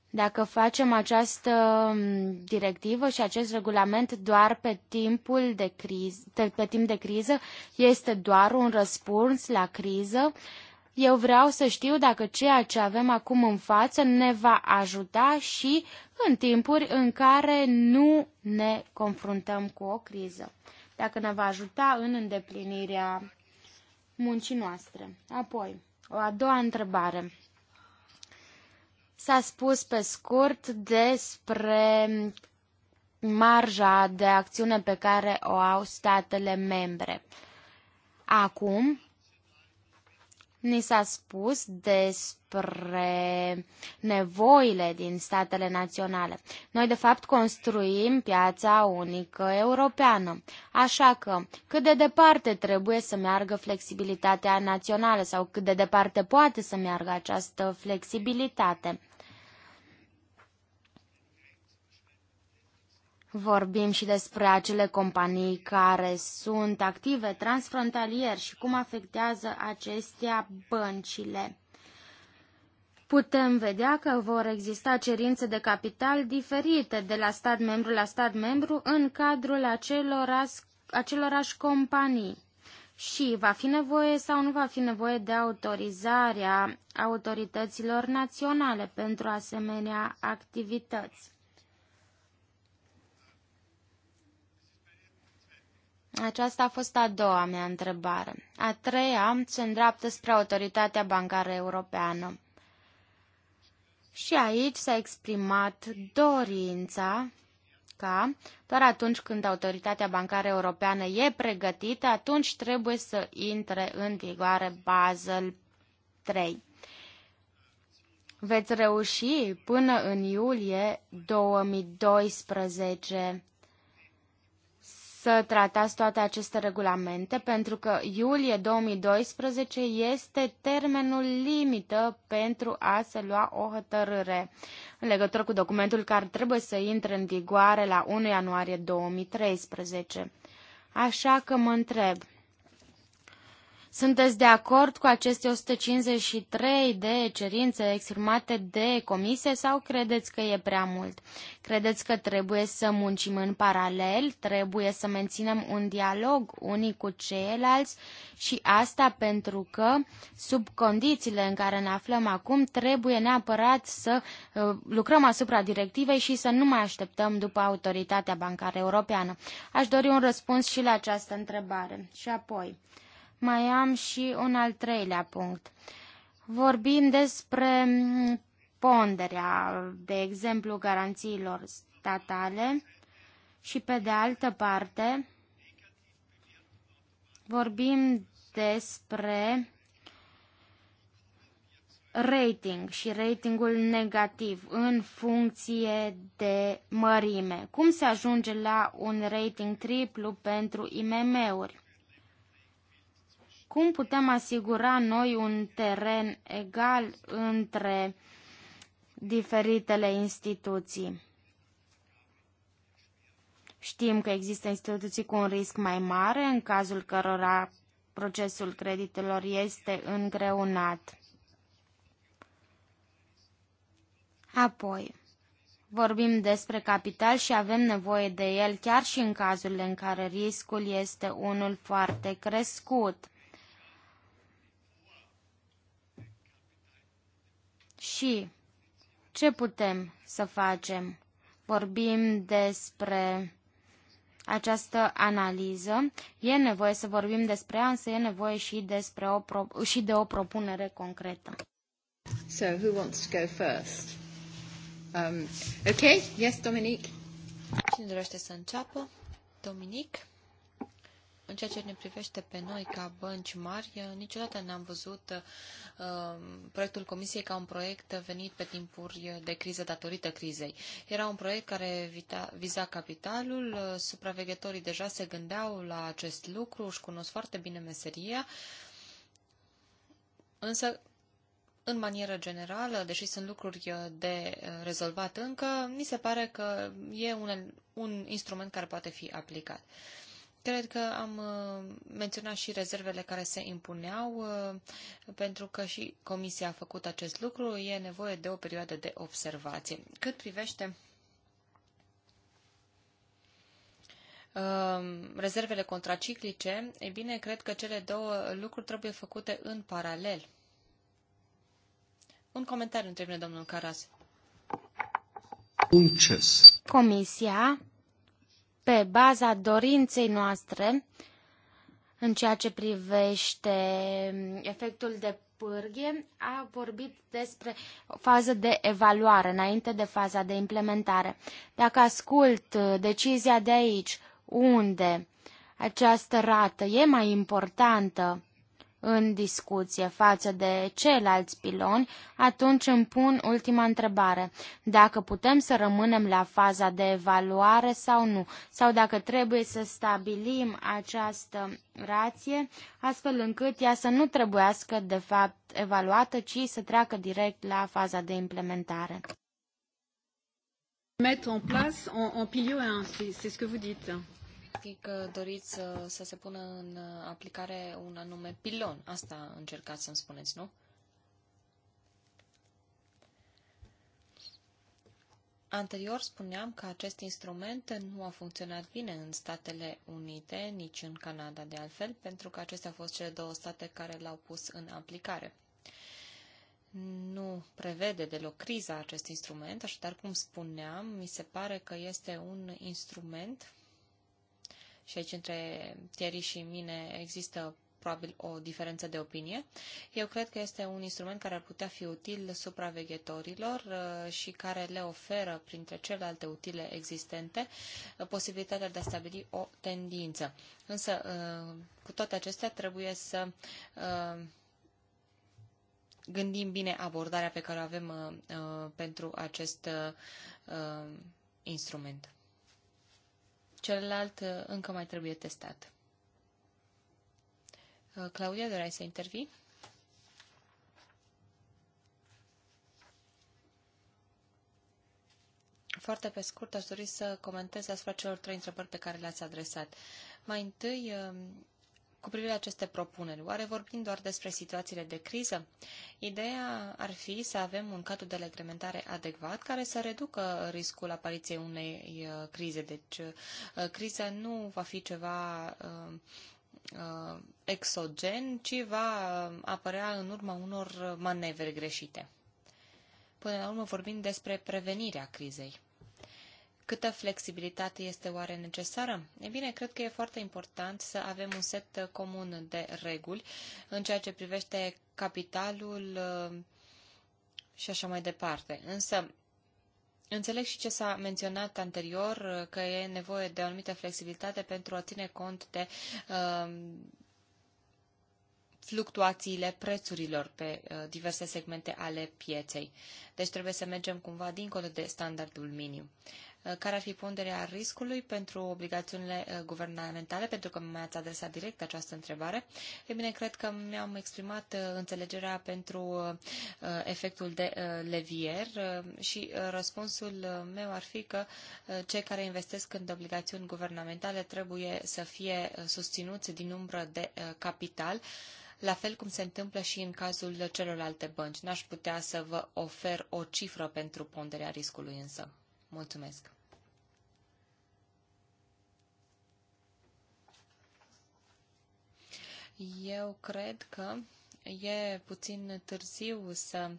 dacă facem această mm, directivă și acest regulament doar pe, timpul de criz, pe timp de criză, este doar un răspuns la criză eu vreau să știu dacă ceea ce avem acum în față ne va ajuta și în timpuri în care nu ne confruntăm cu o criză, dacă ne va ajuta în îndeplinirea muncii noastre. Apoi, o a doua întrebare. S-a spus pe scurt despre marja de acțiune pe care o au statele membre. Acum, Ni s-a spus despre nevoile din statele naționale. Noi, de fapt, construim piața unică europeană. Așa că, cât de departe trebuie să meargă flexibilitatea națională sau cât de departe poate să meargă această flexibilitate? Vorbim și despre acele companii care sunt active transfrontalier și cum afectează acestea băncile. Putem vedea că vor exista cerințe de capital diferite de la stat membru la stat membru în cadrul acelorași, companii. Și va fi nevoie sau nu va fi nevoie de autorizarea autorităților naționale pentru asemenea activități. Aceasta a fost a doua mea întrebare. A treia se îndreaptă spre Autoritatea Bancară Europeană. Și aici s-a exprimat dorința ca doar atunci când Autoritatea Bancară Europeană e pregătită, atunci trebuie să intre în vigoare Basel 3. Veți reuși până în iulie 2012 să tratați toate aceste regulamente, pentru că iulie 2012 este termenul limită pentru a se lua o hotărâre în legătură cu documentul care trebuie să intre în vigoare la 1 ianuarie 2013. Așa că mă întreb, sunteți de acord cu aceste 153 de cerințe exprimate de comisie sau credeți că e prea mult? Credeți că trebuie să muncim în paralel, trebuie să menținem un dialog unii cu ceilalți și asta pentru că, sub condițiile în care ne aflăm acum, trebuie neapărat să uh, lucrăm asupra directivei și să nu mai așteptăm după Autoritatea Bancară Europeană. Aș dori un răspuns și la această întrebare. Și apoi... Mai am și un al treilea punct. Vorbim despre ponderea, de exemplu, garanțiilor statale și, pe de altă parte, vorbim despre rating și ratingul negativ în funcție de mărime. Cum se ajunge la un rating triplu pentru IMM-uri? Cum putem asigura noi un teren egal între diferitele instituții? Știm că există instituții cu un risc mai mare, în cazul cărora procesul creditelor este îngreunat. Apoi, vorbim despre capital și avem nevoie de el chiar și în cazurile în care riscul este unul foarte crescut. Și ce putem să facem? Vorbim despre această analiză. E nevoie să vorbim despre ea, însă e nevoie și, despre o pro- și de o propunere concretă. So, who wants to go first? Um, okay, yes, Dominic. Cine dorește să înceapă? Dominic în ceea ce ne privește pe noi ca bănci mari, niciodată n-am văzut uh, proiectul Comisiei ca un proiect venit pe timpuri de criză datorită crizei. Era un proiect care vita, viza capitalul, supraveghetorii deja se gândeau la acest lucru, își cunosc foarte bine meseria, însă în manieră generală, deși sunt lucruri de rezolvat încă, mi se pare că e un, un instrument care poate fi aplicat. Uh, Cred că am uh, menționat și rezervele care se impuneau, uh, pentru că și Comisia a făcut acest lucru. E nevoie de o perioadă de observație. Cât privește uh, rezervele contraciclice, e bine, cred că cele două lucruri trebuie făcute în paralel. Un comentariu întrebne domnul Caras. Comisia pe baza dorinței noastre în ceea ce privește efectul de pârghie, a vorbit despre fază de evaluare înainte de faza de implementare. Dacă ascult uh, decizia de aici, unde această rată e mai importantă în discuție față de ceilalți piloni, atunci îmi pun ultima întrebare, dacă putem să rămânem la faza de evaluare sau nu, sau dacă trebuie să stabilim această rație, astfel încât ea să nu trebuiască, de fapt, evaluată, ci să treacă direct la faza de implementare. Mettre en place en, en pilier 1, c'est ce que vous dites practic uh, doriți să, uh, să se pună în uh, aplicare un anume pilon. Asta încercați să-mi spuneți, nu? Anterior spuneam că acest instrument nu a funcționat bine în Statele Unite, nici în Canada de altfel, pentru că acestea au fost cele două state care l-au pus în aplicare. Nu prevede deloc criza acest instrument, așadar, cum spuneam, mi se pare că este un instrument și aici între Thierry și mine există probabil o diferență de opinie. Eu cred că este un instrument care ar putea fi util supraveghetorilor uh, și care le oferă, printre celelalte utile existente, uh, posibilitatea de a stabili o tendință. Însă, uh, cu toate acestea, trebuie să gândim bine abordarea pe care o avem pentru acest instrument. Celălalt uh, încă mai trebuie testat. Uh, Claudia, dorai să intervii? Foarte pe scurt, aș dori să comentez asupra celor trei întrebări pe care le-ați adresat. Mai întâi, um, cu privire la aceste propuneri. Oare vorbim doar despre situațiile de criză? Ideea ar fi să avem un cadru de reglementare adecvat care să reducă riscul apariției unei uh, crize. Deci, uh, criza nu va fi ceva uh, exogen, ci va apărea în urma unor manevre greșite. Până la urmă vorbim despre prevenirea crizei. Câtă flexibilitate este oare necesară? E bine, cred că e foarte important să avem un set comun de reguli în ceea ce privește capitalul uh, și așa mai departe. Însă, Înțeleg și ce s-a menționat anterior, uh, că e nevoie de o anumită flexibilitate pentru a ține cont de uh, fluctuațiile prețurilor pe diverse segmente ale pieței. Deci trebuie să mergem cumva dincolo de standardul minim. Uh, care ar fi ponderea riscului pentru obligațiunile uh, guvernamentale, pentru că mi-ați adresat direct această întrebare. E bine, cred că mi-am exprimat uh, înțelegerea pentru efectul de levier și răspunsul meu ar fi că cei care investesc în obligațiuni guvernamentale trebuie să fie susținuți din umbră de capital, la fel cum se întâmplă și în cazul celorlalte bănci. N-aș putea să vă ofer o cifră pentru ponderea riscului însă. Mulțumesc! Eu cred că e puțin târziu să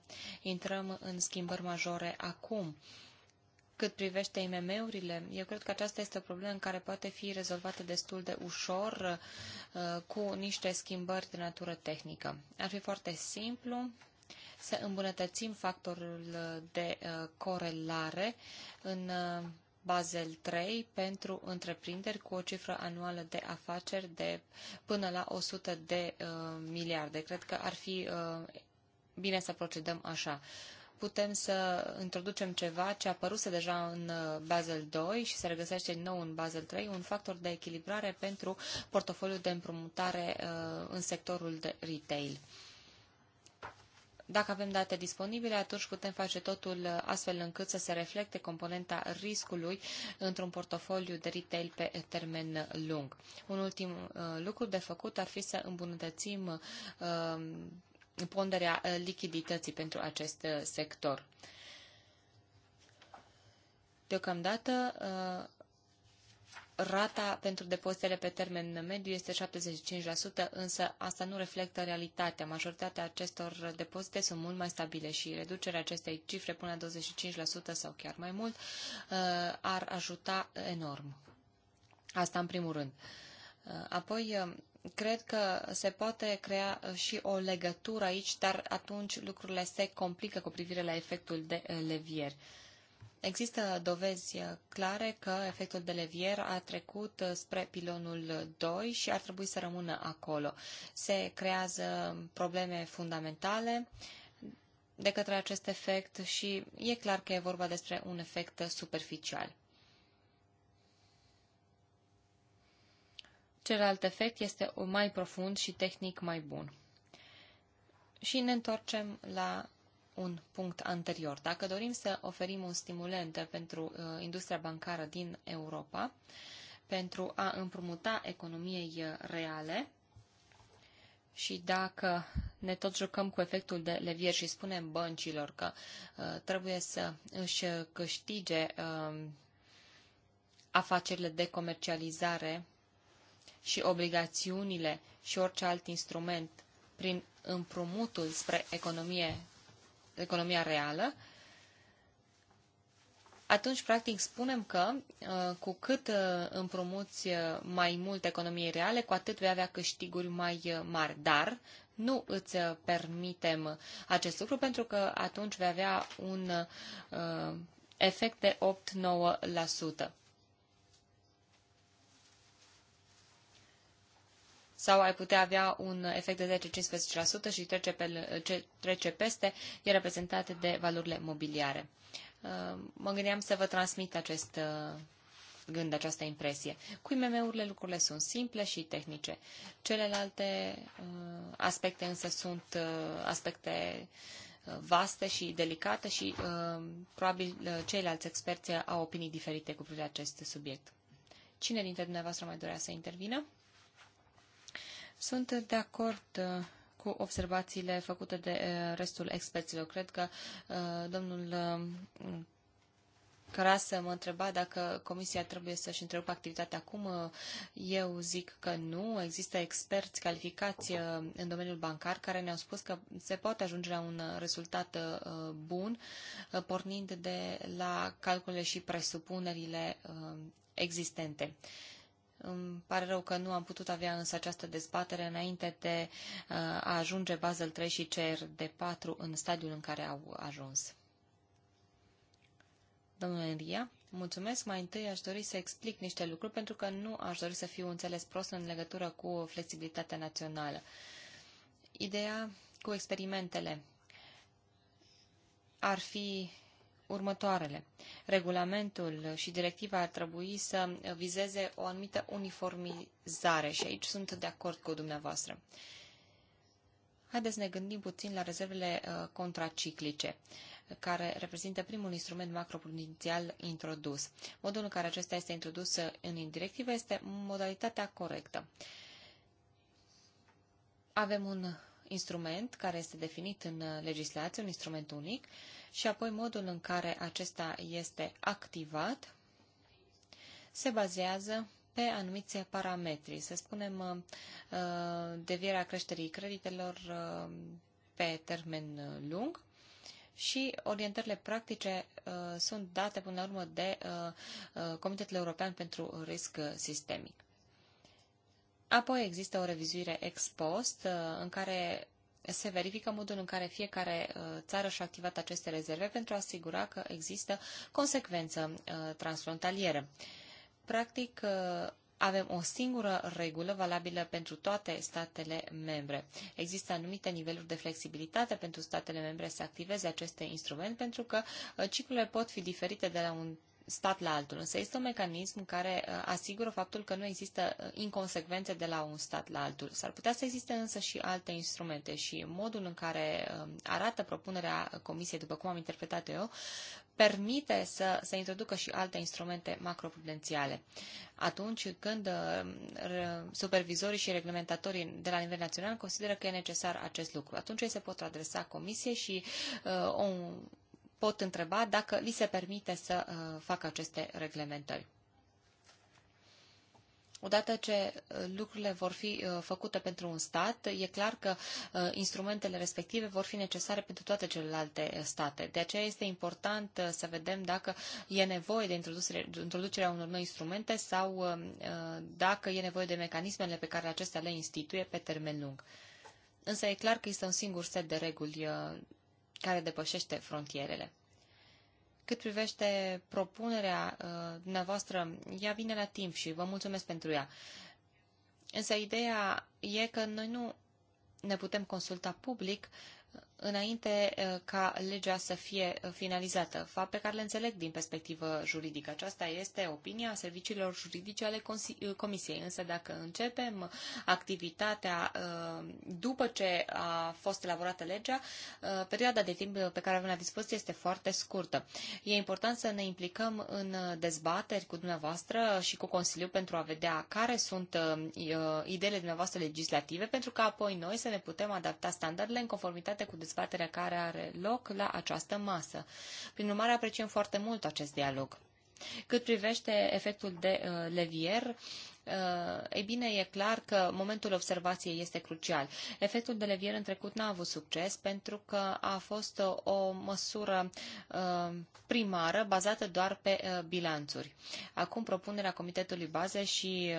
intrăm în schimbări majore acum. Cât privește IMM-urile, eu cred că aceasta este o problemă care poate fi rezolvată destul de ușor uh, cu niște schimbări de natură tehnică. Ar fi foarte simplu să îmbunătățim factorul de uh, corelare în uh, Basel III pentru întreprinderi cu o cifră anuală de afaceri de până la 100 de uh, miliarde. Cred că ar fi uh, bine să procedăm așa putem să introducem ceva ce a apăruse deja în uh, Basel 2 și se regăsește din nou în Basel 3, un factor de echilibrare pentru portofoliul de împrumutare uh, în sectorul de retail. Dacă avem date disponibile, atunci putem face totul astfel încât să se reflecte componenta riscului într-un portofoliu de retail pe termen lung. Un ultim uh, lucru de făcut ar fi să îmbunătățim uh, ponderea lichidității pentru acest sector. Deocamdată uh, Rata pentru depozitele pe termen mediu este 75%, însă asta nu reflectă realitatea. Majoritatea acestor depozite sunt mult mai stabile și reducerea acestei cifre până la 25% sau chiar mai mult uh, ar ajuta enorm. Asta în primul rând. Uh, apoi, uh, cred că se poate crea și o legătură aici, dar atunci lucrurile se complică cu privire la efectul de levier. Uh, Există dovezi uh, clare că efectul de levier a trecut uh, spre pilonul 2 și ar trebui să rămână acolo. Se creează probleme fundamentale de către acest efect și e clar că e vorba despre un efect uh, superficial. Celălalt efect este mai profund și tehnic mai bun. Și ne întoarcem la un punct anterior. Dacă dorim să oferim un stimulent pentru uh, industria bancară din Europa, pentru a împrumuta economiei uh, reale, și dacă ne tot jucăm cu efectul de levier și spunem băncilor că uh, trebuie să își câștige uh, afacerile de comercializare și obligațiunile și orice alt instrument prin împrumutul spre economie economia reală, atunci, practic, spunem că uh, cu cât uh, împrumuți uh, mai mult economiei reale, cu atât vei avea câștiguri mai mari. Dar nu îți permitem acest lucru pentru că atunci vei avea un efect de 8-9%. sau ai putea avea un efect de 10-15% și trece, pe, ce trece peste e reprezentat de valorile mobiliare. Uh, mă gândeam să vă transmit acest uh, gând, această impresie. Cu IMM-urile lucrurile sunt simple și tehnice. Celelalte uh, aspecte însă sunt aspecte vaste și delicate și probabil ceilalți experți au opinii diferite cu privire la acest subiect. Cine dintre dumneavoastră mai dorea să intervină? Sunt de acord uh, cu observațiile făcute de uh, restul experților. Cred că uh, domnul să mă întreba dacă comisia trebuie să-și întrerupă activitatea acum. Eu zic că nu. Există experți calificați în domeniul bancar care ne-au spus că se poate ajunge la un rezultat bun pornind de la calcule și presupunerile existente. Îmi pare rău că nu am putut avea însă această dezbatere înainte de uh, a ajunge Basel 3 și CR de 4 în stadiul în care au ajuns. Domnule Enria, mulțumesc. Mai întâi aș dori să explic niște lucruri pentru că nu aș dori să fiu înțeles prost în legătură cu flexibilitatea națională. Ideea cu experimentele ar fi următoarele. Regulamentul și directiva ar trebui să vizeze o anumită uniformizare și aici sunt de acord cu dumneavoastră. Haideți să ne gândim puțin la rezervele uh, contraciclice care reprezintă primul instrument macroprudențial introdus. Modul în care acesta este introdus uh, în directivă este modalitatea corectă. Avem un instrument care este definit în uh, legislație, un instrument unic, și apoi modul în care acesta este activat se bazează pe anumite parametri, să spunem uh, devierea creșterii creditelor uh, pe termen uh, lung și orientările practice sunt date până la urmă de Comitetul European pentru Risc Sistemic. Apoi există o revizuire ex post în care se verifică modul în care fiecare uh, țară și-a activat aceste rezerve pentru a asigura că există consecvență uh, transfrontalieră. Practic, uh, avem o singură regulă valabilă pentru toate statele membre. Există anumite niveluri de flexibilitate pentru statele membre să activeze acest instrument pentru că ciclurile pot fi diferite de la un stat la altul, însă este un mecanism care uh, asigură faptul că nu există uh, inconsecvențe de la un stat la altul. S-ar putea să existe însă și alte instrumente și modul în care um, arată propunerea Comisiei, după cum am interpretat eu, permite să se introducă și alte instrumente macroprudențiale. Atunci când uh, supervizorii și reglementatorii de la nivel național consideră că e necesar acest lucru, atunci ei se pot adresa Comisiei și uh, o pot întreba dacă li se permite să uh, facă aceste reglementări. Odată ce uh, lucrurile vor fi uh, făcute pentru un stat, e clar că instrumentele respective vor fi necesare pentru toate celelalte state. De aceea este important să vedem dacă e nevoie de introducerea unor noi instrumente sau dacă e nevoie de mecanismele pe care acestea le instituie pe termen lung. Însă e clar că este un singur set de reguli care depășește frontierele. Cât privește propunerea uh, ea vine la timp și vă mulțumesc pentru ea. Însă ideea e că noi nu ne putem consulta public înainte uh, ca legea să fie uh, finalizată, fapt pe care le înțeleg din perspectivă juridică. Aceasta este opinia serviciilor juridice ale uh, Comisiei. Însă dacă începem activitatea după ce a fost elaborată legea, perioada de timp pe care avem la dispoziție este foarte scurtă. E important să ne implicăm în dezbateri cu dumneavoastră și cu Consiliul pentru a vedea care sunt ideile dumneavoastră legislative, pentru că apoi noi să ne putem adapta standardele în conformitate cu dezbaterea care are loc la această masă. Prin urmare, apreciem foarte mult acest dialog. Cât privește efectul de uh, levier, Eh, ei bine, e clar că momentul observației este crucial. Efectul de levier în trecut n-a avut succes pentru că a fost o măsură eh, primară bazată doar pe eh, bilanțuri. Acum propunerea Comitetului Baze și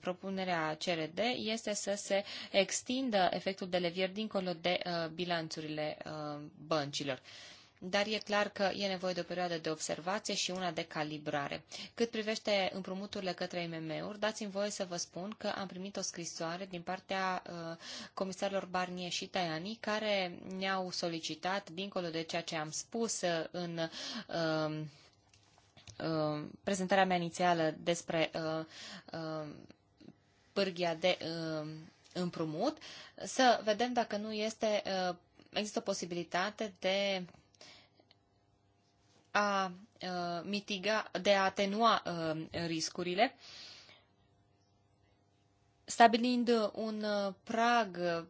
propunerea CRD este să se extindă efectul de levier dincolo de bilanțurile băncilor dar e clar că e nevoie de o perioadă de observație și una de calibrare. Cât privește împrumuturile către IMM-uri, dați-mi voie să vă spun că am primit o scrisoare din partea uh, comisarilor Barnier și Tajani, care ne-au solicitat, dincolo de ceea ce am spus uh, în uh, prezentarea mea inițială despre uh, uh, pârghia de uh, împrumut, să vedem dacă nu este, uh, există o posibilitate de a mitiga, de a atenua riscurile, stabilind un prag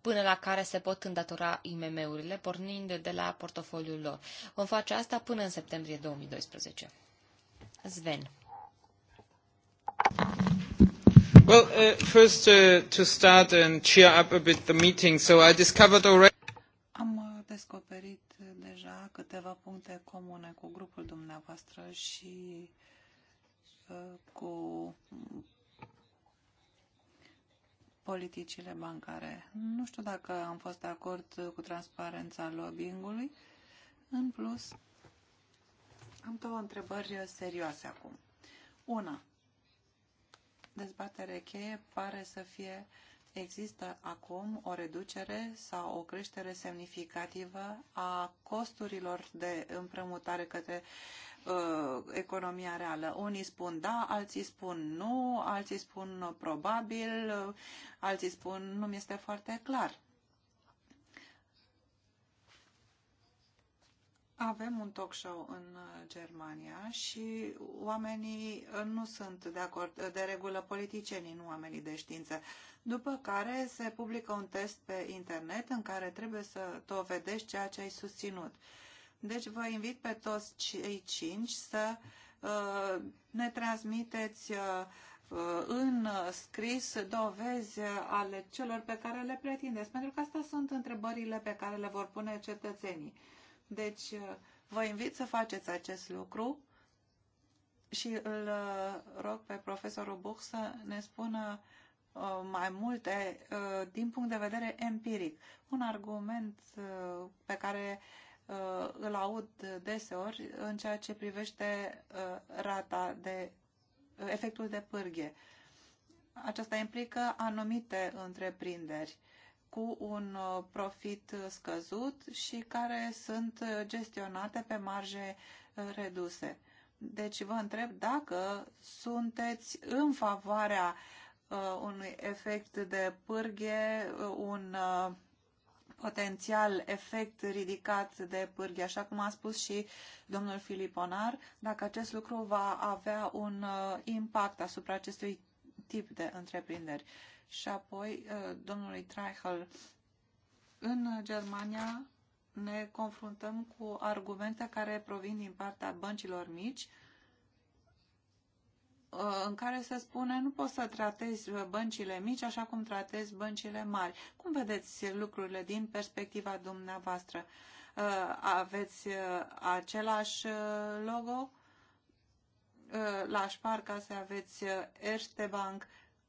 până la care se pot îndatora IMM-urile, pornind de la portofoliul lor. Vom face asta până în septembrie 2012. Sven. Well, uh, first uh, to start and cheer up a bit the meeting. So I discovered already câteva puncte comune cu grupul dumneavoastră și uh, cu politicile bancare. Nu știu dacă am fost de acord cu transparența lobbyingului. În plus, am două întrebări serioase acum. Una, dezbatere cheie pare să fie uh, există acum o reducere sau o creștere semnificativă a costurilor de împrămutare către uh, economia reală. Unii spun da, alții spun nu, alții spun probabil, uh, alții spun nu mi este foarte clar. Avem un talk show în uh, Germania și oamenii uh, nu sunt de acord, uh, de regulă politicienii, nu oamenii de știință. După care se publică un test pe internet în care trebuie să dovedești ceea ce ai susținut. Deci vă invit pe toți cei cinci să uh, ne transmiteți uh, în scris dovezi ale celor pe care le pretindeți, pentru că astea sunt întrebările pe care le vor pune cetățenii deci, uh, vă invit să faceți acest lucru și îl uh, rog pe profesorul Buch să ne spună uh, mai multe din punct de vedere empiric. Un argument pe care îl aud deseori în ceea ce privește rata de efectul de pârghie. Aceasta implică anumite întreprinderi cu un uh, profit scăzut și care sunt gestionate pe marje uh, reduse. Deci vă întreb dacă sunteți în favoarea uh, unui efect de pârghie, uh, un uh, potențial efect ridicat de pârghie, așa cum a spus și domnul Filiponar, dacă acest lucru va avea un uh, impact asupra acestui tip de întreprinderi. Uh, și apoi uh, domnului Treichel. În Germania ne confruntăm cu argumente care provin din partea băncilor mici, uh, în care se spune nu poți să tratezi uh, băncile mici așa cum tratezi băncile mari. Cum vedeți lucrurile din perspectiva dumneavoastră? Aveți același logo? La Sparca să aveți Erste Bank.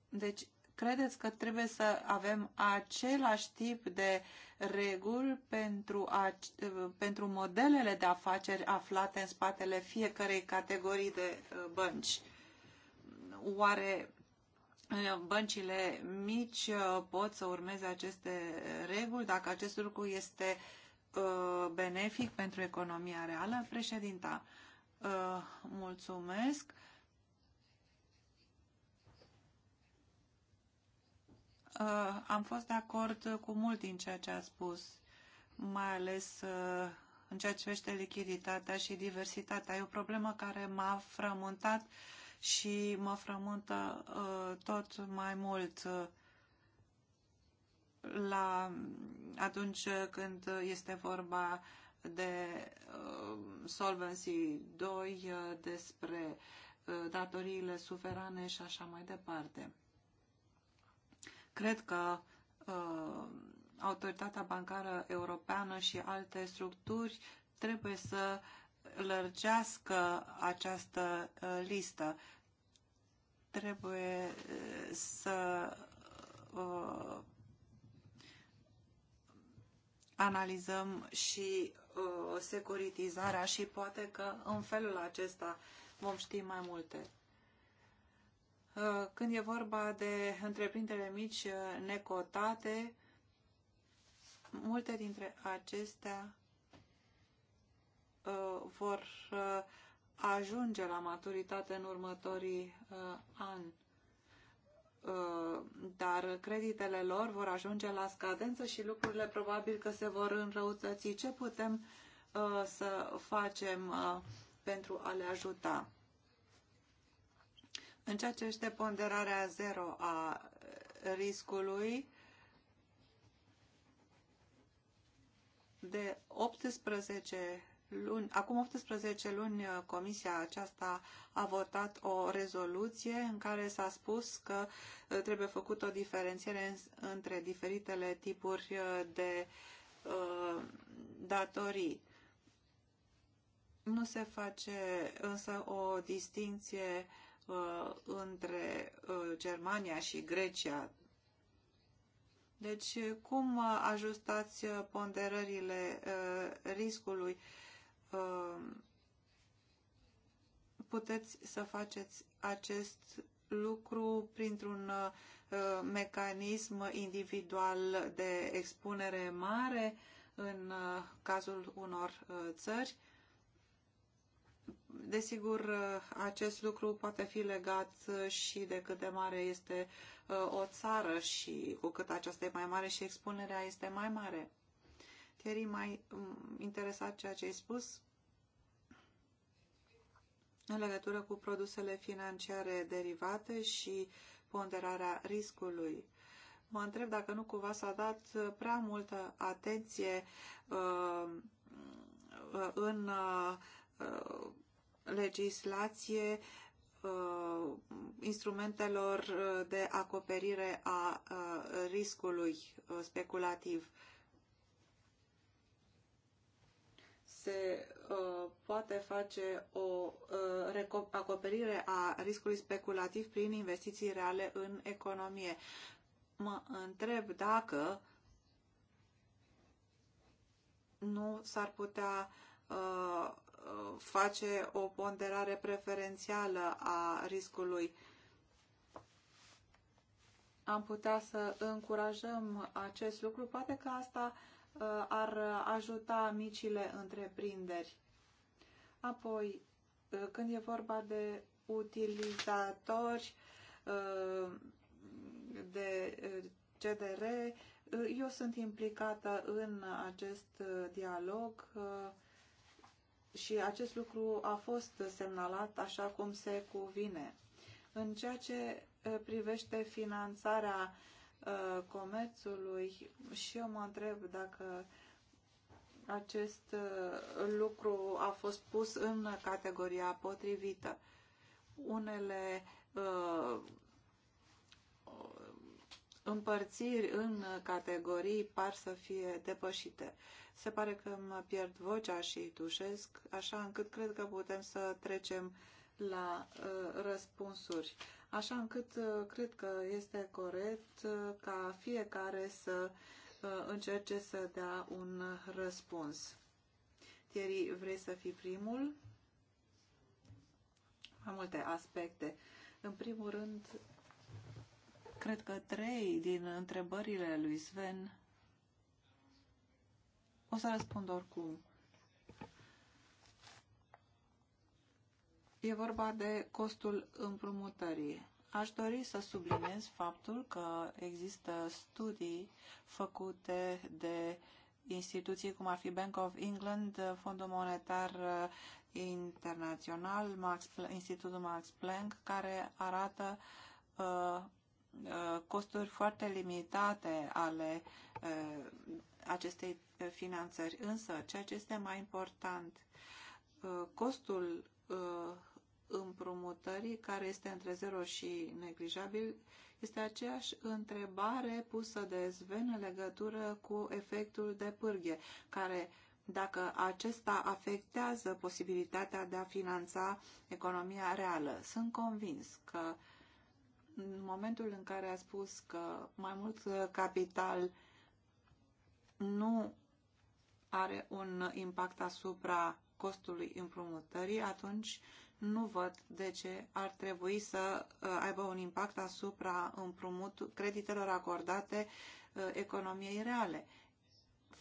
Deci Credeți că trebuie să avem același tip de reguli pentru, a, pentru modelele de afaceri aflate în spatele fiecarei categorii de uh, bănci? Oare uh, băncile mici uh, pot să urmeze aceste reguli dacă acest lucru este benefic pentru economia reală? Președinta, mulțumesc. Uh, am fost de acord cu mult din ceea ce a spus, mai ales uh, în ceea ce vește lichiditatea și diversitatea. E o problemă care m-a frământat și mă frământă uh, tot mai mult la atunci când este vorba de uh, Solvency 2, uh, despre uh, datoriile suverane și așa mai departe. Cred că uh, Autoritatea Bancară Europeană și alte structuri trebuie să lărgească această uh, listă. Trebuie uh, să uh, analizăm și uh, securitizarea și poate că în felul acesta vom ști mai multe. Uh, când e vorba de întreprindere mici uh, necotate, multe dintre acestea uh, vor ajunge la maturitate în următorii ani dar creditele lor vor ajunge la scadență și lucrurile probabil că se vor înrăutăți. Ce putem să facem pentru a le ajuta? În ceea ce este ponderarea zero a riscului, de 18 luni, acum 18 luni comisia aceasta a votat o rezoluție în care s-a spus că uh, trebuie făcut o diferențiere între diferitele tipuri uh, de uh, datorii. Nu se face însă o distinție uh, Uh, între uh, Germania și Grecia. Deci, uh, cum ajustați ponderările riscului? Puteți să faceți acest lucru printr-un mecanism individual de expunere mare în cazul unor țări Desigur, acest lucru poate fi legat și de cât de mare este uh, o țară și cu cât aceasta e mai mare și expunerea este mai mare. Thierry, mai mm, interesat ceea ce ai spus? În legătură cu produsele financiare derivate și ponderarea riscului. Mă întreb dacă nu cumva s-a dat prea multă atenție uh, uh în uh, legislație uh, instrumentelor uh, de acoperire a uh, riscului speculativ. Se poate face o acoperire a riscului speculativ prin investiții reale în economie. Mă întreb dacă nu s-ar putea face o ponderare preferențială a riscului. Am putea să încurajăm acest lucru. Poate că asta uh, ar ajuta micile întreprinderi. Apoi, uh, când e vorba de utilizatori, uh, de CDR, eu sunt implicată în acest dialog și acest lucru a fost semnalat așa cum se cuvine. În ceea ce eh, privește finanțarea eh, comerțului, și eu mă întreb dacă acest eh, lucru a fost pus în categoria potrivită. Unele împărțiri în categorii par să fie depășite. Se pare că îmi pierd vocea și tușesc, așa încât cred că putem să trecem la uh, răspunsuri. Așa încât uh, cred că este corect uh, ca fiecare să uh, încerce să dea un răspuns. Thierry, vrei să fii primul? Mai multe aspecte. În primul rând, Cred că trei din întrebările lui Sven o să răspund oricum. E vorba de costul împrumutării. Aș dori să subliniez faptul că există studii făcute de instituții cum ar fi Bank of England, Fondul Monetar Internațional, Max, Institutul Max Planck, care arată uh, Uh, costuri foarte limitate ale uh, acestei uh, finanțări. Însă, ceea ce este mai important, costul împrumutării, care este între zero și neglijabil, este aceeași întrebare pusă de Sven în legătură cu efectul de pârghie, care dacă acesta afectează posibilitatea de a finanța economia reală. Sunt convins că în momentul în care a spus că mai mult capital nu are un impact asupra costului împrumutării, atunci nu văd de ce ar trebui să uh, aibă un impact asupra împrumut, creditelor acordate uh, economiei reale.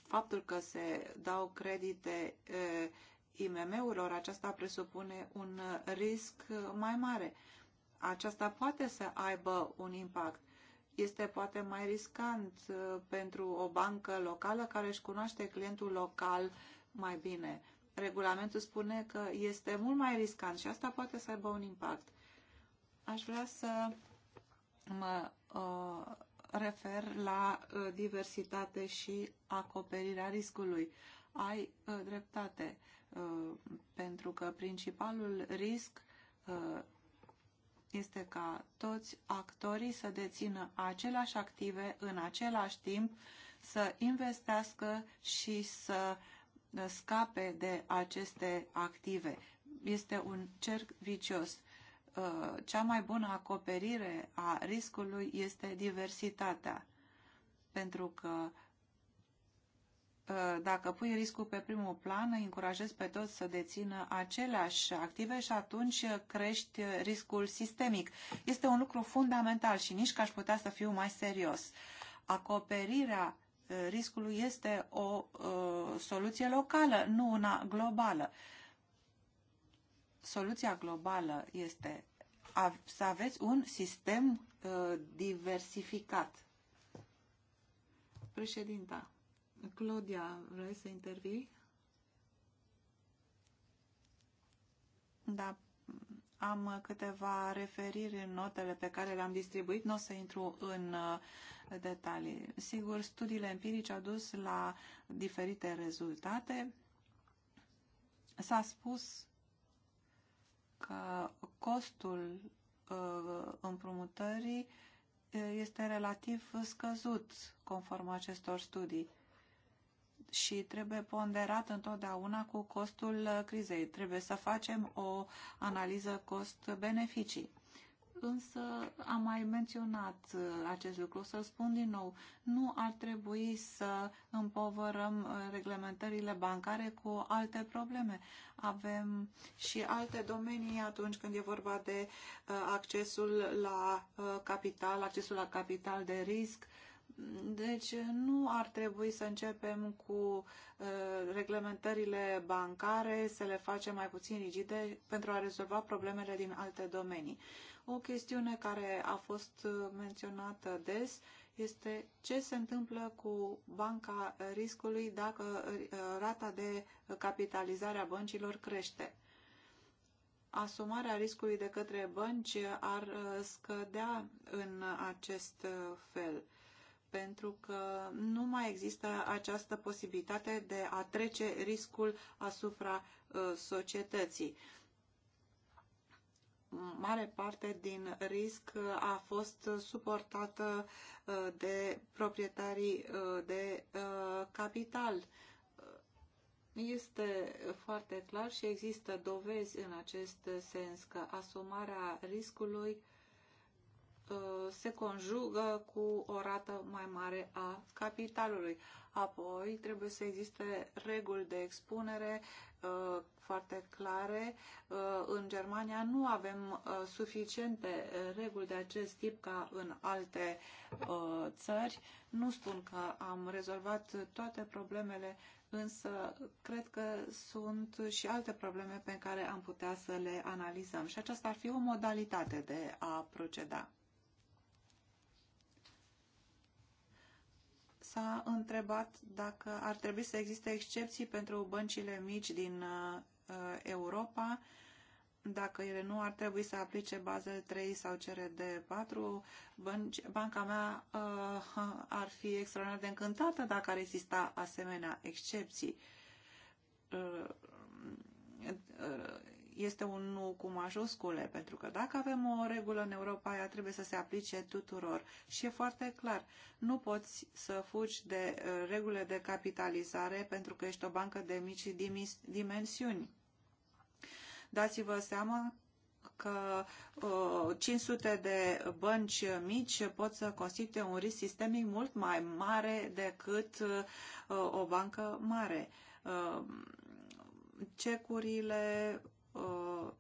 Faptul că se dau credite uh, IMM-urilor, aceasta presupune un risc mai mare aceasta poate să aibă un impact. Este poate mai riscant uh, pentru o bancă locală care își cunoaște clientul local mai bine. Regulamentul spune că este mult mai riscant și asta poate să aibă un impact. Aș vrea să mă uh, refer la uh, diversitate și acoperirea riscului. Ai uh, dreptate, uh, pentru că principalul risc uh, este ca toți actorii să dețină aceleași active în același timp, să investească și să uh, scape de aceste active. Este un cerc vicios. Uh, cea mai bună acoperire a riscului este diversitatea, pentru că Uh, dacă pui riscul pe primul plan, îi încurajezi pe toți să dețină aceleași active și atunci crești riscul sistemic. Este un lucru fundamental și nici că aș putea să fiu mai serios. Acoperirea uh, riscului este o uh, soluție locală, nu una globală. Soluția globală este să aveți un sistem uh, diversificat. Președinta. Claudia, vrei să intervii? Da, am câteva referiri în notele pe care le-am distribuit, nu o să intru în uh, detalii. Sigur, studiile empirice au dus la diferite rezultate. S-a spus că costul uh, împrumutării uh, este relativ scăzut conform acestor studii și trebuie ponderat întotdeauna cu costul uh, crizei. Trebuie să facem o analiză cost-beneficii. Însă am mai menționat uh, acest lucru, să spun din nou, nu ar trebui să împovărăm uh, reglementările bancare cu alte probleme. Avem și alte domenii atunci când e vorba de accesul la capital, accesul la capital de risc, deci nu ar trebui să începem cu uh, reglementările bancare, să le facem mai puțin rigide pentru a rezolva problemele din alte domenii. O chestiune care a fost uh, menționată des este ce se întâmplă cu banca riscului dacă uh, rata de capitalizare a băncilor crește. Asumarea riscului de către bănci ar scădea în acest fel pentru că nu mai există această posibilitate de a trece riscul asupra uh, societății. Mare parte din risc uh, a fost suportată uh, de proprietarii de capital. Este foarte clar și există dovezi în acest sens că asumarea riscului Uh, se conjugă cu o rată mai mare a capitalului. Apoi trebuie să existe reguli de expunere uh, foarte clare. Uh, în Germania nu avem suficiente reguli de acest tip ca în alte țări. Nu spun că am rezolvat toate problemele, însă cred că sunt și alte probleme pe care am putea să le analizăm și aceasta ar fi o modalitate de a proceda. s-a întrebat dacă ar trebui să existe excepții pentru băncile mici din uh, Europa, dacă ele nu ar trebui să aplice baze 3 sau cere de 4, bănci, banca mea uh, ar fi extraordinar de încântată dacă ar exista asemenea excepții. uh, uh este un nu cu majuscule, pentru că dacă avem o regulă în Europa, ea trebuie să se aplice tuturor. Și e foarte clar, nu poți să fugi de uh, regulile de capitalizare pentru că ești o bancă de mici dimensiuni. Dați-vă seama că uh, 500 de bănci mici pot să constituie un risc sistemic mult mai mare decât uh, o bancă mare. Uh, cecurile Uh,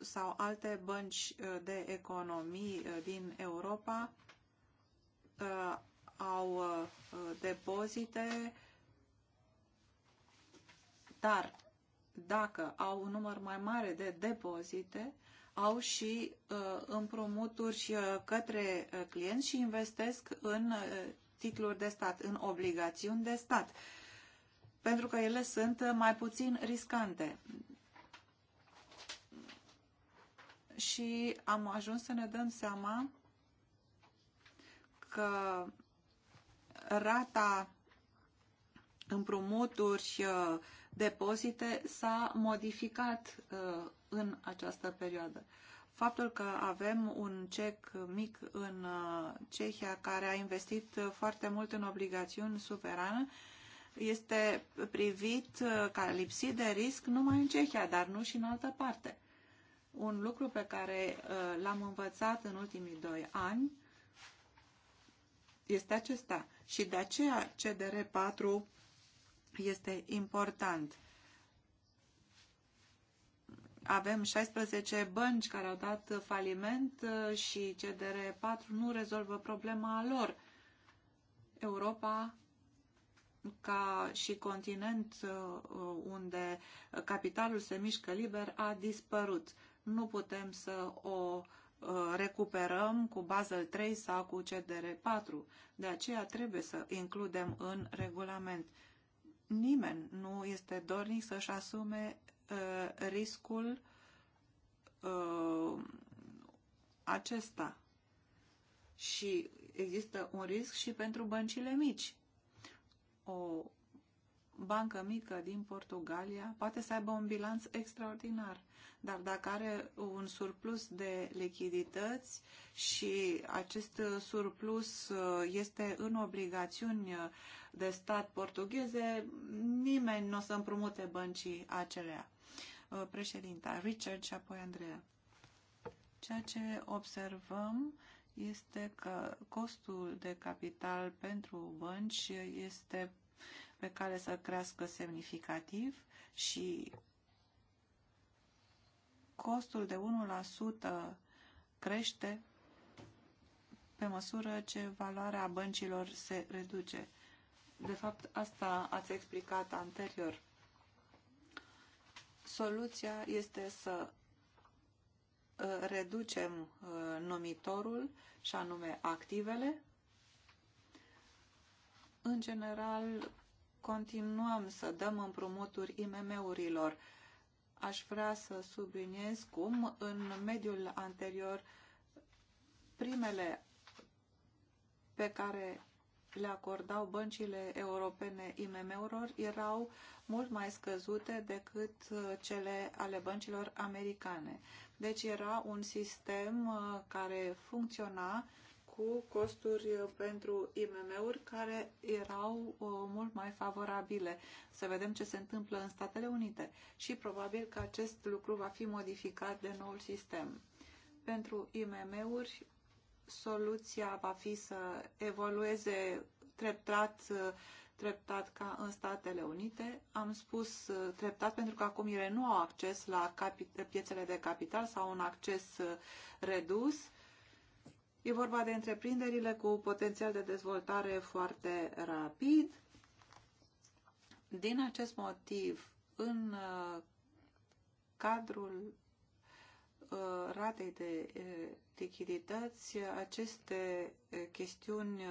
sau alte bănci uh, de economii uh, din Europa au depozite, dar dacă au un număr mai mare de depozite, au și împrumuturi către clienți și investesc în titluri de stat, în obligațiuni de stat pentru că ele sunt mai puțin riscante. Și am ajuns să ne dăm seama că rata împrumuturi și uh, depozite s-a modificat uh, în această perioadă. Faptul că avem un cec mic în uh, Cehia care a investit foarte mult în obligațiuni superane este privit uh, ca lipsit de risc numai în Cehia, dar nu și în altă parte. Un lucru pe care uh, l-am învățat în ultimii doi ani este acesta. Și de aceea CDR 4 este important. Avem 16 bănci care au dat faliment uh, și CDR 4 nu rezolvă problema lor. Europa ca și continent uh, unde capitalul se mișcă liber a dispărut. Nu putem să o uh, recuperăm cu Basel 3 sau cu CDR 4. De aceea trebuie să includem în regulament. Nimeni nu este dornic să-și asume uh, riscul acesta. Și există un risc și pentru băncile mici o bancă mică din Portugalia poate să aibă un bilanț extraordinar, dar dacă are un surplus de lichidități și acest surplus uh, este în obligațiuni uh, de stat portugheze, nimeni nu o să împrumute băncii acelea. Uh, președinta, Richard și apoi Andreea. Ceea ce observăm este că costul de capital pentru bănci este pe care să crească semnificativ și costul de 1% crește pe măsură ce valoarea băncilor se reduce. De fapt, asta ați explicat anterior. Soluția este să reducem uh, numitorul și anume activele. În general, continuăm să dăm împrumuturi IMM-urilor. Aș vrea să subliniez cum în mediul anterior primele pe care le acordau băncile europene IMM-urilor erau mult mai scăzute decât uh, cele ale băncilor americane. Deci era un sistem uh, care funcționa cu costuri uh, pentru IMM-uri care erau mult mai favorabile. Să vedem ce se întâmplă în Statele Unite și probabil că acest lucru va fi modificat de noul sistem. Pentru IMM-uri soluția va fi să evolueze treptat, treptat ca în Statele Unite. Am spus uh, treptat pentru că acum ele nu au acces la piețele de capital sau un acces uh, redus. E vorba de întreprinderile cu potențial de dezvoltare foarte rapid. Din acest motiv, în uh, cadrul Uh, ratei de uh, lichidități, aceste uh, chestiuni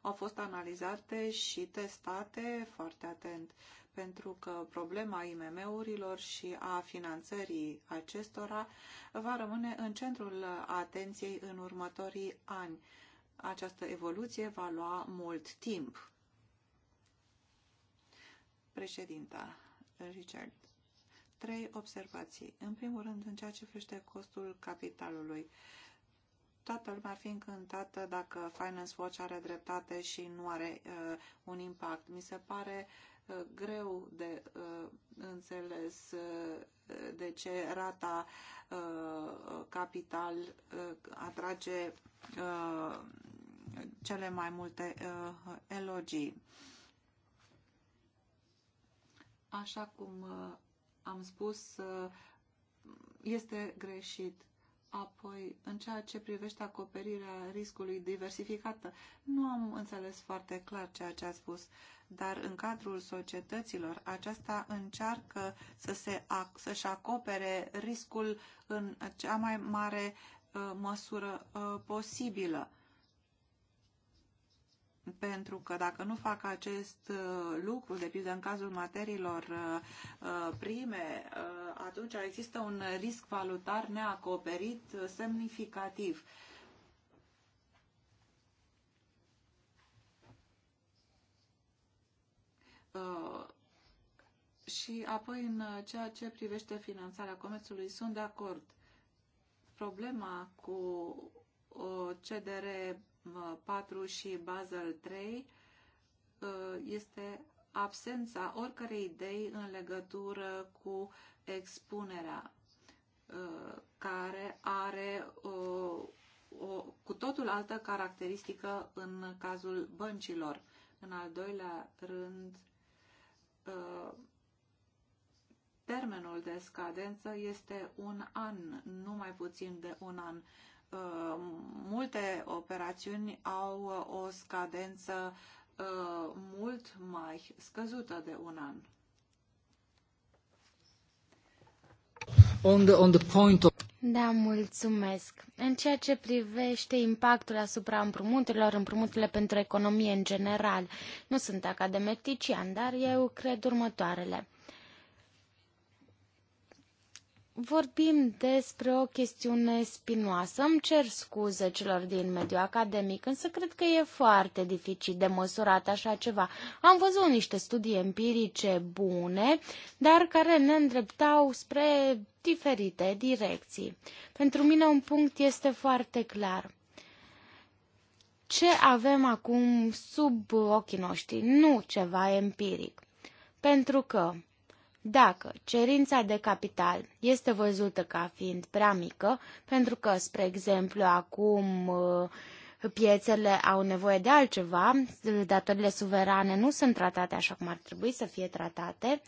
au fost analizate și testate foarte atent, pentru că problema IMM-urilor și a finanțării acestora va rămâne în centrul atenției în următorii ani. Această evoluție va lua mult timp. Președinta Richard trei observații. În primul rând, în ceea ce privește costul capitalului. Toată lumea fi încântată dacă Finance Watch are dreptate și nu are uh, un impact. Mi se pare uh, greu de uh, înțeles uh, de ce rata uh, capital uh, atrage uh, cele mai multe uh, elogii. Așa cum uh, am spus este greșit. Apoi, în ceea ce privește acoperirea riscului diversificată, nu am înțeles foarte clar ceea ce a spus, dar în cadrul societăților aceasta încearcă să se, să-și acopere riscul în cea mai mare uh, măsură uh, posibilă pentru că dacă nu fac acest uh, lucru, de pildă în cazul materiilor uh, uh, prime, atunci există un risc valutar neacoperit semnificativ. Și apoi în ceea ce privește finanțarea comerțului, sunt de acord. Problema cu CDR 4 și Basel 3 uh, este absența oricărei idei în legătură cu expunerea uh, care are o, uh, o cu totul altă caracteristică în cazul băncilor. În al doilea rând, termenul de scadență este un an, nu mai puțin de un an. Uh, multe operațiuni au uh, o scadență uh, mult mai scăzută de un an. On the, on the point of... Da, mulțumesc. În ceea ce privește impactul asupra împrumuturilor, împrumuturile pentru economie în general, nu sunt academetician, dar eu cred următoarele. Vorbim despre o chestiune spinoasă. Îmi cer scuze celor din mediul academic, însă cred că e foarte dificil de măsurat așa ceva. Am văzut niște studii empirice bune, dar care ne îndreptau spre diferite direcții. Pentru mine un punct este foarte clar. Ce avem acum sub ochii noștri? Nu ceva empiric. Pentru că dacă cerința de capital este văzută ca fiind prea mică, pentru că, spre exemplu, acum uh, piețele au nevoie de altceva, datorile suverane nu sunt tratate așa cum ar trebui să fie tratate,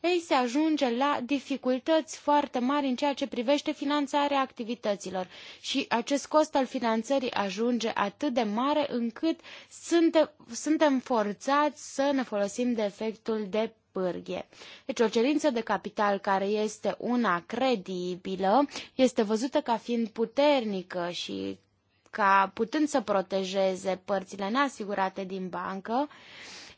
ei se ajunge la dificultăți foarte mari în ceea ce privește finanțarea activităților și acest cost al finanțării ajunge atât de mare încât suntem, suntem forțați să ne folosim de efectul de pârghie. Deci o cerință de capital care este una credibilă este văzută ca fiind puternică și ca putând să protejeze părțile neasigurate din bancă,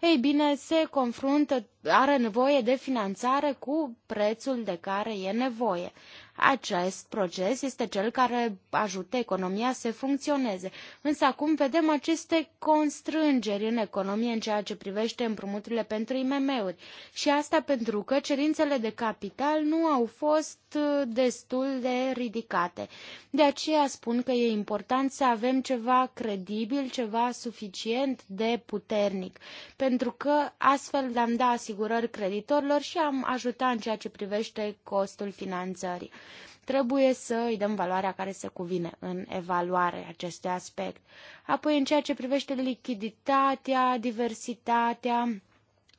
ei bine, se confruntă, are nevoie de finanțare cu prețul de care e nevoie. Acest proces este cel care ajută economia să funcționeze. Însă acum vedem aceste constrângeri în economie în ceea ce privește împrumuturile pentru IMM-uri. Și asta pentru că cerințele de capital nu au fost uh, destul de ridicate. De aceea spun că e important să avem ceva credibil, ceva suficient de puternic, pentru că astfel le-am da asigurări creditorilor și am ajuta în ceea ce privește costul finanțării. Trebuie să îi dăm valoarea care se cuvine în evaluare acestui aspect. Apoi, în ceea ce privește lichiditatea, diversitatea,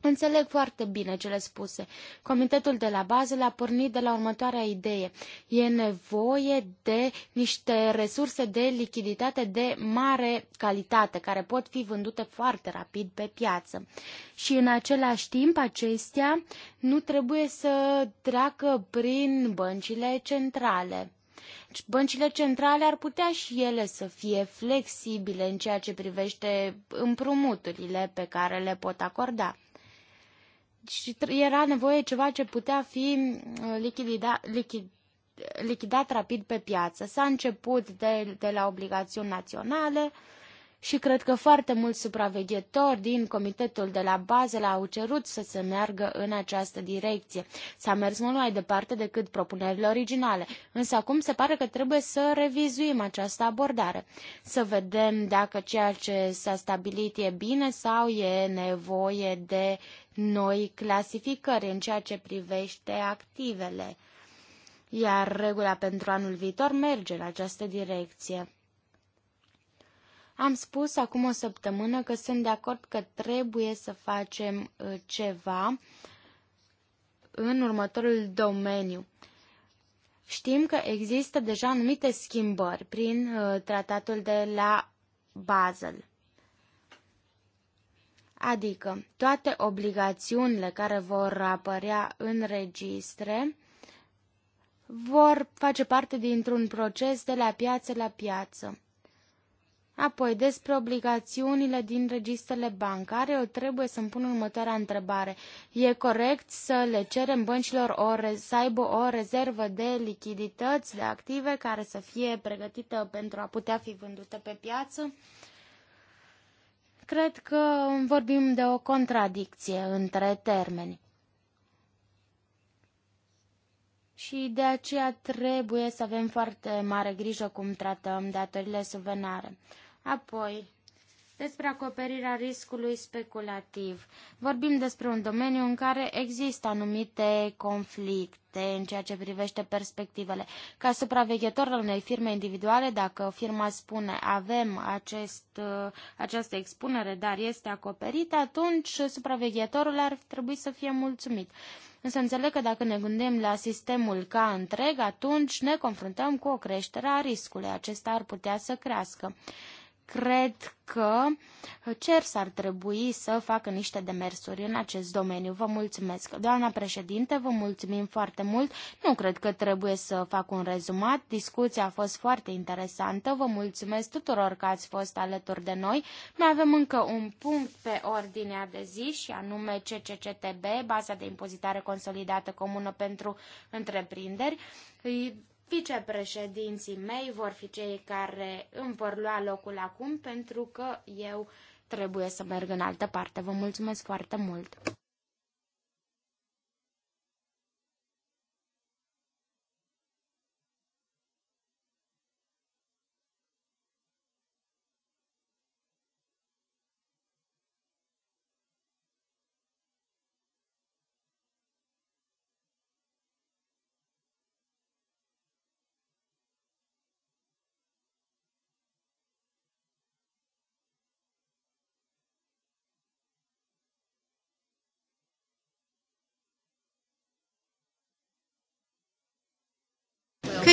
Înțeleg foarte bine cele spuse. Comitetul de la bază l-a pornit de la următoarea idee. E nevoie de niște resurse de lichiditate de mare calitate, care pot fi vândute foarte rapid pe piață. Și în același timp, acestea nu trebuie să treacă prin băncile centrale. Deci, băncile centrale ar putea și ele să fie flexibile în ceea ce privește împrumuturile pe care le pot acorda și era nevoie ceva ce putea fi mm, lichidat, lichid, lichidat rapid pe piață. S-a început de, de la obligațiuni naționale și cred că foarte mulți supraveghetori din comitetul de la bază l-au cerut să se meargă în această direcție. S-a mers mult mai departe decât propunerile originale, însă acum se pare că trebuie să revizuim această abordare, să vedem dacă ceea ce s-a stabilit e bine sau e nevoie de noi clasificări în ceea ce privește activele, iar regula pentru anul viitor merge în această direcție. Am spus acum o săptămână că sunt de acord că trebuie să facem uh, ceva în următorul domeniu. Știm că există deja anumite schimbări prin uh, tratatul de la Basel adică toate obligațiunile care vor apărea în registre vor face parte dintr-un proces de la piață la piață. Apoi, despre obligațiunile din registrele bancare, eu trebuie să-mi pun următoarea întrebare. E corect să le cerem băncilor o re- să aibă o rezervă de lichidități, de active, care să fie pregătită pentru a putea fi vândută pe piață? cred că vorbim de o contradicție între termeni. Și de aceea trebuie să avem foarte mare grijă cum tratăm datorile suvenare. Apoi, despre acoperirea riscului speculativ. Vorbim despre un domeniu în care există anumite conflicte în ceea ce privește perspectivele. Ca supraveghetor al unei firme individuale, dacă firma spune avem acest, această expunere, dar este acoperită, atunci supraveghetorul ar trebui să fie mulțumit. Însă înțeleg că dacă ne gândim la sistemul ca întreg, atunci ne confruntăm cu o creștere a riscului. Acesta ar putea să crească cred că CERS ar trebui să facă niște demersuri în acest domeniu. Vă mulțumesc. Doamna președinte, vă mulțumim foarte mult. Nu cred că trebuie să fac un rezumat. Discuția a fost foarte interesantă. Vă mulțumesc tuturor că ați fost alături de noi. Mai avem încă un punct pe ordinea de zi și anume CCCTB, baza de impozitare consolidată comună pentru întreprinderi. Vicepreședinții mei vor fi cei care îmi vor lua locul acum pentru că eu trebuie să merg în altă parte. Vă mulțumesc foarte mult!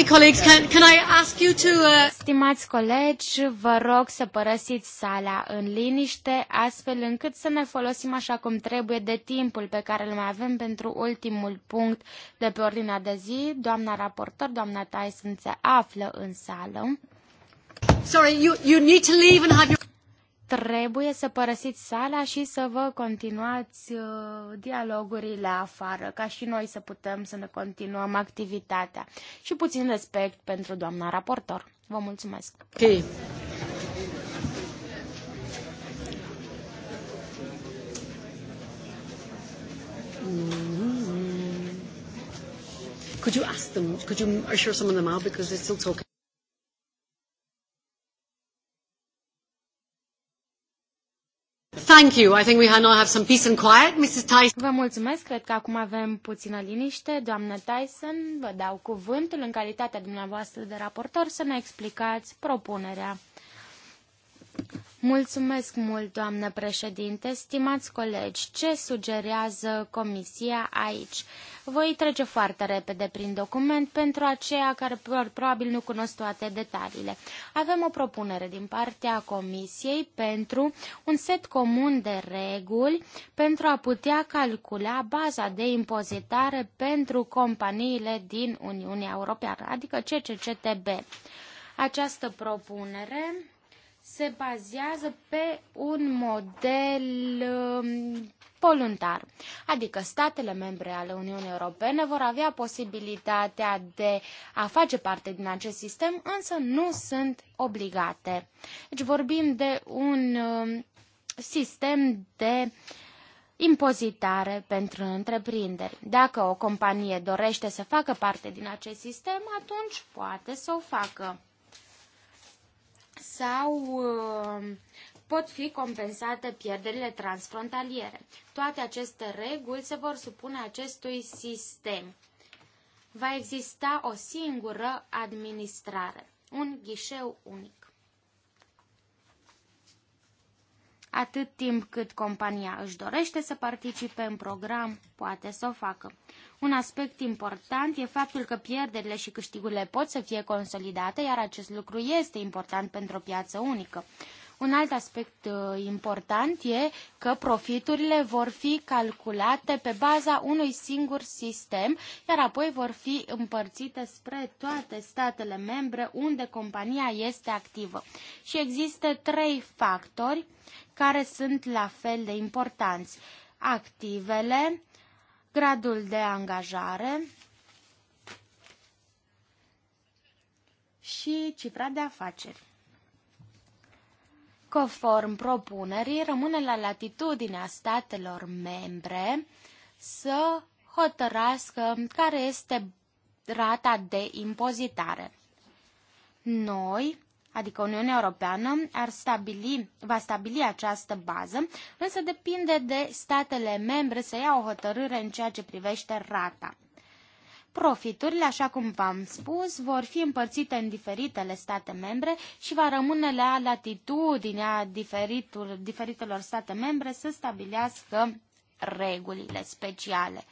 Okay, colleagues, can, can I ask you to... Uh... Stimați colegi, vă rog să părăsiți sala în liniște, astfel încât să ne folosim așa cum trebuie de timpul pe care îl mai avem pentru ultimul punct de pe ordinea de zi. Doamna raportor, doamna Tyson, se află în sală. Sorry, you, you need to leave and have your trebuie să părăsiți sala și să vă continuați uh, dialogurile afară, ca și noi să putem să ne continuăm activitatea. Și puțin respect pentru doamna raportor. Vă mulțumesc. Okay. Mm-hmm. Could you ask them? Could you assure some of them out because they're still talking? Thank you. I think we now have some peace and quiet, Mrs. Tyson. Vă mulțumesc. Cred că acum avem puțină liniște. Doamnă Tyson, vă dau cuvântul în calitatea dumneavoastră de raportor să ne explicați propunerea. Mulțumesc mult, doamnă președinte, stimați colegi, ce sugerează comisia aici? Voi trece foarte repede prin document pentru aceia care probabil nu cunosc toate detaliile. Avem o propunere din partea comisiei pentru un set comun de reguli pentru a putea calcula baza de impozitare pentru companiile din Uniunea Europeană, adică CCCTB. Această propunere se bazează pe un model um, voluntar. Adică statele membre ale Uniunii Europene vor avea posibilitatea de a face parte din acest sistem, însă nu sunt obligate. Deci vorbim de un um, sistem de impozitare pentru întreprinderi. Dacă o companie dorește să facă parte din acest sistem, atunci poate să o facă sau uh, pot fi compensate pierderile transfrontaliere. Toate aceste reguli se vor supune acestui sistem. Va exista o singură administrare, un ghișeu unic. Atât timp cât compania își dorește să participe în program, poate să o facă. Un aspect important e faptul că pierderile și câștigurile pot să fie consolidate, iar acest lucru este important pentru o piață unică. Un alt aspect uh, important e că profiturile vor fi calculate pe baza unui singur sistem, iar apoi vor fi împărțite spre toate statele membre unde compania este activă. Și există trei factori care sunt la fel de importanți. Activele, gradul de angajare și cifra de afaceri. Conform propunerii, rămâne la latitudinea statelor membre să hotărască care este rata de impozitare. Noi adică Uniunea Europeană, ar stabili, va stabili această bază, însă depinde de statele membre să ia o hotărâre în ceea ce privește rata. Profiturile, așa cum v-am spus, vor fi împărțite în diferitele state membre și va rămâne la latitudinea diferitelor state membre să stabilească regulile speciale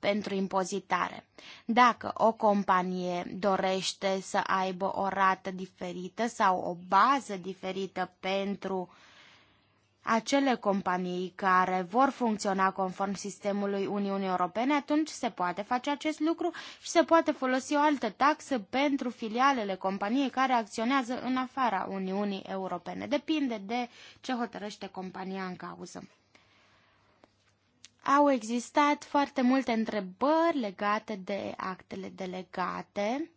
pentru impozitare. Dacă o companie dorește să aibă o rată diferită sau o bază diferită pentru acele companii care vor funcționa conform sistemului Uniunii Europene, atunci se poate face acest lucru și se poate folosi o altă taxă pentru filialele companiei care acționează în afara Uniunii Europene. Depinde de ce hotărăște compania în cauză. Au existat foarte multe întrebări legate de actele delegate.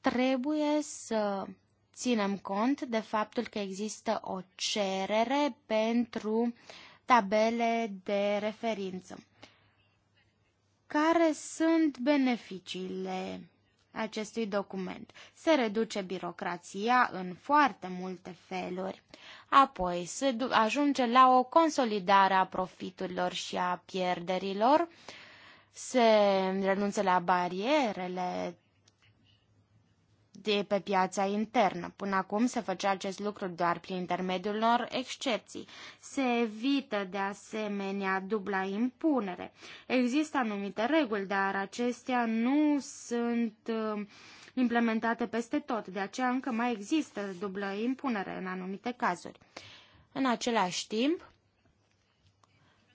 Trebuie să ținem cont de faptul că există o cerere pentru tabele de referință. Care sunt beneficiile acestui document? Se reduce birocrația în foarte multe feluri apoi se ajunge la o consolidare a profiturilor și a pierderilor, se renunță la barierele de pe piața internă. Până acum se făcea acest lucru doar prin intermediul unor excepții. Se evită de asemenea dubla impunere. Există anumite reguli, dar acestea nu sunt uh, implementate peste tot, de aceea încă mai există dublă impunere în anumite cazuri. În același timp,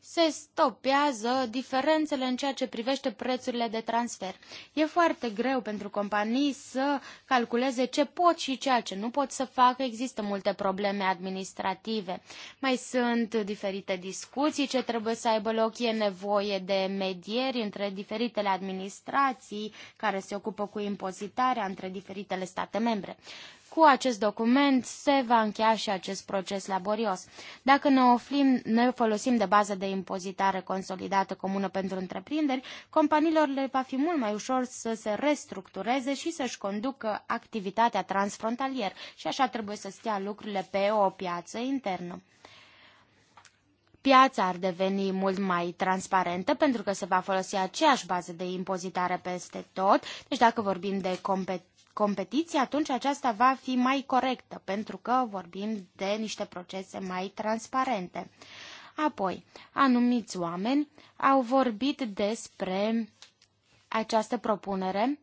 se stopează diferențele în ceea ce privește prețurile de transfer. E foarte greu pentru companii să calculeze ce pot și ceea ce nu pot să facă. Există multe probleme administrative. Mai sunt diferite discuții ce trebuie să aibă loc. E nevoie de medieri între diferitele administrații care se ocupă cu impozitarea între diferitele state membre. Cu acest document se va încheia și acest proces laborios. Dacă ne, oflim, ne folosim de bază de impozitare consolidată comună pentru întreprinderi, companiilor le va fi mult mai ușor să se restructureze și să-și conducă activitatea transfrontalier și așa trebuie să stea lucrurile pe o piață internă piața ar deveni mult mai transparentă pentru că se va folosi aceeași bază de impozitare peste tot. Deci dacă vorbim de, competență, competiție, atunci aceasta va fi mai corectă, pentru că vorbim de niște procese mai transparente. Apoi, anumiți oameni au vorbit despre această propunere,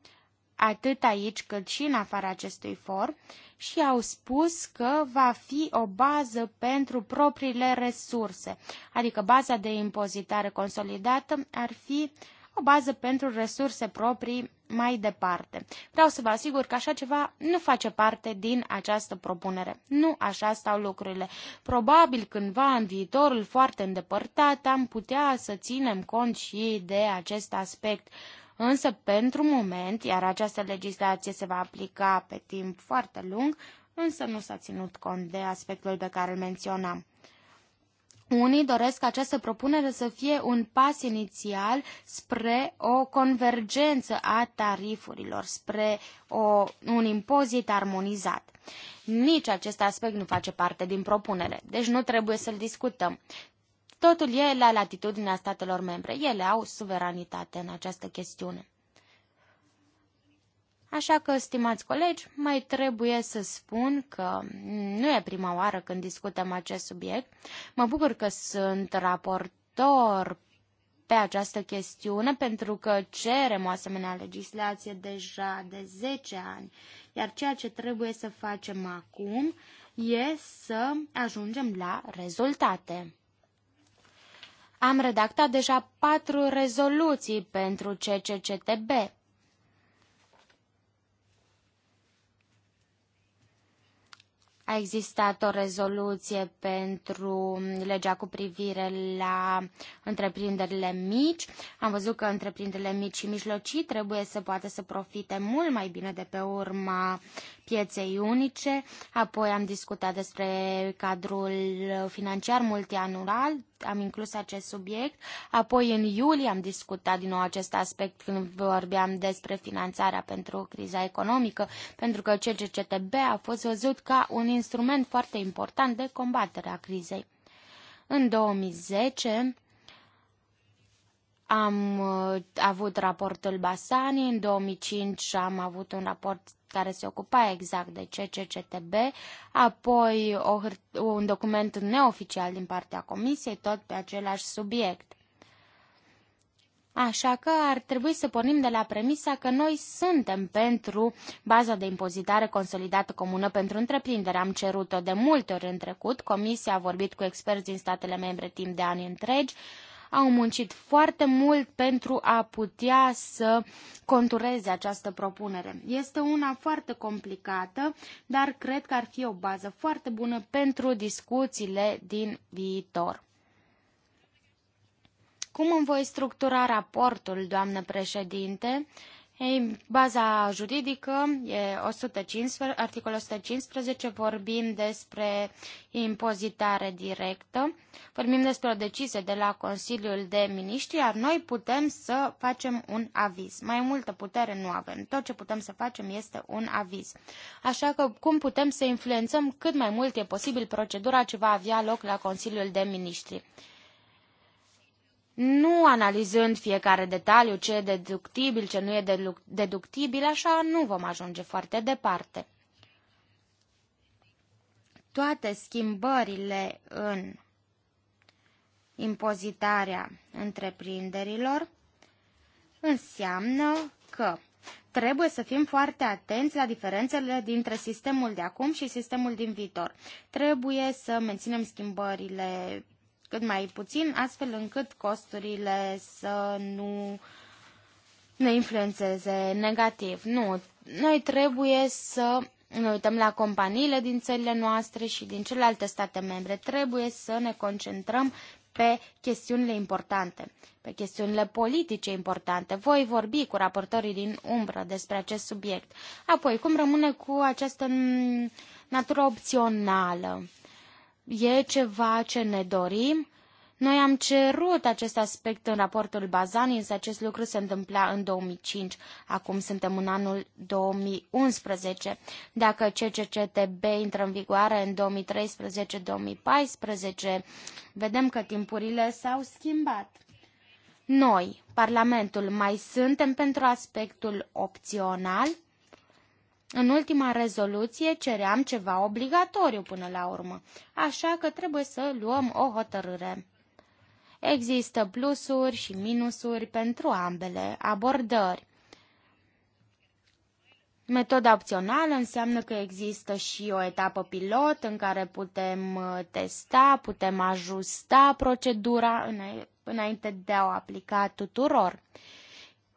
atât aici cât și în afara acestui for, și au spus că va fi o bază pentru propriile resurse, adică baza de impozitare consolidată ar fi uh, o bază pentru resurse proprii mai departe. Vreau să vă asigur că așa ceva nu face parte din această propunere. Nu așa stau lucrurile. Probabil cândva în viitorul foarte îndepărtat am putea să ținem cont și de acest aspect. Însă, pentru moment, iar această legislație se va aplica pe timp foarte lung, însă nu s-a ținut cont de aspectul pe care îl menționam. Unii doresc această propunere să fie un pas inițial spre o convergență a tarifurilor, spre o, un impozit armonizat. Nici acest aspect nu face parte din propunere, deci nu trebuie să-l discutăm. Totul e la latitudinea statelor membre. Ele au suveranitate în această chestiune. Așa că, stimați colegi, mai trebuie să spun că nu e prima oară când discutăm acest subiect. Mă bucur că sunt raportor pe această chestiune pentru că cerem o asemenea legislație deja de 10 ani. Iar ceea ce trebuie să facem acum e să ajungem la rezultate. Am redactat deja patru rezoluții pentru CCCTB A existat o rezoluție pentru legea cu privire la întreprinderile mici. Am văzut că întreprinderile mici și mijlocii trebuie să poată să profite mult mai bine de pe urma pieței unice, apoi am discutat despre cadrul financiar multianual, am inclus acest subiect, apoi în iulie am discutat din nou acest aspect când vorbeam despre finanțarea pentru criza economică, pentru că CCCTB a fost văzut ca un instrument foarte important de combatere a crizei. În 2010, am uh, avut raportul Basani, în 2005 am avut un raport care se ocupa exact de CCCTB, apoi o, un document neoficial din partea Comisiei, tot pe același subiect. Așa că ar trebui să pornim de la premisa că noi suntem pentru baza de impozitare consolidată comună pentru întreprindere. Am cerut-o de multe ori în trecut, Comisia a vorbit cu experți din statele membre timp de ani întregi, au muncit foarte mult pentru a putea să contureze această propunere. Este una foarte complicată, dar cred că ar fi o bază foarte bună pentru discuțiile din viitor. Cum îmi voi structura raportul, doamnă președinte? Uh, ei, baza juridică e 115, articolul 115, vorbim despre impozitare directă, vorbim despre o decizie de la Consiliul de Miniștri, iar noi putem să facem un aviz. Mai multă putere nu avem, tot ce putem să facem este un aviz. Așa că cum putem să influențăm cât mai mult e posibil procedura ce va avea loc la Consiliul de Miniștri? nu analizând fiecare detaliu, ce e deductibil, ce nu e deductibil, așa nu vom ajunge foarte departe. Toate schimbările în impozitarea întreprinderilor înseamnă că trebuie să fim foarte atenți la diferențele dintre sistemul de acum și sistemul din viitor. Trebuie să menținem schimbările cât mai puțin, astfel încât costurile să nu ne influențeze negativ. Nu, noi trebuie să ne uităm la companiile din țările noastre și din celelalte state membre. Trebuie să ne concentrăm pe chestiunile importante, pe chestiunile politice importante. Voi vorbi cu raportorii din umbră despre acest subiect. Apoi, cum rămâne cu această natură opțională? E ceva ce ne dorim? Noi am cerut acest aspect în raportul Bazani, însă acest lucru se întâmpla în 2005. Acum suntem în anul 2011. Dacă CCCTB intră în vigoare în 2013-2014, vedem că timpurile s-au schimbat. Noi, Parlamentul, mai suntem pentru aspectul opțional? În ultima rezoluție ceream ceva obligatoriu până la urmă, așa că trebuie să luăm o hotărâre. Există plusuri și minusuri pentru ambele abordări. Metoda opțională înseamnă că există și o etapă pilot în care putem uh, testa, putem ajusta procedura înainte de a o aplica tuturor.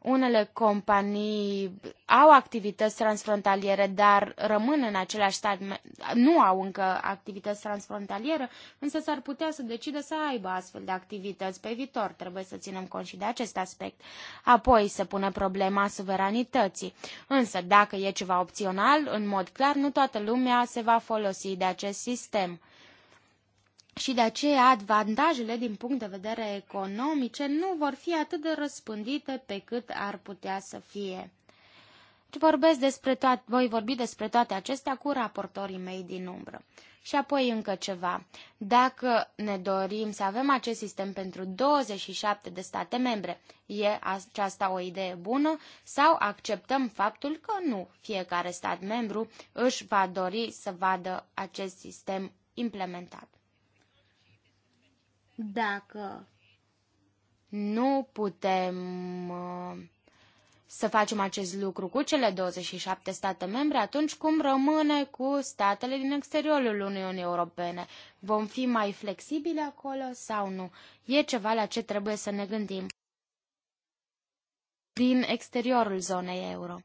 Unele companii au activități transfrontaliere, dar rămân în același stat, nu au încă activități transfrontaliere, însă s-ar putea să decidă să aibă astfel de activități pe viitor. Trebuie să ținem cont și de acest aspect. Apoi se pune problema suveranității. Însă, dacă e ceva opțional, în mod clar, nu toată lumea se va folosi de acest sistem și de aceea avantajele din punct de vedere economice nu vor fi atât de răspândite pe cât ar putea să fie. Vorbesc despre toate, voi vorbi despre toate acestea cu raportorii mei din umbră. Și apoi încă ceva. Dacă ne dorim să avem acest sistem pentru 27 de state membre, e aceasta o idee bună sau acceptăm faptul că nu fiecare stat membru își va dori să vadă acest sistem implementat? Dacă nu putem uh, să facem acest lucru cu cele 27 state membre, atunci cum rămâne cu statele din exteriorul Uniunii Europene? Vom fi mai flexibili acolo sau nu? E ceva la ce trebuie să ne gândim din exteriorul zonei euro.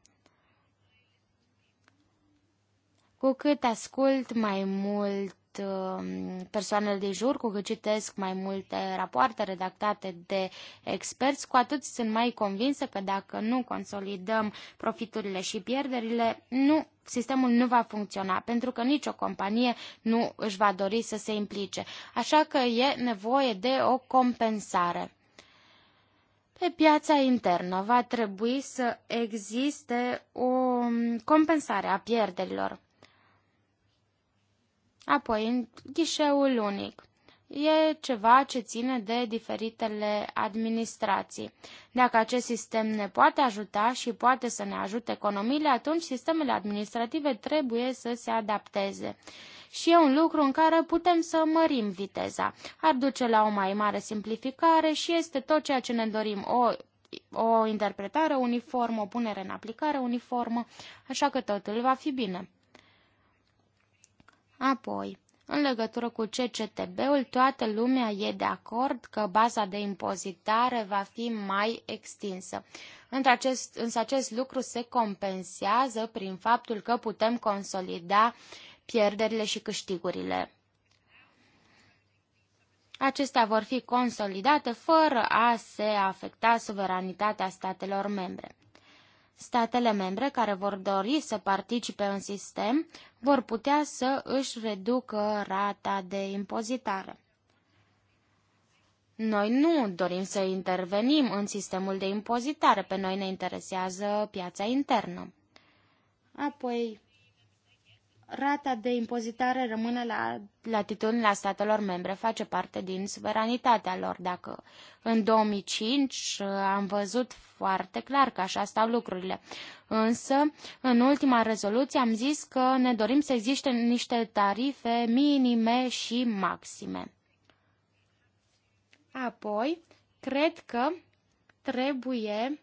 Cu cât ascult mai mult Uh, persoanele de jur, cu cât citesc mai multe rapoarte redactate de experți, cu atât sunt mai convinsă că dacă nu consolidăm profiturile și pierderile, nu sistemul nu va funcționa, pentru că nicio companie nu își va dori să se implice. Așa că e nevoie de o compensare. Pe piața internă va trebui să existe o compensare a pierderilor. Apoi, ghișeul unic. E ceva ce ține de diferitele administrații. Dacă acest sistem ne poate ajuta și poate să ne ajute economiile, atunci sistemele administrative trebuie să se adapteze și e un lucru în care putem să mărim viteza. Ar duce la o mai mare simplificare și este tot ceea ce ne dorim, o, o interpretare uniformă, o punere în aplicare uniformă, așa că totul va fi bine. Apoi, în legătură cu CCTB-ul, toată lumea e de acord că baza de impozitare va fi mai extinsă. Între acest, însă acest lucru se compensează prin faptul că putem consolida pierderile și câștigurile. Acestea vor fi consolidate fără a se afecta suveranitatea statelor membre. Statele membre care vor dori să participe în sistem vor putea să își reducă rata de impozitare. Noi nu dorim să intervenim în sistemul de impozitare, pe noi ne interesează piața internă. Apoi, rata de impozitare rămâne la latitudinea statelor membre, face parte din suveranitatea lor. Dacă în 2005 uh, am văzut foarte clar că așa stau lucrurile. Însă, în ultima rezoluție am zis că ne dorim să existe niște tarife minime și maxime. Apoi, cred că trebuie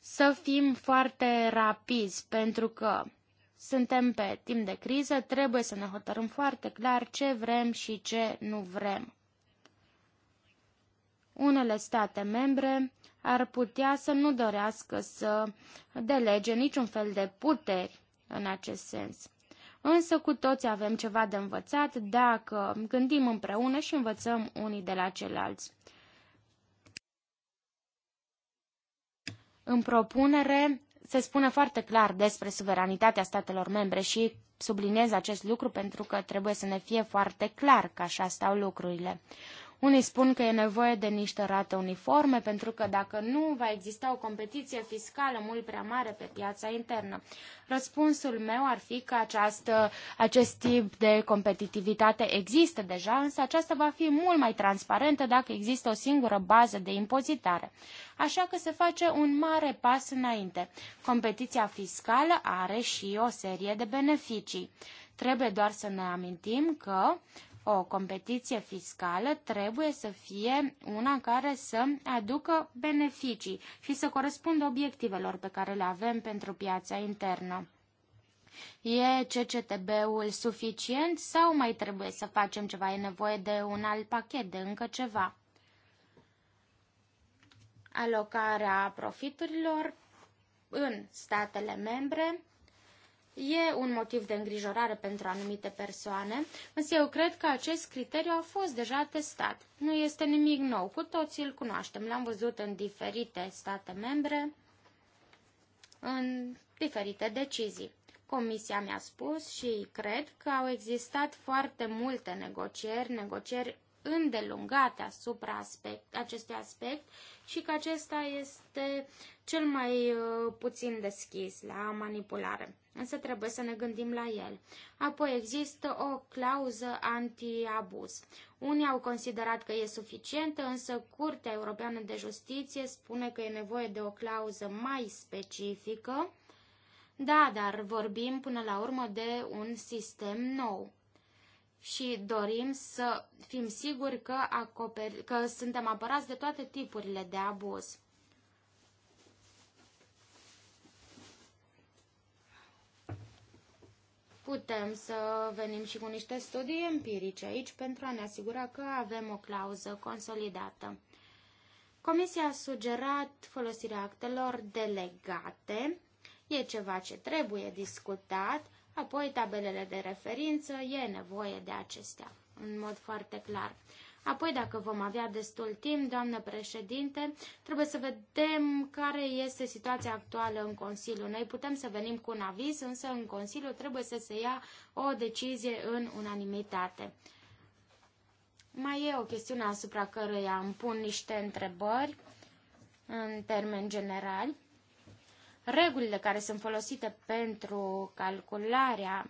să fim foarte rapizi, pentru că suntem pe timp de criză, trebuie să ne hotărâm foarte clar ce vrem și ce nu vrem. Unele state membre ar putea să nu dorească să delege niciun fel de puteri în acest sens. Însă cu toți avem ceva de învățat dacă gândim împreună și învățăm unii de la ceilalți. În propunere se spune foarte clar despre suveranitatea statelor membre și subliniez acest lucru pentru că trebuie să ne fie foarte clar că așa stau lucrurile. Unii spun că e nevoie de niște rate uniforme, pentru că dacă nu, va exista o competiție fiscală mult prea mare pe piața internă. Răspunsul meu ar fi că această, acest tip de competitivitate există deja, însă aceasta va fi mult mai transparentă dacă există o singură bază de impozitare. Așa că se face un mare pas înainte. Competiția fiscală are și o serie de beneficii. Trebuie doar să ne amintim că o competiție fiscală trebuie să fie una care să aducă beneficii și să corespundă obiectivelor pe care le avem pentru piața internă. E CCTB-ul suficient sau mai trebuie să facem ceva? E nevoie de un alt pachet, de încă ceva? Alocarea profiturilor în statele membre e un motiv de îngrijorare pentru anumite persoane, însă eu cred că acest criteriu a fost deja testat. Nu este nimic nou, cu toții îl cunoaștem, l-am văzut în diferite state membre, în diferite decizii. Comisia mi-a spus și cred că au existat foarte multe negocieri, negocieri îndelungate asupra aspect, acestui aspect și că acesta este cel mai uh, puțin deschis la manipulare însă trebuie să ne gândim la el. Apoi există o clauză anti-abuz. Unii au considerat că e suficientă, însă Curtea Europeană de Justiție spune că e nevoie de o clauză mai specifică. Da, dar vorbim până la urmă de un sistem nou și dorim să fim siguri că, acoperi, că suntem apărați de toate tipurile de abuz. putem să venim și cu niște studii empirice aici pentru a ne asigura că avem o clauză consolidată. Comisia a sugerat folosirea actelor delegate. E ceva ce trebuie discutat, apoi tabelele de referință, e nevoie de acestea, în mod foarte clar. Apoi, dacă vom avea destul timp, doamnă președinte, trebuie să vedem care este situația actuală în Consiliu. Noi putem să venim cu un aviz, însă în Consiliu trebuie să se ia o decizie în unanimitate. Mai e o chestiune asupra căreia îmi pun niște întrebări în termeni generali. Regulile care sunt folosite pentru calcularea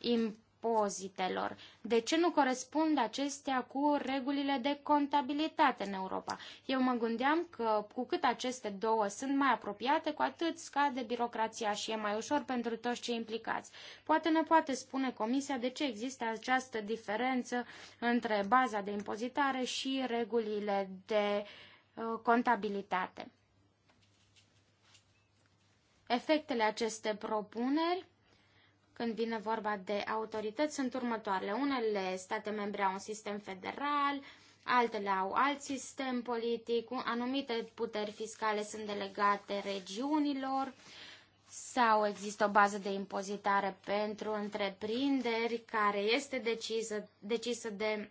imp- impozitelor. De ce nu corespund acestea cu regulile de contabilitate în Europa? Eu mă gândeam că cu cât aceste două sunt mai apropiate, cu atât scade birocrația și e mai ușor pentru toți cei implicați. Poate ne poate spune Comisia de ce există această diferență între baza de impozitare și regulile de uh, contabilitate. Efectele acestei propuneri când vine vorba de autorități sunt următoarele. Unele state membre au un sistem federal, altele au alt sistem politic, anumite puteri fiscale sunt delegate regiunilor sau există o bază de impozitare pentru întreprinderi care este decisă, decisă de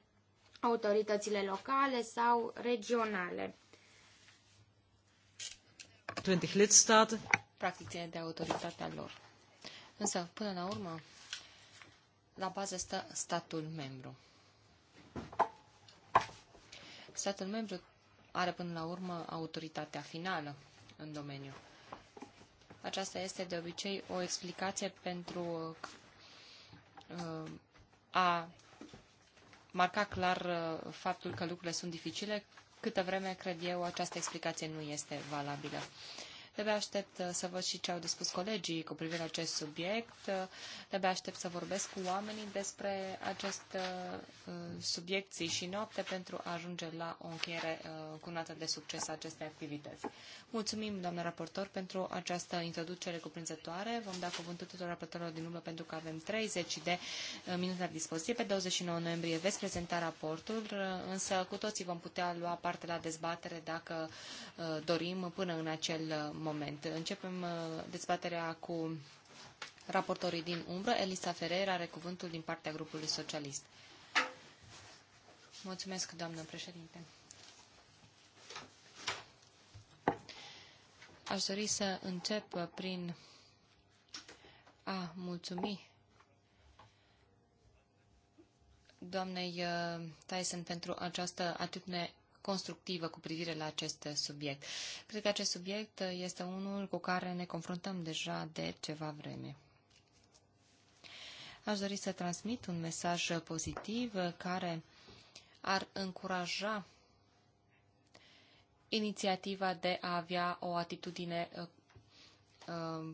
autoritățile locale sau regionale. 20 lidstaten. Practic ține de autoritatea lor. Însă, până la urmă, la bază stă statul membru. Statul membru are până la urmă autoritatea finală în domeniu. Aceasta este de obicei o explicație pentru uh, a marca clar uh, faptul că lucrurile sunt dificile, câtă vreme, cred eu, această explicație nu este valabilă. De-abia aștept uh, să văd și ce au de spus colegii cu privire la acest subiect. De-abia uh, aștept să vorbesc cu oamenii despre acest uh, subiect zi și noapte pentru a ajunge la o încheiere cu nată de succes a acestei activități. Mulțumim, doamnă raportor, pentru această introducere cuprinzătoare. Vom da cuvântul tuturor raportorilor din urmă pentru că avem 30 de minute la dispoziție. Pe 29 noiembrie veți prezenta raportul, însă cu toții vom putea lua parte la dezbatere dacă dorim până în acel moment moment. Începem uh, dezbaterea cu raportorii din umbră. Elisa Ferreira are cuvântul din partea grupului socialist. Mulțumesc, doamnă președinte. Aș dori să încep prin a mulțumi doamnei uh, Tyson pentru această atitudine constructivă cu privire la acest subiect. Cred că acest subiect este unul cu care ne confruntăm deja de ceva vreme. Aș dori să transmit un mesaj pozitiv care ar încuraja inițiativa de a avea o atitudine uh, uh,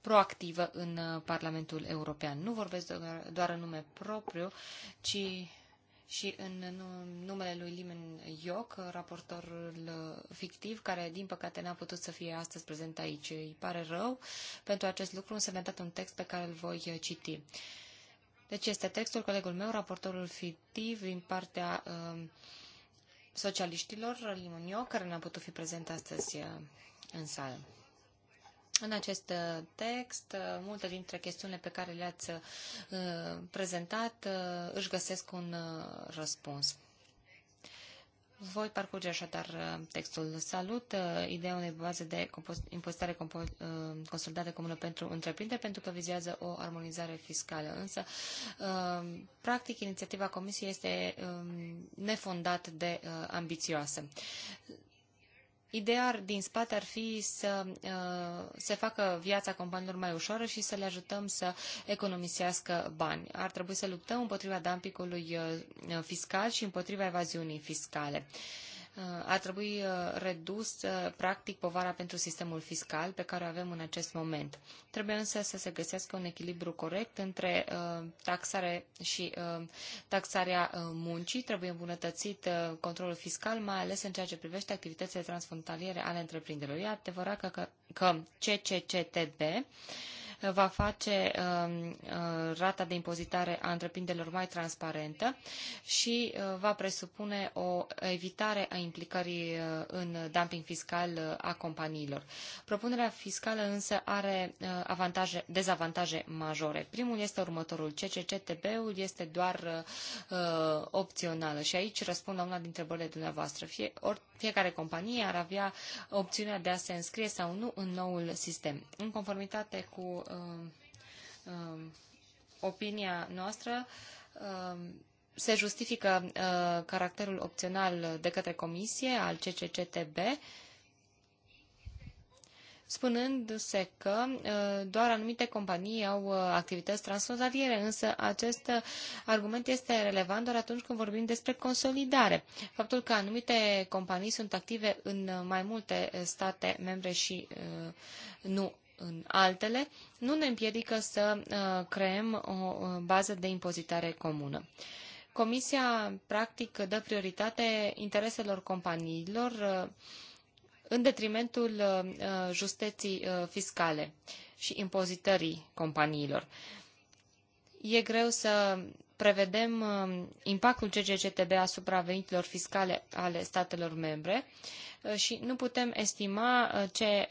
proactivă în Parlamentul European. Nu vorbesc doar în nume propriu, ci și în numele lui Limen Ioc, raportorul fictiv, care din păcate n-a putut să fie astăzi prezent aici. Îi pare rău pentru acest lucru, însă mi-a dat un text pe care îl voi uh, citi. Deci este textul colegul meu, raportorul fictiv din partea uh, socialiștilor, Limen Ioc, care n-a putut fi prezent astăzi uh, în sală în acest uh, text, uh, multe dintre chestiunile pe care le-ați uh, prezentat își găsesc un răspuns. Voi parcurge așadar textul. Salut ideea unei baze de impozitare consolidată comună pentru întreprinderi, pentru că vizează o armonizare fiscală. Însă, practic, inițiativa Comisiei este um, nefondată de ambițioasă. Ideea din spate ar fi să uh, se facă viața companiilor mai ușoară și să le ajutăm să economisească bani. Ar trebui să luptăm împotriva dumpingului uh, fiscal și împotriva evaziunii fiscale ar trebui uh, redus, uh, practic, povara pentru sistemul fiscal pe care o avem în acest moment. Trebuie însă să se găsească un echilibru corect între uh, taxare și taxarea muncii. Trebuie îmbunătățit controlul fiscal, mai ales în ceea ce privește activitățile transfrontaliere ale întreprinderilor. E adevărat că, că, că CCCTB va face um, uh, rata de impozitare a întreprinderilor mai transparentă și uh, va presupune o evitare a implicării uh, în dumping fiscal a companiilor. Propunerea fiscală însă are avantaje, dezavantaje majore. Primul este următorul. CCCTB-ul este doar opțională și aici răspund la una dintre întrebările dumneavoastră. Fie, ori, fiecare companie ar avea opțiunea de a se înscrie sau nu în noul sistem. În conformitate cu uh, uh, opinia noastră, uh, se justifică uh, caracterul opțional de către comisie al CCCTB spunându-se că uh, doar anumite companii au uh, activități transfrontaliere, însă acest uh, argument este relevant doar atunci când vorbim despre consolidare. Faptul că anumite companii sunt active în mai multe state membre și nu în altele, nu ne împiedică să creăm o bază de impozitare comună. Comisia, practic, dă prioritate intereselor companiilor în detrimentul uh, uh, justeții uh, fiscale și impozitării companiilor. E greu să prevedem impactul CCCTB asupra veniturilor fiscale ale statelor membre și nu putem estima ce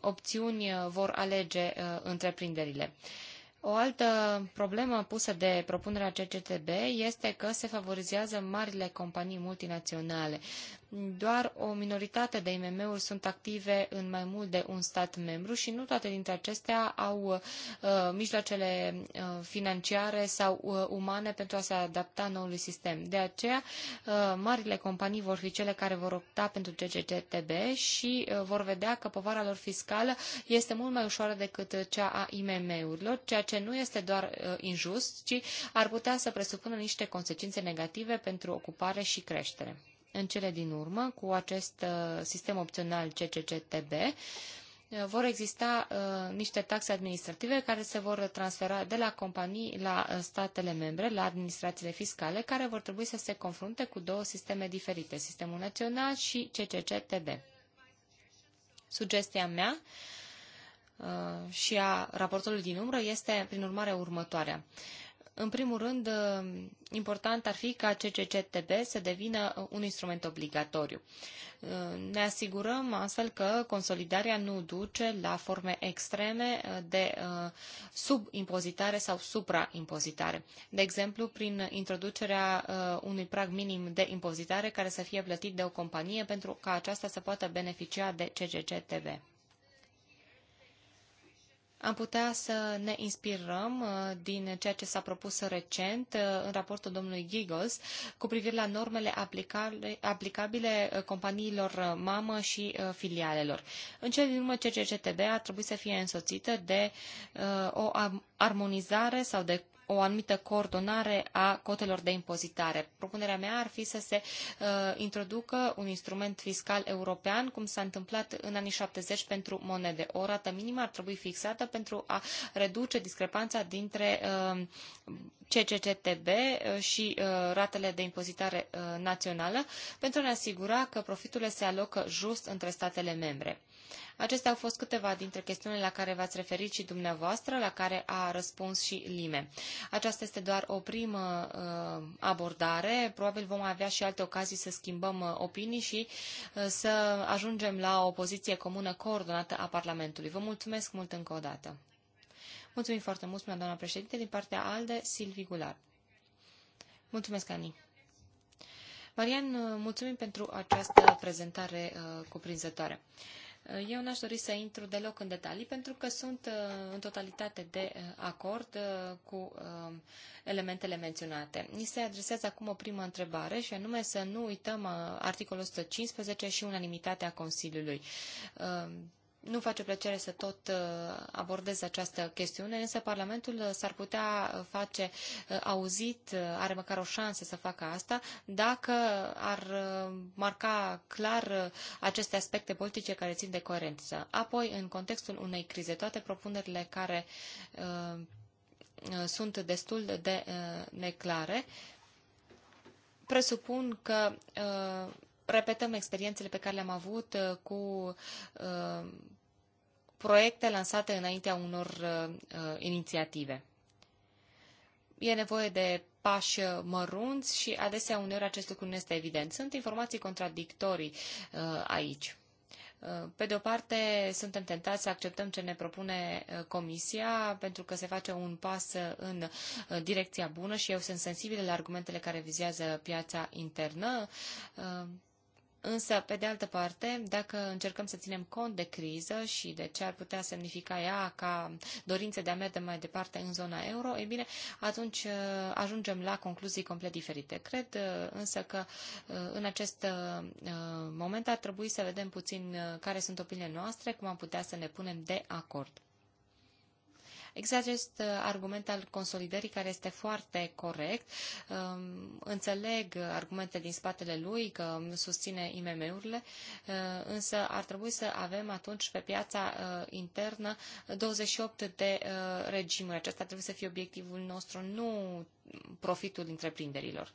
opțiuni vor alege întreprinderile. O altă problemă pusă de propunerea CCTB este că se favorizează marile companii multinaționale doar o minoritate de IMM-uri sunt active în mai mult de un stat membru și nu toate dintre acestea au uh, mijloacele uh, financiare sau uh, umane pentru a se adapta noului sistem. De aceea, uh, marile companii vor fi cele care vor opta pentru CCTB și uh, vor vedea că povara lor fiscală este mult mai ușoară decât cea a IMM-urilor, ceea ce nu este doar uh, injust, ci ar putea să presupună niște consecințe negative pentru ocupare și creștere în cele din urmă, cu acest uh, sistem opțional CCCTB, uh, vor exista uh, niște taxe administrative care se vor transfera de la companii la statele membre, la administrațiile fiscale, care vor trebui să se confrunte cu două sisteme diferite, sistemul național și CCCTB. Sugestia mea și a raportului din umbră este, prin urmare, următoarea. În primul rând, uh, important ar fi ca CCCTB să devină uh, un instrument obligatoriu. Uh, ne asigurăm astfel că consolidarea nu duce la forme extreme de subimpozitare sau supraimpozitare. De exemplu, prin introducerea unui prag minim de impozitare care să fie plătit de o companie pentru ca aceasta să poată beneficia de CCCTB am putea să ne inspirăm uh, din ceea ce s-a propus recent uh, în raportul domnului Giggles cu privire la normele aplicabile, uh, companiilor mamă și filialelor. În cele din urmă, CCCTB ar trebui să fie însoțită de o armonizare sau de o anumită coordonare a cotelor de impozitare. Propunerea mea ar fi să se uh, introducă un instrument fiscal european, cum s-a întâmplat în anii 70 pentru monede. O rată minimă ar trebui fixată pentru a reduce discrepanța dintre uh, CCCTB uh, și uh, ratele de impozitare uh, națională, pentru a ne asigura că profiturile se alocă just între statele membre. Acestea au fost câteva dintre chestiunile la care v-ați referit și dumneavoastră, la care a răspuns și Lime. Aceasta este doar o primă uh, abordare. Probabil vom avea și alte ocazii să schimbăm uh, opinii și uh, să ajungem la o poziție comună coordonată a Parlamentului. Vă mulțumesc mult încă o dată. Mulțumim foarte mult, spunea doamna președinte, din partea ALDE, Silvi Gular. Mulțumesc, Ani. Marian, uh, mulțumim pentru această prezentare uh, cuprinzătoare. Eh, eu n-aș dori să intru deloc în detalii pentru că sunt eh, în totalitate de eh, acord cu elementele menționate. Ni se adresează acum o primă întrebare și anume să nu uităm articolul 115 și unanimitatea Consiliului nu face plăcere să tot uh, abordez această chestiune, însă Parlamentul uh, s-ar putea uh, face auzit, are măcar o șansă să facă asta, dacă ar marca clar aceste aspecte politice care țin de coerență. Apoi, în contextul unei crize, toate propunerile care sunt destul de neclare, presupun că repetăm experiențele pe care le-am avut cu proiecte lansate înaintea unor uh, uh, inițiative. E nevoie de pași uh, mărunți și adesea uneori acest lucru nu este evident. Sunt informații contradictorii uh, aici. Uh, pe de o parte, suntem tentați să acceptăm ce ne propune Comisia, pentru că se face un pas în direcția bună și eu sunt sensibilă la argumentele care vizează piața internă. Însă, pe de altă parte, dacă încercăm să ținem cont de criză și de ce ar putea semnifica ea ca dorință de a merge mai departe în zona euro, e bine, atunci uh, ajungem la concluzii complet diferite. Cred uh, însă că uh, în acest moment ar trebui să vedem puțin care sunt opiniile noastre, cum am putea să ne punem de acord. Exact acest uh, argument al consolidării care este foarte corect. Um, înțeleg argumente din spatele lui că susține IMM-urile, uh, însă ar trebui să avem atunci pe piața uh, internă 28 de regimuri. Acesta trebuie să fie obiectivul nostru, nu profitul întreprinderilor.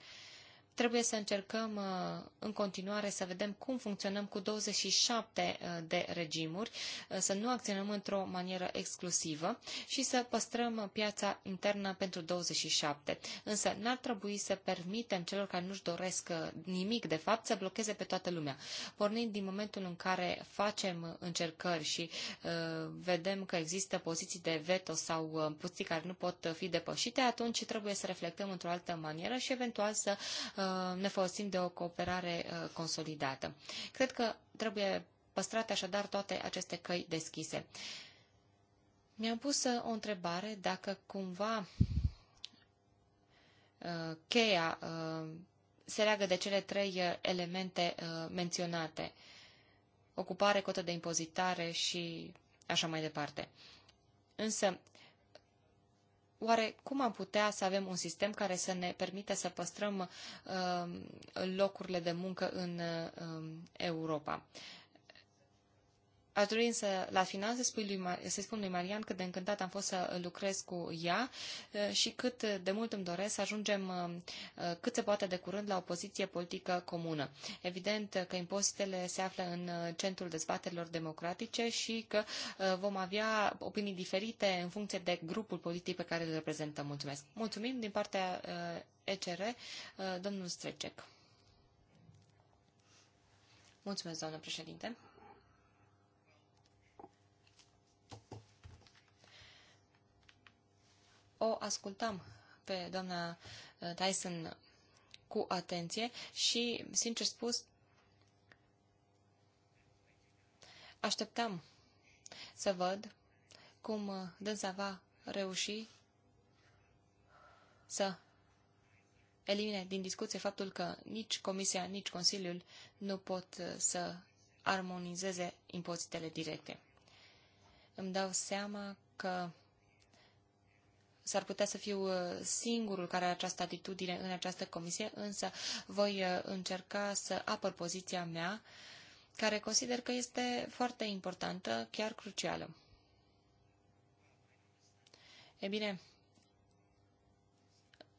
Trebuie să încercăm uh, în continuare să vedem cum funcționăm cu 27 uh, de regimuri, uh, să nu acționăm într-o manieră exclusivă și să păstrăm piața internă pentru 27. Însă n-ar trebui să permitem celor care nu-și doresc nimic, de fapt, să blocheze pe toată lumea. Pornind din momentul în care facem încercări și uh, vedem că există poziții de veto sau poziții care nu pot fi depășite, atunci trebuie să reflectăm într-o altă manieră și eventual să uh, ne folosim de o cooperare uh, consolidată. Cred că trebuie păstrate așadar toate aceste căi deschise. Mi-am pus uh, o întrebare dacă cumva uh, cheia se leagă de cele trei elemente menționate. Ocupare, cotă de impozitare și așa mai departe. Însă, Oare cum am putea să avem un sistem care să ne permite să păstrăm uh, locurile de muncă în uh, Europa? Aș dori însă la final să, spui lui, să spun lui Marian cât de încântat am fost să lucrez cu ea uh, și cât de mult îmi doresc să ajungem uh, uh, cât se poate de curând la o poziție politică comună. Evident că impozitele se află în centrul dezbaterilor democratice și că vom avea opinii diferite în funcție de grupul politic pe care îl reprezentăm. Mulțumesc. Mulțumim din partea ECR, domnul Strecec. Mulțumesc, doamnă președinte. o ascultam pe doamna uh, Tyson cu atenție și, sincer spus, așteptam să văd cum uh, dânsa va reuși să elimine din discuție faptul că nici Comisia, nici Consiliul nu pot uh, să armonizeze impozitele directe. Îmi dau seama că s-ar putea să fiu uh, singurul care are această atitudine în această comisie, însă voi uh, încerca să apăr poziția mea, care consider că este foarte importantă, chiar crucială. E bine,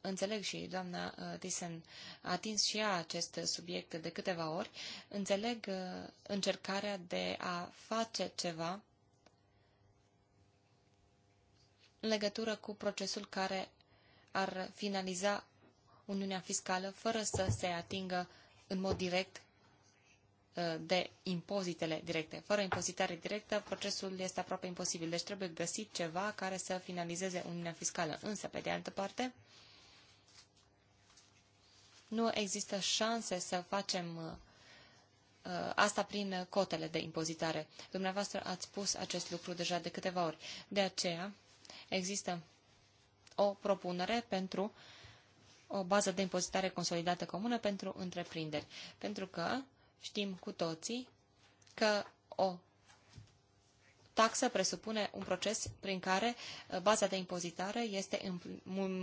înțeleg și doamna uh, Thyssen a atins și ea acest subiect de câteva ori, înțeleg încercarea de a face ceva în legătură cu procesul care ar finaliza Uniunea Fiscală fără să se atingă în mod direct uh, de impozitele directe. Fără impozitare directă, procesul este aproape imposibil, deci trebuie găsit ceva care să finalizeze Uniunea Fiscală. Însă, pe de altă parte, nu există șanse să facem uh, uh, asta prin cotele de impozitare. Dumneavoastră ați spus acest lucru deja de câteva ori. De aceea, există o propunere pentru o bază de impozitare consolidată comună pentru întreprinderi. Pentru că știm cu toții că o taxă presupune un proces prin care uh, baza de impozitare este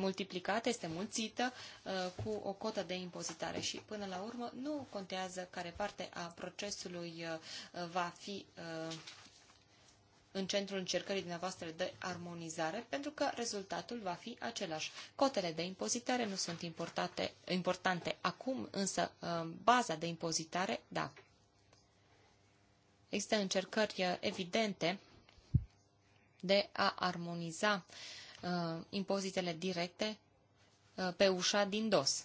multiplicată, este mulțită uh, cu o cotă de impozitare și până la urmă nu contează care parte a procesului uh, va fi în centrul încercării dumneavoastră de armonizare, pentru că rezultatul va fi același. Cotele de impozitare nu sunt importate, importante acum, însă uh, baza de impozitare, da. Există încercări uh, evidente de a armoniza uh, impozitele directe uh, pe ușa din dos.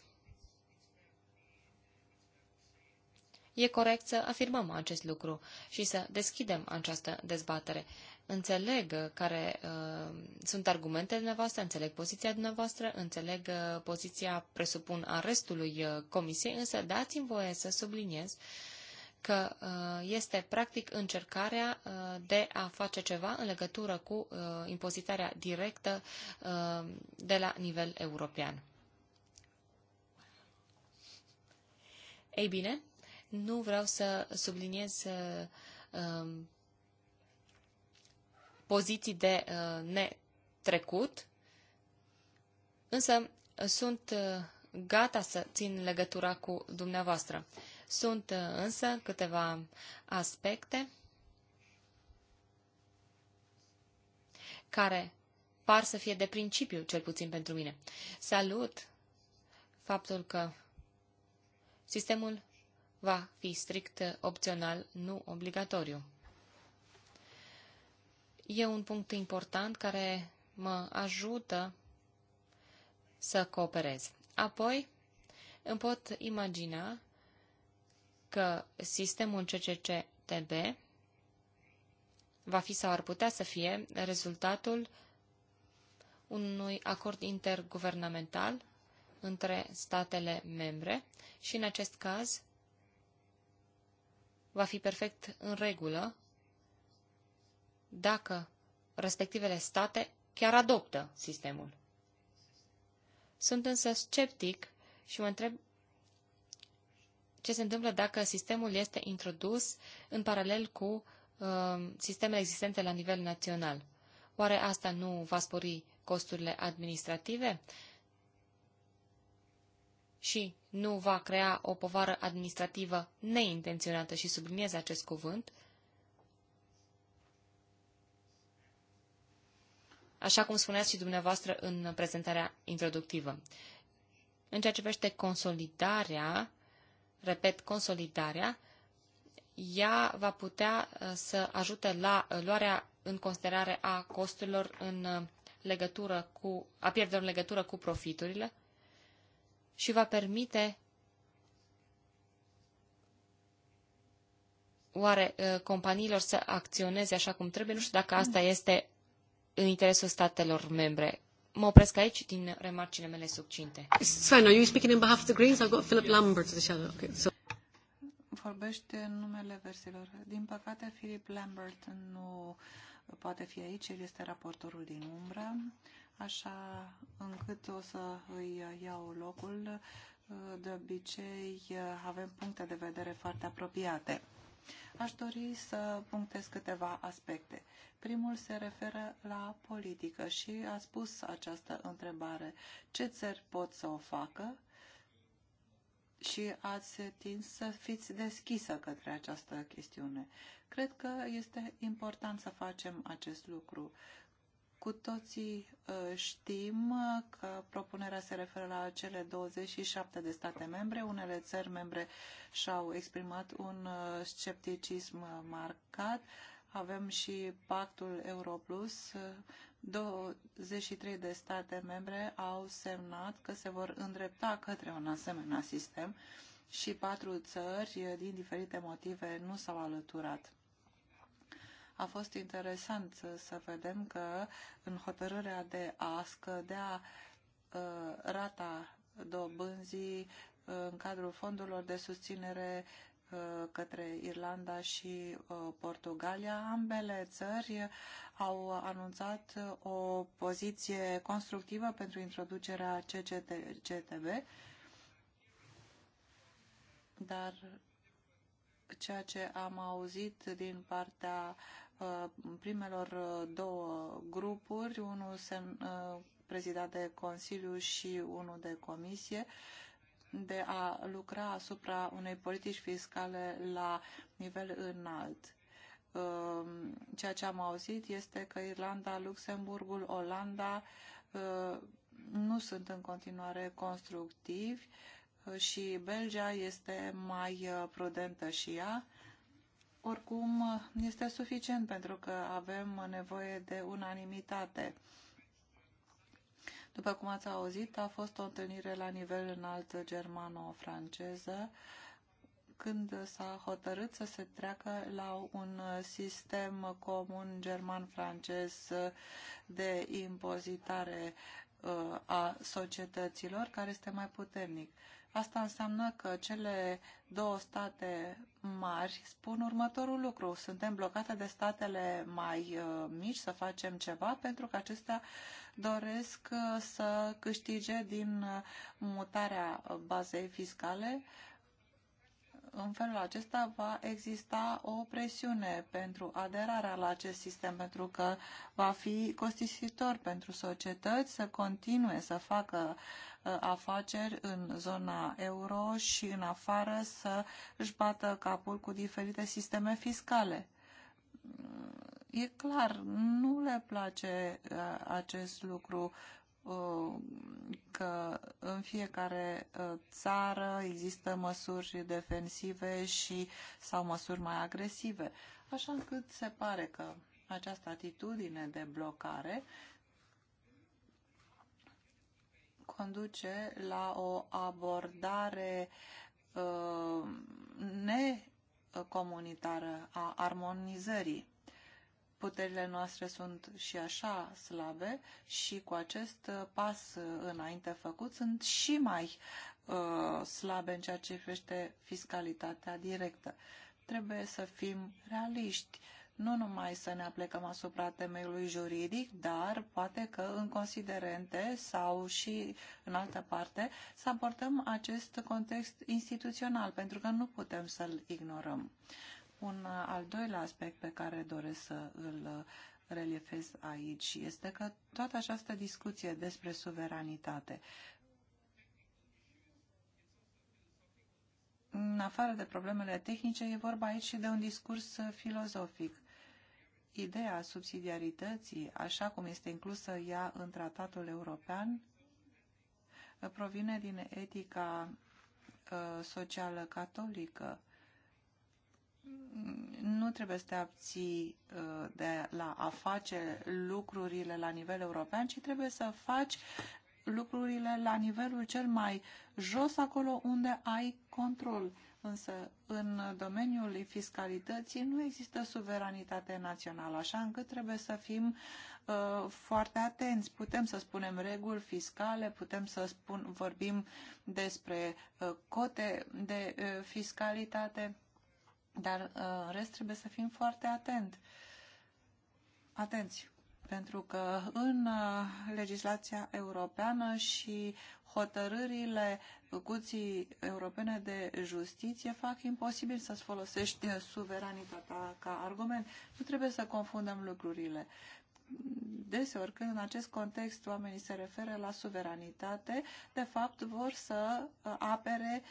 E corect să afirmăm acest lucru și să deschidem această dezbatere. Înțeleg care uh, sunt argumentele dumneavoastră, înțeleg poziția dumneavoastră, înțeleg uh, poziția, presupun, a restului uh, comisiei, însă dați-mi voie să subliniez că uh, este practic încercarea uh, de a face ceva în legătură cu uh, impozitarea directă uh, de la nivel european. Ei bine, nu vreau să subliniez uh, um, poziții de uh, netrecut, însă uh, sunt uh, gata să țin legătura cu dumneavoastră. Sunt uh, însă câteva aspecte care par să fie de principiu, cel puțin pentru mine. Salut faptul că sistemul va fi strict opțional, nu obligatoriu. E un punct important care mă ajută să cooperez. Apoi, îmi pot imagina că sistemul CCCTB va fi sau ar putea să fie rezultatul unui acord interguvernamental între statele membre și, în acest caz, va fi perfect în regulă dacă respectivele state chiar adoptă sistemul. Sunt însă sceptic și mă întreb ce se întâmplă dacă sistemul este introdus în paralel cu uh, sistemele existente la nivel național. Oare asta nu va spori costurile administrative? Și nu va crea o povară administrativă neintenționată și sublinieze acest cuvânt, așa cum spuneați și dumneavoastră în prezentarea introductivă. În ceea ce privește consolidarea, repet, consolidarea, ea va putea uh, să ajute la uh, luarea în considerare a costurilor în uh, legătură cu, a pierderilor în legătură cu profiturile, și va permite oare uh, companiilor să acționeze așa cum trebuie? Nu știu dacă asta este în interesul statelor membre. Mă opresc aici din remarcile mele succinte. Sven, are you speaking in behalf of the Greens? I've got Philip Lambert the shadow. Okay, so... Vorbește în numele versilor. Din păcate, Philip Lambert nu poate fi aici, el este raportorul din umbră așa încât o să îi iau locul. De obicei avem puncte de vedere foarte apropiate. Aș dori să punctez câteva aspecte. Primul se referă la politică și a spus această întrebare. Ce țări pot să o facă? și ați tins să fiți deschisă către această chestiune. Cred că este important să facem acest lucru. Cu toții uh, știm uh, că propunerea se referă la cele 27 de state membre. Unele țări membre și-au exprimat un uh, scepticism marcat. Avem și pactul Europlus. 23 de state membre au semnat că se vor îndrepta către un asemenea sistem și patru țări, din diferite motive, nu s-au alăturat. A fost interesant să vedem că în hotărârea de a scădea uh, rata dobânzii uh, în cadrul fondurilor de susținere uh, către Irlanda și Portugalia. Ambele țări au anunțat o poziție constructivă pentru introducerea CCTB, dar ceea ce am auzit din partea uh, Uh, primelor uh, două grupuri, unul uh, prezidat de Consiliu și unul de Comisie, de a lucra asupra unei politici fiscale la nivel înalt. Ceea ce am auzit este că Irlanda, Luxemburgul, Olanda nu sunt în continuare constructivi și Belgia este mai prudentă și ea oricum, este suficient pentru că avem nevoie de unanimitate. După cum ați auzit, a fost o întâlnire la nivel înalt germano-franceză, când s-a hotărât să se treacă la un sistem comun german-francez de impozitare uh, a societăților, care este mai puternic. Asta înseamnă că cele două state mari spun următorul lucru. Suntem blocate de statele mai uh, mici să facem ceva pentru că acestea doresc uh, să câștige din uh, mutarea bazei fiscale în felul acesta va exista o presiune pentru aderarea la acest sistem, pentru că va fi costisitor pentru societăți să continue să facă uh, afaceri în zona euro și în afară să își bată capul cu diferite sisteme fiscale. Mm, e clar, nu le place uh, acest lucru că în fiecare ă, țară există măsuri defensive și sau măsuri mai agresive, așa încât se pare că această atitudine de blocare conduce la o abordare uh, necomunitară a armonizării puterile noastre sunt și așa slabe și cu acest uh, pas uh, înainte făcut sunt și mai uh, slabe în ceea ce privește fiscalitatea directă. Trebuie să fim realiști, nu numai să ne aplecăm asupra temeiului juridic, dar poate că în considerente sau și în altă parte să abordăm acest context instituțional, pentru că nu putem să-l ignorăm. Un uh, al doilea aspect pe care doresc să îl uh, reliefez aici este că toată această discuție despre suveranitate în afară de problemele tehnice, e vorba aici și de un discurs uh, filozofic. Ideea subsidiarității, așa cum este inclusă ea în tratatul european, provine din etica socială catolică nu trebuie să te abții uh, de la a face lucrurile la nivel european, ci trebuie să faci lucrurile la nivelul cel mai jos, acolo unde ai control. Însă, în domeniul fiscalității nu există suveranitate națională, așa încât trebuie să fim uh, foarte atenți. Putem să spunem reguli fiscale, putem să spun, vorbim despre uh, cote de uh, fiscalitate, dar în uh, rest trebuie să fim foarte atent. atenți, pentru că în uh, legislația europeană și hotărârile Curții Europene de Justiție fac imposibil să-ți folosești uh, suveranitatea ca argument. Nu trebuie să confundăm lucrurile. Deseori, când în acest context oamenii se referă la suveranitate, de fapt vor să apere uh,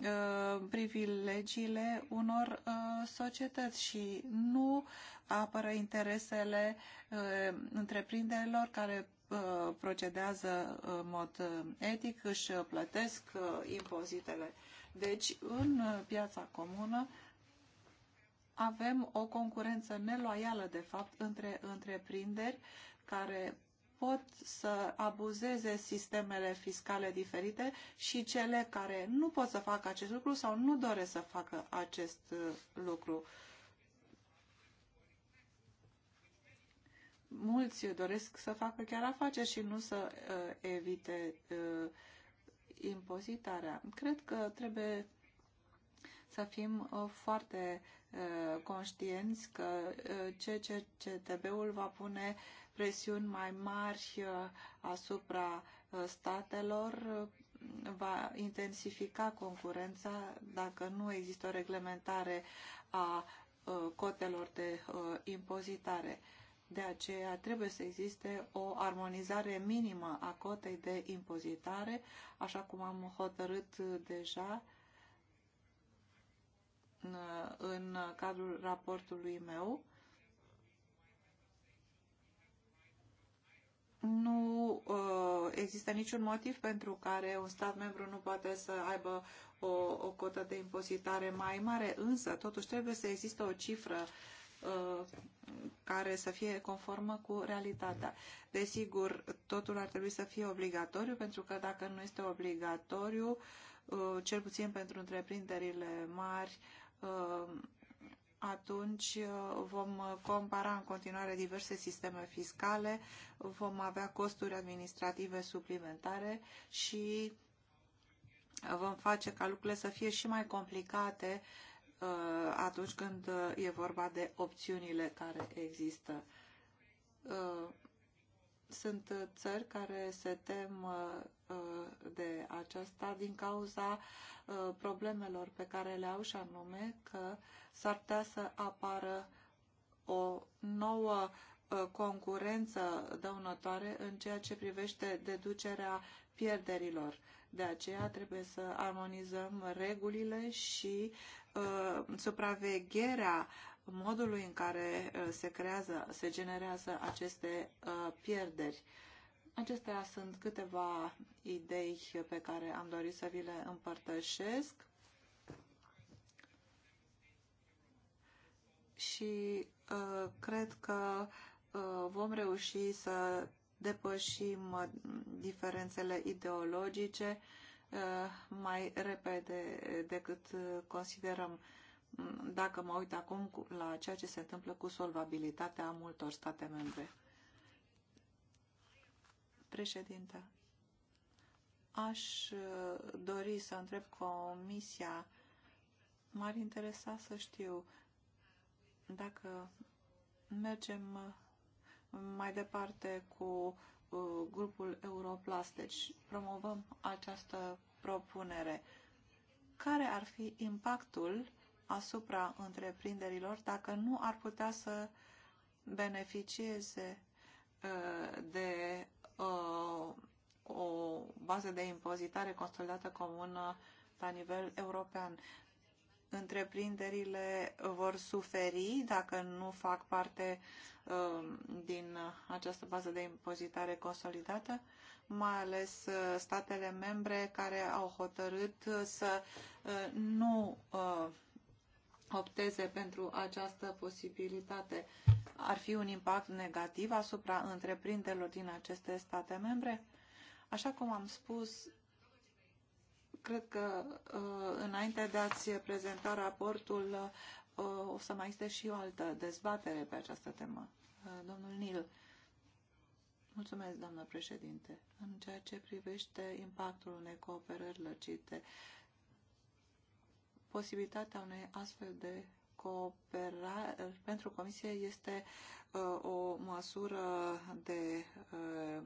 Uh, privilegiile unor uh, societăți și nu apără interesele uh, întreprinderilor care procedează în mod etic, își plătesc impozitele. Deci, în piața comună avem o concurență neloială, de fapt, între întreprinderi care pot să abuzeze sistemele fiscale diferite și cele care nu pot să facă acest lucru sau nu doresc să facă acest uh, lucru. Mulți doresc să facă chiar afaceri și nu să uh, evite uh, impozitarea. Cred că trebuie să fim uh, foarte uh, conștienți că uh, CCCTB-ul va pune uh, presiuni mai mari uh, asupra uh, statelor, uh, va intensifica concurența dacă nu există o reglementare a cotelor de impozitare. De aceea trebuie să existe o armonizare minimă a cotei de impozitare, așa cum am hotărât deja în cadrul raportului meu nu uh, există niciun motiv pentru care un stat membru nu poate să aibă o, o cotă de impozitare mai mare, însă totuși trebuie să existe o cifră uh, care să fie conformă cu realitatea. Desigur, totul ar trebui să fie obligatoriu, pentru că dacă nu este obligatoriu, uh, cel puțin pentru întreprinderile mari, atunci uh, vom uh, compara în continuare diverse sisteme fiscale, vom avea costuri administrative suplimentare și uh, vom face ca lucrurile să fie și mai complicate atunci când e vorba de opțiunile care există. Sunt uh, țări care se tem uh, uh, de aceasta din cauza problemelor pe care le au și anume că s-ar putea să apară o nouă concurență dăunătoare în ceea ce privește deducerea pierderilor. De aceea trebuie să armonizăm regulile și uh, supravegherea modului în care uh, se creează, se generează aceste uh, pierderi. Acestea sunt câteva idei pe care am dorit să vi le împărtășesc. Și uh, cred că vom reuși să depășim diferențele ideologice mai repede decât considerăm dacă mă uit acum la ceea ce se întâmplă cu solvabilitatea multor state membre. Președinte, aș uh, dori să întreb Comisia, m-ar interesa să știu dacă mergem uh, mai departe cu uh, grupul Europlast, deci promovăm această propunere. Care ar fi impactul asupra întreprinderilor dacă nu ar putea să beneficieze uh, de uh, o bază de impozitare consolidată comună la nivel european. Întreprinderile vor suferi dacă nu fac parte uh, din această bază de impozitare consolidată, mai ales statele membre care au hotărât să nu opteze pentru această posibilitate, ar fi un impact negativ asupra întreprinderilor din aceste state membre? Așa cum am spus, cred că uh, înainte de a-ți prezenta raportul, uh, o să mai este și o altă dezbatere pe această temă. Uh, domnul Nil. Mulțumesc, doamnă președinte. În ceea ce privește impactul unei cooperări lăcite posibilitatea unei astfel de cooperare pentru Comisie este uh, o măsură de, uh,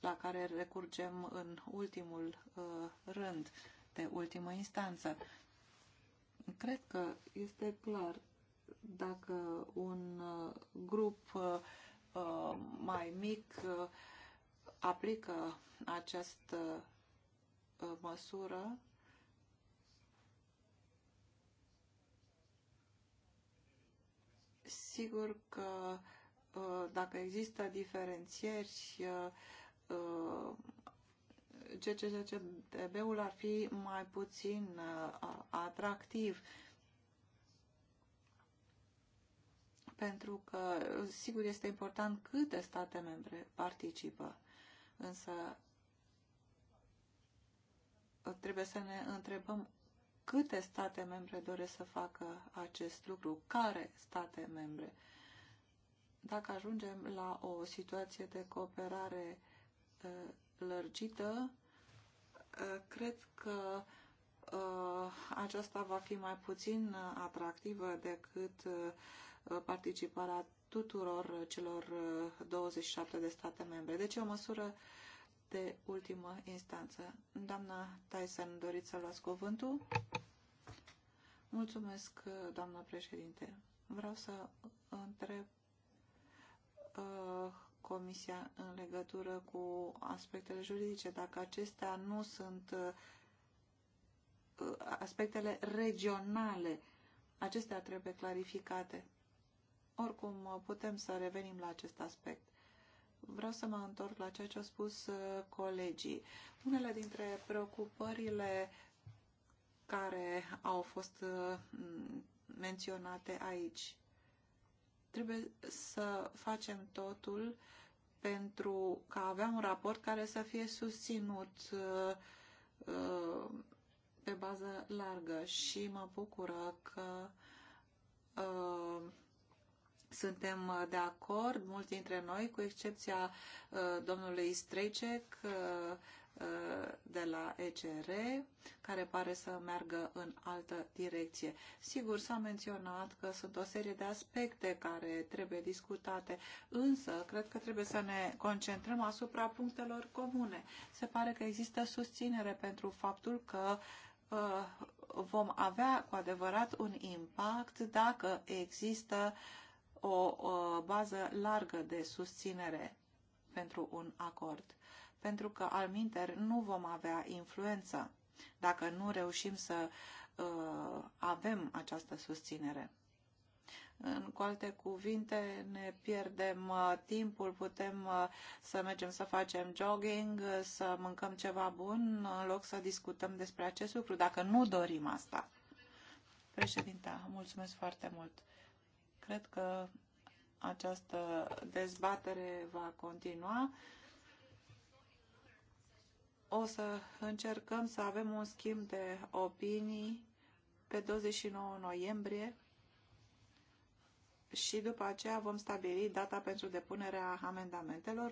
la care recurgem în ultimul uh, rând, de ultimă instanță. Cred că este clar dacă un uh, grup uh, mai mic uh, aplică această măsură, sigur că uh, dacă există diferențieri, uh, CCCB-ul ar fi mai puțin uh, atractiv pentru că, sigur, este important câte state membre participă, însă trebuie să ne întrebăm câte state membre doresc să facă acest lucru, care state membre. Dacă ajungem la o situație de cooperare uh, lărgită, uh, cred că uh, aceasta va fi mai puțin atractivă decât participarea tuturor celor 27 de state membre. Deci e o măsură de ultimă instanță. Doamna Tyson, doriți să luați cuvântul? Mulțumesc, doamna președinte. Vreau să întreb uh, Comisia în legătură cu aspectele juridice, dacă acestea nu sunt uh, aspectele regionale, acestea trebuie clarificate. Oricum, putem să revenim la acest aspect vreau să mă întorc la ceea ce au spus uh, colegii. Unele dintre preocupările care au fost uh, menționate aici. Trebuie să facem totul pentru ca avea un raport care să fie susținut uh, pe bază largă și mă bucură că suntem uh, de acord, mulți dintre noi, cu excepția uh, domnului Strecek uh, de la ECR, care pare să meargă în altă direcție. Sigur, s-a menționat că sunt o serie de aspecte care trebuie discutate, însă cred că trebuie să ne concentrăm asupra punctelor comune. Se pare că există susținere pentru faptul că vom avea cu adevărat un impact dacă există uh, o bază largă de susținere pentru un acord, pentru că al minter nu vom avea influență dacă nu reușim să uh, avem această susținere. În, cu alte cuvinte, ne pierdem uh, timpul, putem uh, să mergem să facem jogging, uh, să mâncăm ceva bun, în loc să discutăm despre acest lucru, dacă nu dorim asta. Președinta, mulțumesc foarte mult. Cred că această dezbatere va continua. O să încercăm să avem un schimb de opinii pe 29 noiembrie și după aceea vom stabili data pentru depunerea amendamentelor.